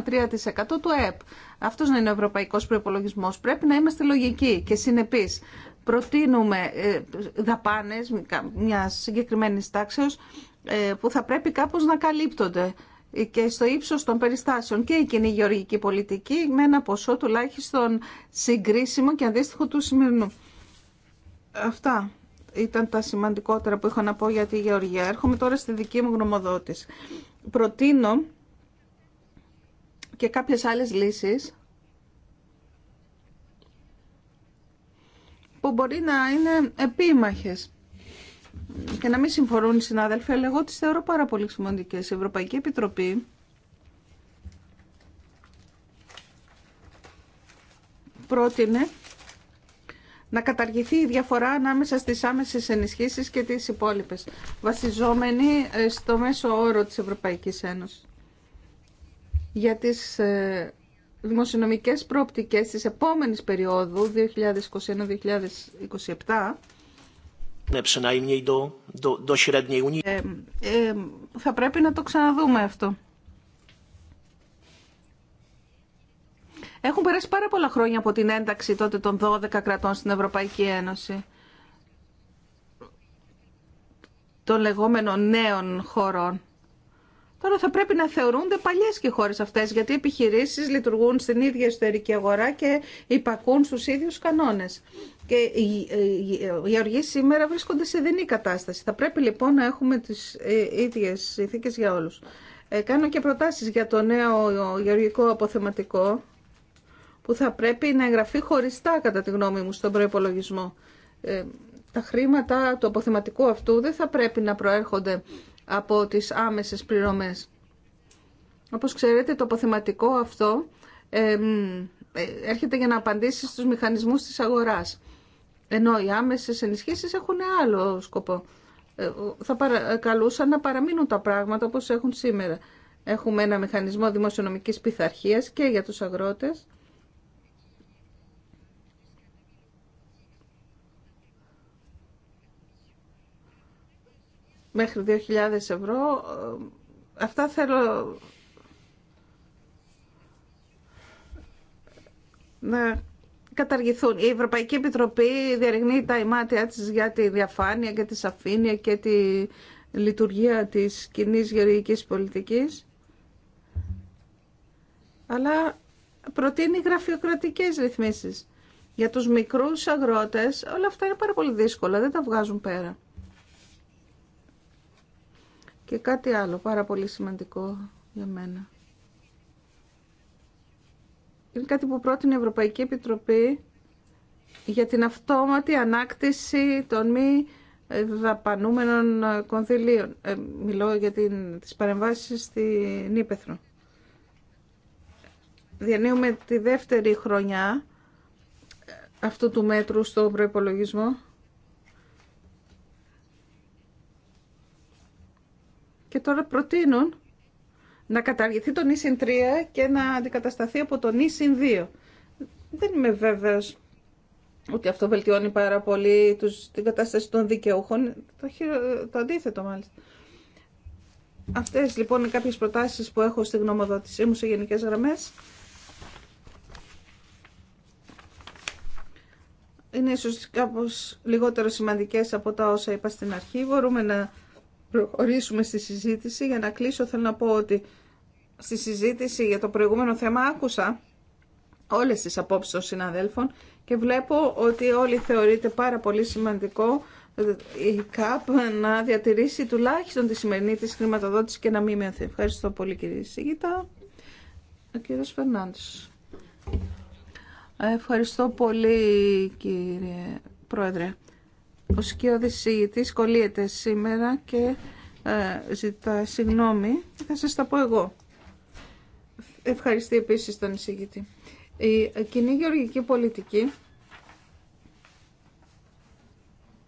1,3% του ΕΠ. Αυτός να είναι ο Ευρωπαϊκός Προϋπολογισμός. Πρέπει να είμαστε λογικοί και συνεπείς. Προτείνουμε ε, δαπάνες μιας συγκεκριμένη τάξεως ε, που θα πρέπει κάπως να καλύπτονται και στο ύψος των περιστάσεων και η κοινή γεωργική πολιτική με ένα ποσό τουλάχιστον συγκρίσιμο και αντίστοιχο του σημερινού. Αυτά ήταν τα σημαντικότερα που είχα να πω για τη γεωργία. Έρχομαι τώρα στη δική μου γνωμοδότηση. Προτείνω και κάποιες άλλες λύσεις που μπορεί να είναι επίμαχες και να μην συμφωνούν οι συνάδελφοι, αλλά εγώ τις θεωρώ πάρα πολύ σημαντικέ. Η Ευρωπαϊκή Επιτροπή πρότεινε να καταργηθεί η διαφορά ανάμεσα στις άμεσες ενισχύσεις και τις υπόλοιπες, βασιζόμενη ε, στο μέσο όρο της Ευρωπαϊκής Ένωσης. Για τις ε, δημοσιονομικές προοπτικές της επόμενης περίοδου 2021-2027, ναι, ε, ε, θα πρέπει να το ξαναδούμε αυτό. Έχουν περάσει πάρα πολλά χρόνια από την ένταξη τότε των 12 κρατών στην Ευρωπαϊκή Ένωση των λεγόμενων νέων χωρών. Τώρα θα πρέπει να θεωρούνται παλιέ και χώρε αυτέ, αυτές, γιατί οι επιχειρήσει λειτουργούν στην ίδια εσωτερική αγορά και υπακούν στου ίδιου κανόνε. Και οι γεωργοί σήμερα βρίσκονται σε δινή κατάσταση. Θα πρέπει λοιπόν να έχουμε τι ε, ίδιε ηθίκε για όλους. Ε, κάνω και προτάσεις για το νέο γεωργικό αποθεματικό, που θα πρέπει να εγγραφεί χωριστά, κατά τη γνώμη μου, στον προϋπολογισμό. Ε, τα χρήματα του αποθεματικού αυτού δεν θα πρέπει να προέρχονται από τις άμεσες πληρωμές. Όπως ξέρετε, το αποθεματικό αυτό ε, έρχεται για να απαντήσει στους μηχανισμούς της αγοράς. Ενώ οι άμεσες ενισχύσεις έχουν άλλο σκοπό. Ε, θα παρακαλούσα να παραμείνουν τα πράγματα όπως έχουν σήμερα. Έχουμε ένα μηχανισμό δημοσιονομικής πειθαρχία και για τους αγρότες μέχρι 2.000 ευρώ. Ε, αυτά θέλω να καταργηθούν. Η Ευρωπαϊκή Επιτροπή διαρριγνύει τα ημάτια της για τη διαφάνεια και τη σαφήνεια και τη λειτουργία της κοινή γεωργικής πολιτικής. Αλλά προτείνει γραφειοκρατικές ρυθμίσεις. Για τους μικρούς αγρότες όλα αυτά είναι πάρα πολύ δύσκολα, δεν τα βγάζουν πέρα. Και κάτι άλλο πάρα πολύ σημαντικό για μένα. Είναι κάτι που πρότεινε η Ευρωπαϊκή Επιτροπή για την αυτόματη ανάκτηση των μη δαπανούμενων κονδυλίων. Ε, μιλώ για την, τις παρεμβάσεις στην Ήπεθρο. Διανύουμε τη δεύτερη χρονιά αυτού του μέτρου στο προϋπολογισμό και τώρα προτείνουν να καταργηθεί το νησιν 3 και να αντικατασταθεί από το νησιν 2. Δεν είμαι βέβαιος ότι αυτό βελτιώνει πάρα πολύ τους, την κατάσταση των δικαιούχων. Το, το αντίθετο μάλιστα. Αυτές λοιπόν είναι κάποιες προτάσεις που έχω στη γνωμοδότησή μου σε γενικές γραμμές. Είναι ίσως κάπως λιγότερο σημαντικές από τα όσα είπα στην αρχή. Μπορούμε να προχωρήσουμε στη συζήτηση. Για να κλείσω θέλω να πω ότι στη συζήτηση για το προηγούμενο θέμα άκουσα όλες τις απόψεις των συναδέλφων και βλέπω ότι όλοι θεωρείται πάρα πολύ σημαντικό ε, η ΚΑΠ να διατηρήσει τουλάχιστον τη σημερινή της χρηματοδότηση και να μην μειωθεί. Ευχαριστώ πολύ κύριε Σίγητα. Ο κύριος Φερνάντης. Ευχαριστώ πολύ κύριε Πρόεδρε. Ο σκιώδης ηγητής κολλείεται σήμερα και ε, ζητά συγγνώμη. Θα σας τα πω εγώ. Ευχαριστή επίσης τον εισηγητή. Η κοινή γεωργική πολιτική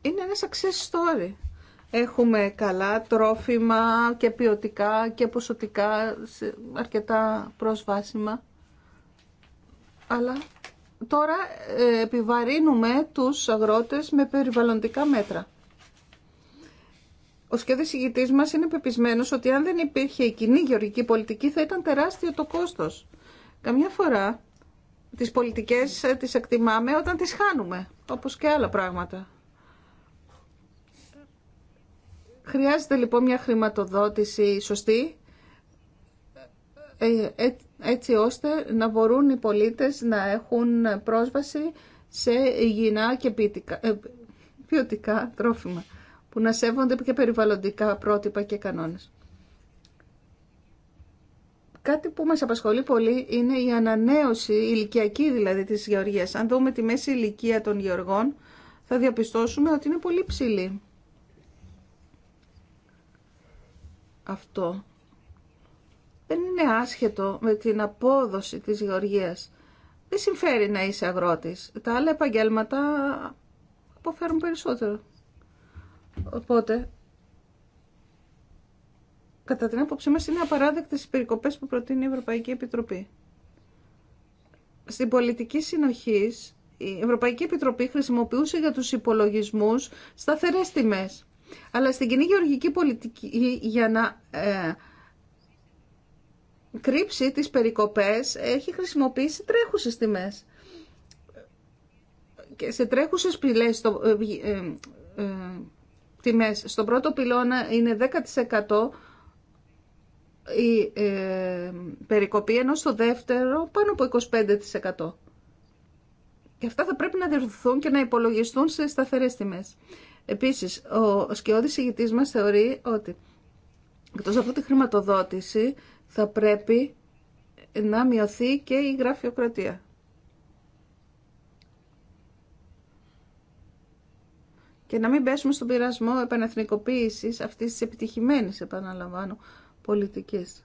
είναι ένα success story. Έχουμε καλά τρόφιμα και ποιοτικά και ποσοτικά αρκετά προσβάσιμα. Αλλά τώρα ε, επιβαρύνουμε τους αγρότες με περιβαλλοντικά μέτρα. Ο σχέδιος ηγητής μας είναι πεπισμένος ότι αν δεν υπήρχε η κοινή γεωργική πολιτική θα ήταν τεράστιο το κόστος. Καμιά φορά τις πολιτικές ε, τις εκτιμάμε όταν τις χάνουμε, όπως και άλλα πράγματα. Χρειάζεται λοιπόν μια χρηματοδότηση σωστή έτσι ώστε να μπορούν οι πολίτες να έχουν πρόσβαση σε υγιεινά και ε, ποιοτικά τρόφιμα που να σέβονται και περιβαλλοντικά πρότυπα και κανόνες. Κάτι που μας απασχολεί πολύ είναι η ανανέωση ηλικιακή δηλαδή της γεωργίας. Αν δούμε τη μέση ηλικία των γεωργών θα διαπιστώσουμε ότι είναι πολύ ψηλή. Αυτό δεν είναι άσχετο με την απόδοση της γεωργίας. Δεν συμφέρει να είσαι αγρότης. Τα άλλα επαγγέλματα αποφέρουν περισσότερο. Οπότε, κατά την άποψή μας είναι απαράδεκτες οι περικοπές που προτείνει η Ευρωπαϊκή Επιτροπή. Στην πολιτική συνοχή, η Ευρωπαϊκή Επιτροπή χρησιμοποιούσε για τους υπολογισμούς σταθερές τιμές. Αλλά στην κοινή γεωργική πολιτική, για να... Ε, κρύψει τις περικοπές έχει χρησιμοποιήσει τρέχουσες τιμές. Και σε τρέχουσες πυλές, στο, ε, ε, ε τιμές, στον πρώτο πυλώνα είναι 10% η ε, περικοπή, ενώ στο δεύτερο πάνω από 25%. Και αυτά θα πρέπει να διορθωθούν και να υπολογιστούν σε σταθερές τιμές. Επίσης, ο σκιώδης ηγητής μας θεωρεί ότι εκτός από τη χρηματοδότηση θα πρέπει να μειωθεί και η γραφειοκρατία. Και να μην πέσουμε στον πειρασμό επαναθνικοποίησης αυτής της επιτυχημένης, επαναλαμβάνω, πολιτικής.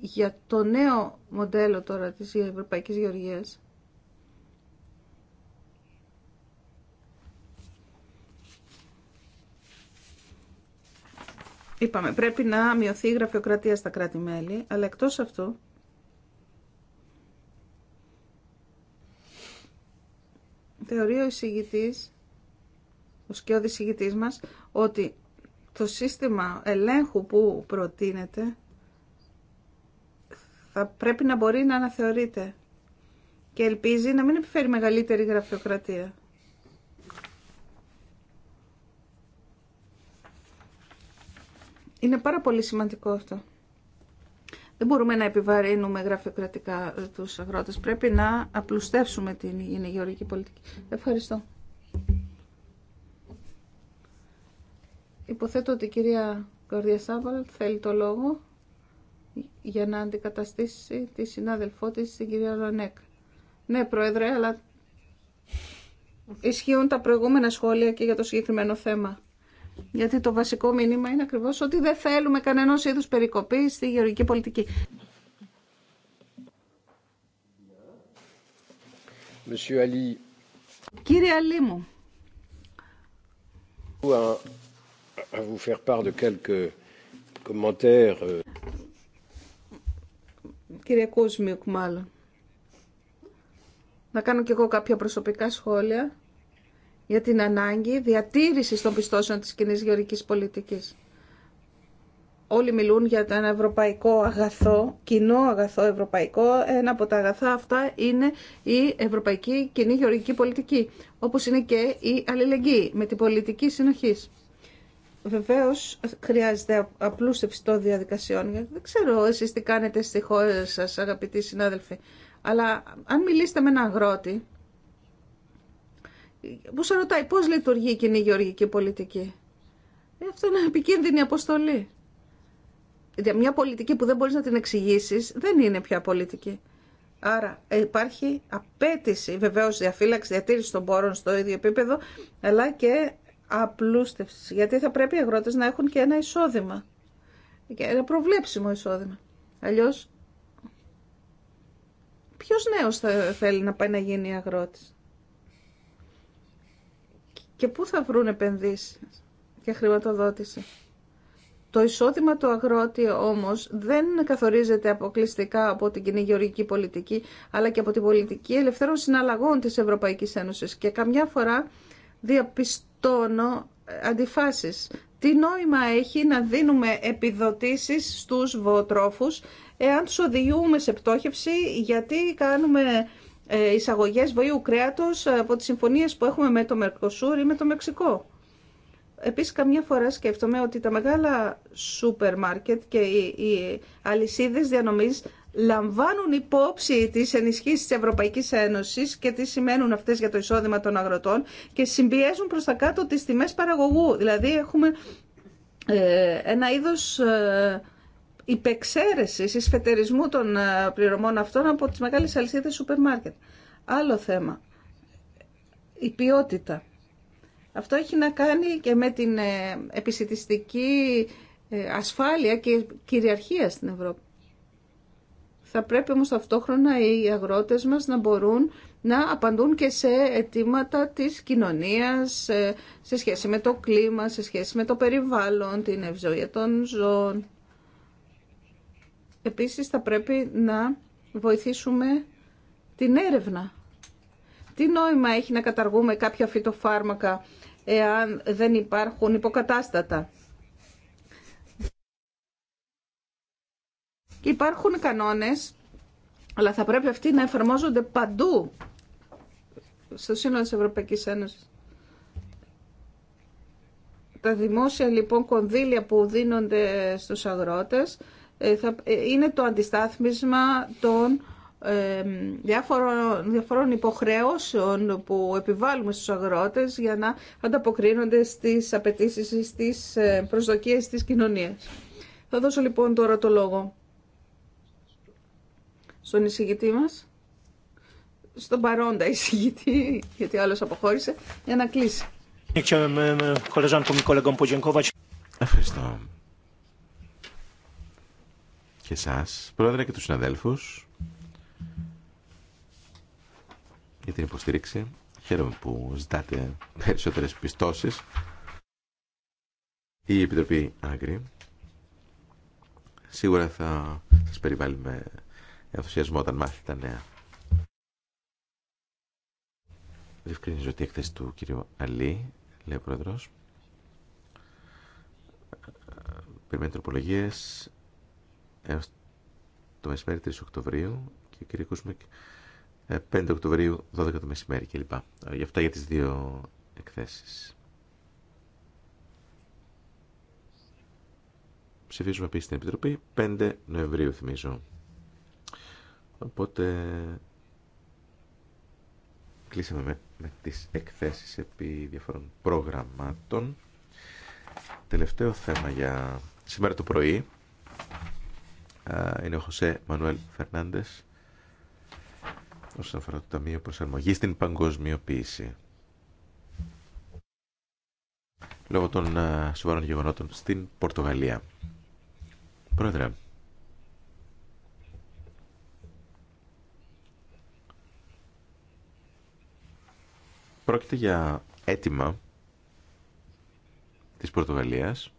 Για το νέο μοντέλο τώρα της Ευρωπαϊκής Γεωργίας, Είπαμε, πρέπει να μειωθεί η γραφειοκρατία στα κράτη-μέλη, αλλά εκτός αυτού θεωρεί ο εισηγητής, ο σκιώδης εισηγητής μας, ότι το σύστημα ελέγχου που προτείνεται θα πρέπει να μπορεί να αναθεωρείται και ελπίζει να μην επιφέρει μεγαλύτερη γραφειοκρατία. Είναι πάρα πολύ σημαντικό αυτό. Δεν μπορούμε να επιβαρύνουμε γραφειοκρατικά ε, τους αγρότες. Πρέπει να απλουστεύσουμε την γεωργική πολιτική. Ευχαριστώ. Υποθέτω ότι η κυρία Καρδία Σάβαλ θέλει το λόγο για να αντικαταστήσει τη συνάδελφό της, την κυρία Ρονέκ. Ναι, Πρόεδρε, αλλά ισχύουν τα προηγούμενα σχόλια και για το συγκεκριμένο θέμα. Γιατί το βασικό μήνυμα είναι ακριβώ ότι δεν θέλουμε κανένα είδου περικοπή στη γεωργική πολιτική. Κύριε Αλή μου, vous faire euh, Κύριε Κούσμιουκ, μάλλον. Να κάνω κι εγώ κάποια προσωπικά σχόλια για την ανάγκη διατήρησης των πιστώσεων της κοινή γεωργικής πολιτικής. Όλοι μιλούν για ένα ευρωπαϊκό αγαθό, κοινό αγαθό ευρωπαϊκό. Ένα από τα αγαθά αυτά είναι η ευρωπαϊκή κοινή γεωργική πολιτική, όπως είναι και η αλληλεγγύη με την πολιτική συνοχής. Βεβαίως χρειάζεται απλούστευση των διαδικασιών. Δεν ξέρω εσείς τι κάνετε στη χώρα σας, αγαπητοί συνάδελφοι. Αλλά αν μιλήσετε με έναν αγρότη, που σε ρωτάει πώς λειτουργεί η κοινή γεωργική πολιτική. Ε, αυτό είναι επικίνδυνη αποστολή. Μια πολιτική που δεν μπορείς να την εξηγήσει δεν είναι πια πολιτική. Άρα ε, υπάρχει απέτηση βεβαίως διαφύλαξη, διατήρηση των πόρων στο ίδιο επίπεδο, αλλά και απλούστευση. Γιατί θα πρέπει οι αγρότες να έχουν και ένα εισόδημα. Και ένα προβλέψιμο εισόδημα. Αλλιώς, ποιος νέος θα θέλει να πάει να γίνει αγρότης. Και πού θα βρουν επενδύσει και χρηματοδότηση. Το εισόδημα του αγρότη όμως δεν καθορίζεται αποκλειστικά από την κοινή γεωργική πολιτική, αλλά και από την πολιτική ελευθέρων συναλλαγών της Ευρωπαϊκής Ένωσης. Και καμιά φορά διαπιστώνω ε, αντιφάσεις. Τι νόημα έχει να δίνουμε επιδοτήσεις στους βοοτρόφους εάν του οδηγούμε σε πτώχευση γιατί κάνουμε ε, εισαγωγέ βοήου κρέατο ε, από τις συμφωνίε που έχουμε με το Μερκοσούρ ή με το Μεξικό. Επίσης καμιά φορά σκέφτομαι ότι τα μεγάλα σούπερ μάρκετ και οι αλυσίδες διανομής λαμβάνουν υπόψη τις ενισχύσεις της Ευρωπαϊκής Ένωση και τι σημαίνουν αυτές για το εισόδημα των αγροτών και συμπιέζουν προ τα κάτω τι τιμέ παραγωγού. Δηλαδή έχουμε ε, ένα είδος υπεξαίρεσης, εισφετερισμού των ε, πληρωμών αυτών από τις μεγάλες αλυσίδες σούπερ μάρκετ. Άλλο θέμα, η ποιότητα. Αυτό έχει να κάνει και με την ε, επισητιστική ε, ασφάλεια και κυριαρχία στην Ευρώπη. Θα πρέπει όμως ταυτόχρονα οι αγρότες μας να μπορούν να απαντούν και σε αιτήματα της κοινωνίας, σε σχέση με το κλίμα, σε σχέση με το περιβάλλον, την ευζοία των ζώων. Επίσης θα πρέπει να βοηθήσουμε την έρευνα. Τι νόημα έχει να καταργούμε κάποια φυτοφάρμακα εάν δεν υπάρχουν υποκατάστατα. Υπάρχουν κανόνες, αλλά θα πρέπει αυτοί να εφαρμόζονται παντού στο σύνολο της Ευρωπαϊκής Ένωσης. Τα δημόσια λοιπόν κονδύλια που δίνονται στους αγρότες ε, ε, είναι το αντιστάθμισμα των ε, διάφορων, διάφορων υποχρεώσεων που επιβάλλουμε στους αγρότες για να ανταποκρίνονται στις απαιτήσεις ή στις προσδοκίες της κοινωνίας. Θα δώσω λοιπόν τώρα το λόγο στον εισηγητή μας, στον παρόντα εισηγητή, γιατί άλλος αποχώρησε, για να κλείσει. Ευχαριστώ και εσά, Πρόεδρε και τους συναδέλφους, για την υποστήριξη. Χαίρομαι που ζητάτε περισσότερες πιστώσεις. Η Επιτροπή Άγκρη σίγουρα θα σας περιβάλλει με ενθουσιασμό όταν μάθει τα νέα. Διευκρινίζω ότι η έκθεση του κύριου Αλή, λέει ο Πρόεδρος, περιμένει τροπολογίες έως το μεσημέρι 3 Οκτωβρίου και κυρίω 5 ε, Οκτωβρίου 12 το μεσημέρι κλπ. Γι' αυτά για τις δύο εκθέσεις. Ψηφίζουμε επίσης την Επιτροπή 5 Νοεμβρίου θυμίζω. Οπότε κλείσαμε με, με τις εκθέσεις επί διαφορών προγραμμάτων. Τελευταίο θέμα για σήμερα το πρωί είναι ο Χωσέ Μανουέλ Φερνάντε. όσον αφορά το Ταμείο Προσαρμογή στην παγκοσμιοποίηση. Λόγω των σοβαρών γεγονότων στην Πορτογαλία. Πρόεδρε, πρόκειται για αίτημα της Πορτογαλίας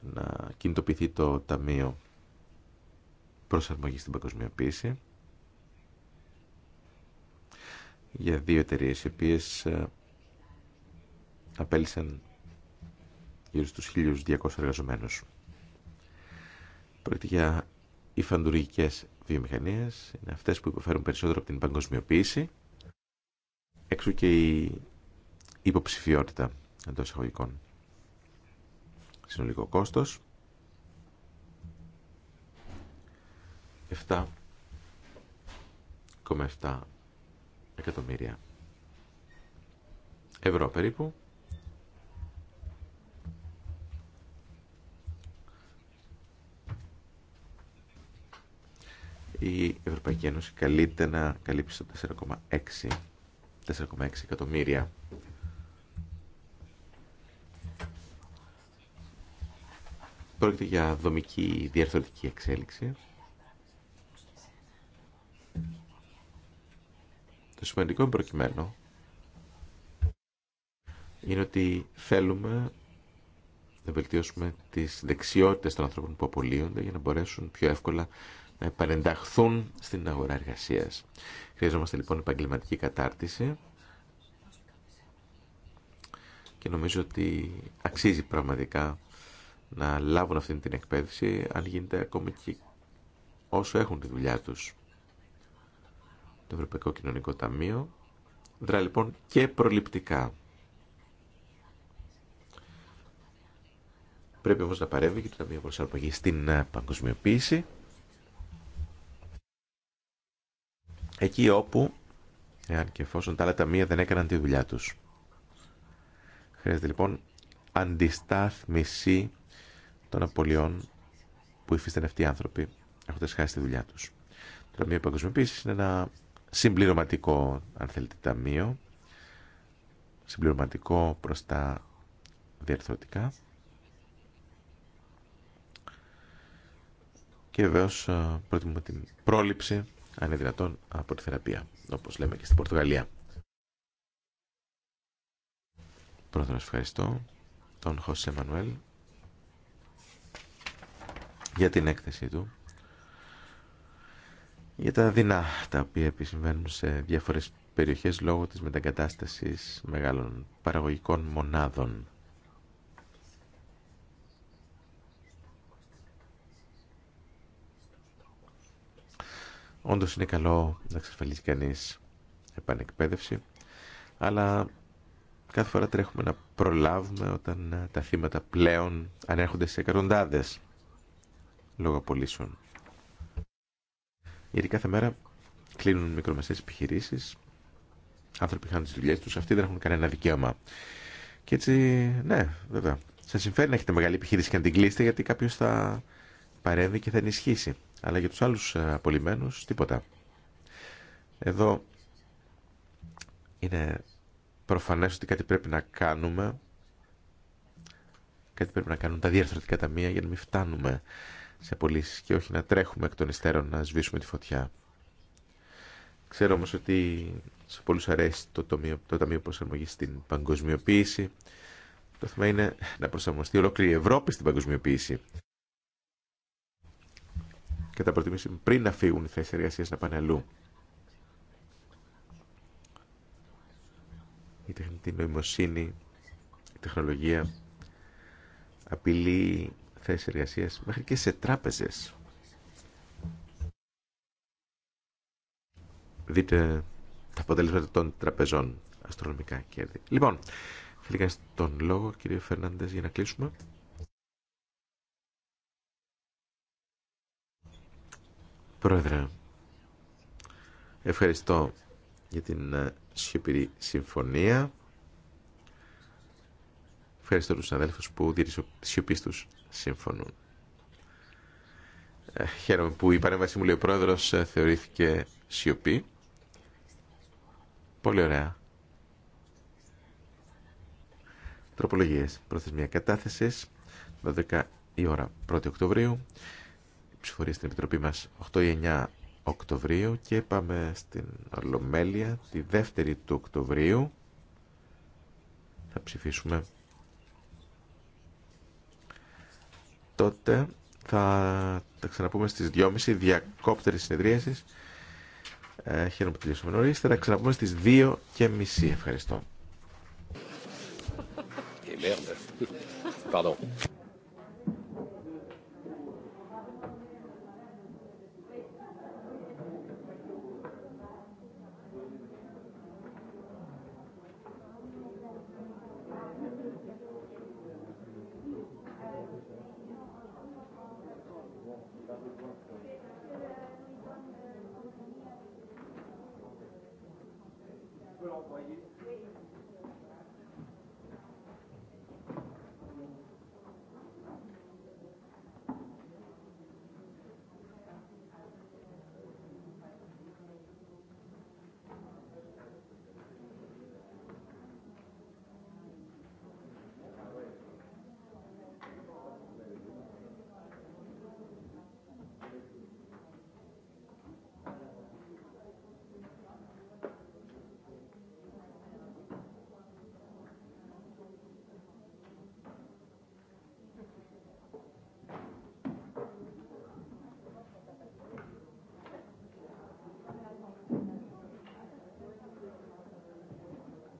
να κινητοποιηθεί το Ταμείο Προσαρμογής στην Παγκοσμιοποίηση για δύο εταιρείε οι οποίε ε, απέλησαν γύρω στους 1.200 εργαζομένους. Πρόκειται για υφαντουργικές βιομηχανίες, είναι αυτές που υποφέρουν περισσότερο από την παγκοσμιοποίηση, έξω και η υποψηφιότητα εντό εισαγωγικών συνολικό κόστος 7,7 εκατομμύρια ευρώ περίπου η Ευρωπαϊκή Ένωση καλείται να καλύψει το 4,6 4,6 εκατομμύρια Πρόκειται για δομική διαρθρωτική εξέλιξη. Το σημαντικό προκειμένου είναι ότι θέλουμε να βελτιώσουμε τις δεξιότητες των ανθρώπων που απολύονται για να μπορέσουν πιο εύκολα να επανενταχθούν στην αγορά εργασίας. Χρειαζόμαστε λοιπόν επαγγελματική κατάρτιση και νομίζω ότι αξίζει πραγματικά να λάβουν αυτή την εκπαίδευση, αν γίνεται ακόμη και όσο έχουν τη δουλειά τους. Το Ευρωπαϊκό Κοινωνικό Ταμείο δρά λοιπόν και προληπτικά. Πρέπει όμως να παρέμβει και το Ταμείο Προσαρμογή στην ε, παγκοσμιοποίηση. Εκεί όπου, εάν και εφόσον τα άλλα ταμεία δεν έκαναν τη δουλειά τους. Χρειάζεται λοιπόν αντιστάθμιση των απολειών που υφίστανε αυτοί οι άνθρωποι έχοντα χάσει τη δουλειά του. Το Ταμείο Παγκοσμιοποίηση είναι ένα συμπληρωματικό, αν θέλετε, ταμείο, συμπληρωματικό προ τα διαρθρωτικά και βεβαίω ε, προτιμούμε την πρόληψη, αν είναι δυνατόν, από τη θεραπεία, όπως λέμε και στην Πορτογαλία. Πρώτα να ευχαριστώ τον Χωσέ Μανουέλ για την έκθεσή του για τα δεινά τα οποία επισυμβαίνουν σε διάφορες περιοχές λόγω της μετακατάστασης μεγάλων παραγωγικών μονάδων. Όντως είναι καλό να εξασφαλίσει κανείς επανεκπαίδευση, αλλά κάθε φορά τρέχουμε να προλάβουμε όταν τα θύματα πλέον ανέρχονται σε εκατοντάδες λόγω απολύσεων. Γιατί κάθε μέρα κλείνουν μικρομεσαίες επιχειρήσει άνθρωποι χάνουν τις δουλειές τους, αυτοί δεν έχουν κανένα δικαίωμα. Και έτσι, ναι, βέβαια. Σα συμφέρει να έχετε μεγάλη επιχείρηση και να την κλείσετε γιατί κάποιο θα παρέμβει και θα ενισχύσει. Αλλά για του άλλου ε, απολυμμένου, τίποτα. Εδώ είναι προφανέ ότι κάτι πρέπει να κάνουμε. Κάτι πρέπει να κάνουν τα διαρθρωτικά ταμεία για να μην φτάνουμε σε απολύσεις και όχι να τρέχουμε εκ των υστέρων να σβήσουμε τη φωτιά. Ξέρω όμως ότι σε πολλούς αρέσει το, το Ταμείο Προσαρμογής στην παγκοσμιοποίηση. Το θέμα είναι να προσαρμοστεί ολόκληρη η Ευρώπη στην παγκοσμιοποίηση. Κατά προτιμήση πριν να φύγουν οι θέσεις εργασία να πάνε αλλού. Η τεχνητή νοημοσύνη, η τεχνολογία απειλεί θέσεις εργασίας, μέχρι και σε τράπεζες. Δείτε τα αποτελέσματα των τραπεζών, αστρονομικά κέρδη. Λοιπόν, θέλει τον λόγο, κύριε Φερνάντες, για να κλείσουμε. Πρόεδρε, ευχαριστώ για την ε, σιωπηρή συμφωνία. Ευχαριστώ τους αδέλφους που τη σιωπή τους συμφωνούν. Ε, χαίρομαι που η παρέμβαση μου, λέει ο πρόεδρος, ε, θεωρήθηκε σιωπή. Πολύ ωραία. Τροπολογίες. Προθεσμία κατάθεσης. 12 η ώρα 1η Οκτωβρίου. Ψηφορία στην Επιτροπή μας 8 ή 9 Οκτωβρίου και πάμε στην Ολομέλεια τη 2η του Οκτωβρίου. Θα ψηφίσουμε τότε θα τα ξαναπούμε στις 2.30 διακόπτερη συνεδρίαση. Ε, χαίρομαι που τελειώσαμε νωρίς. Θα τα ξαναπούμε στις 2.30. Ευχαριστώ. (laughs) Et merde. Pardon.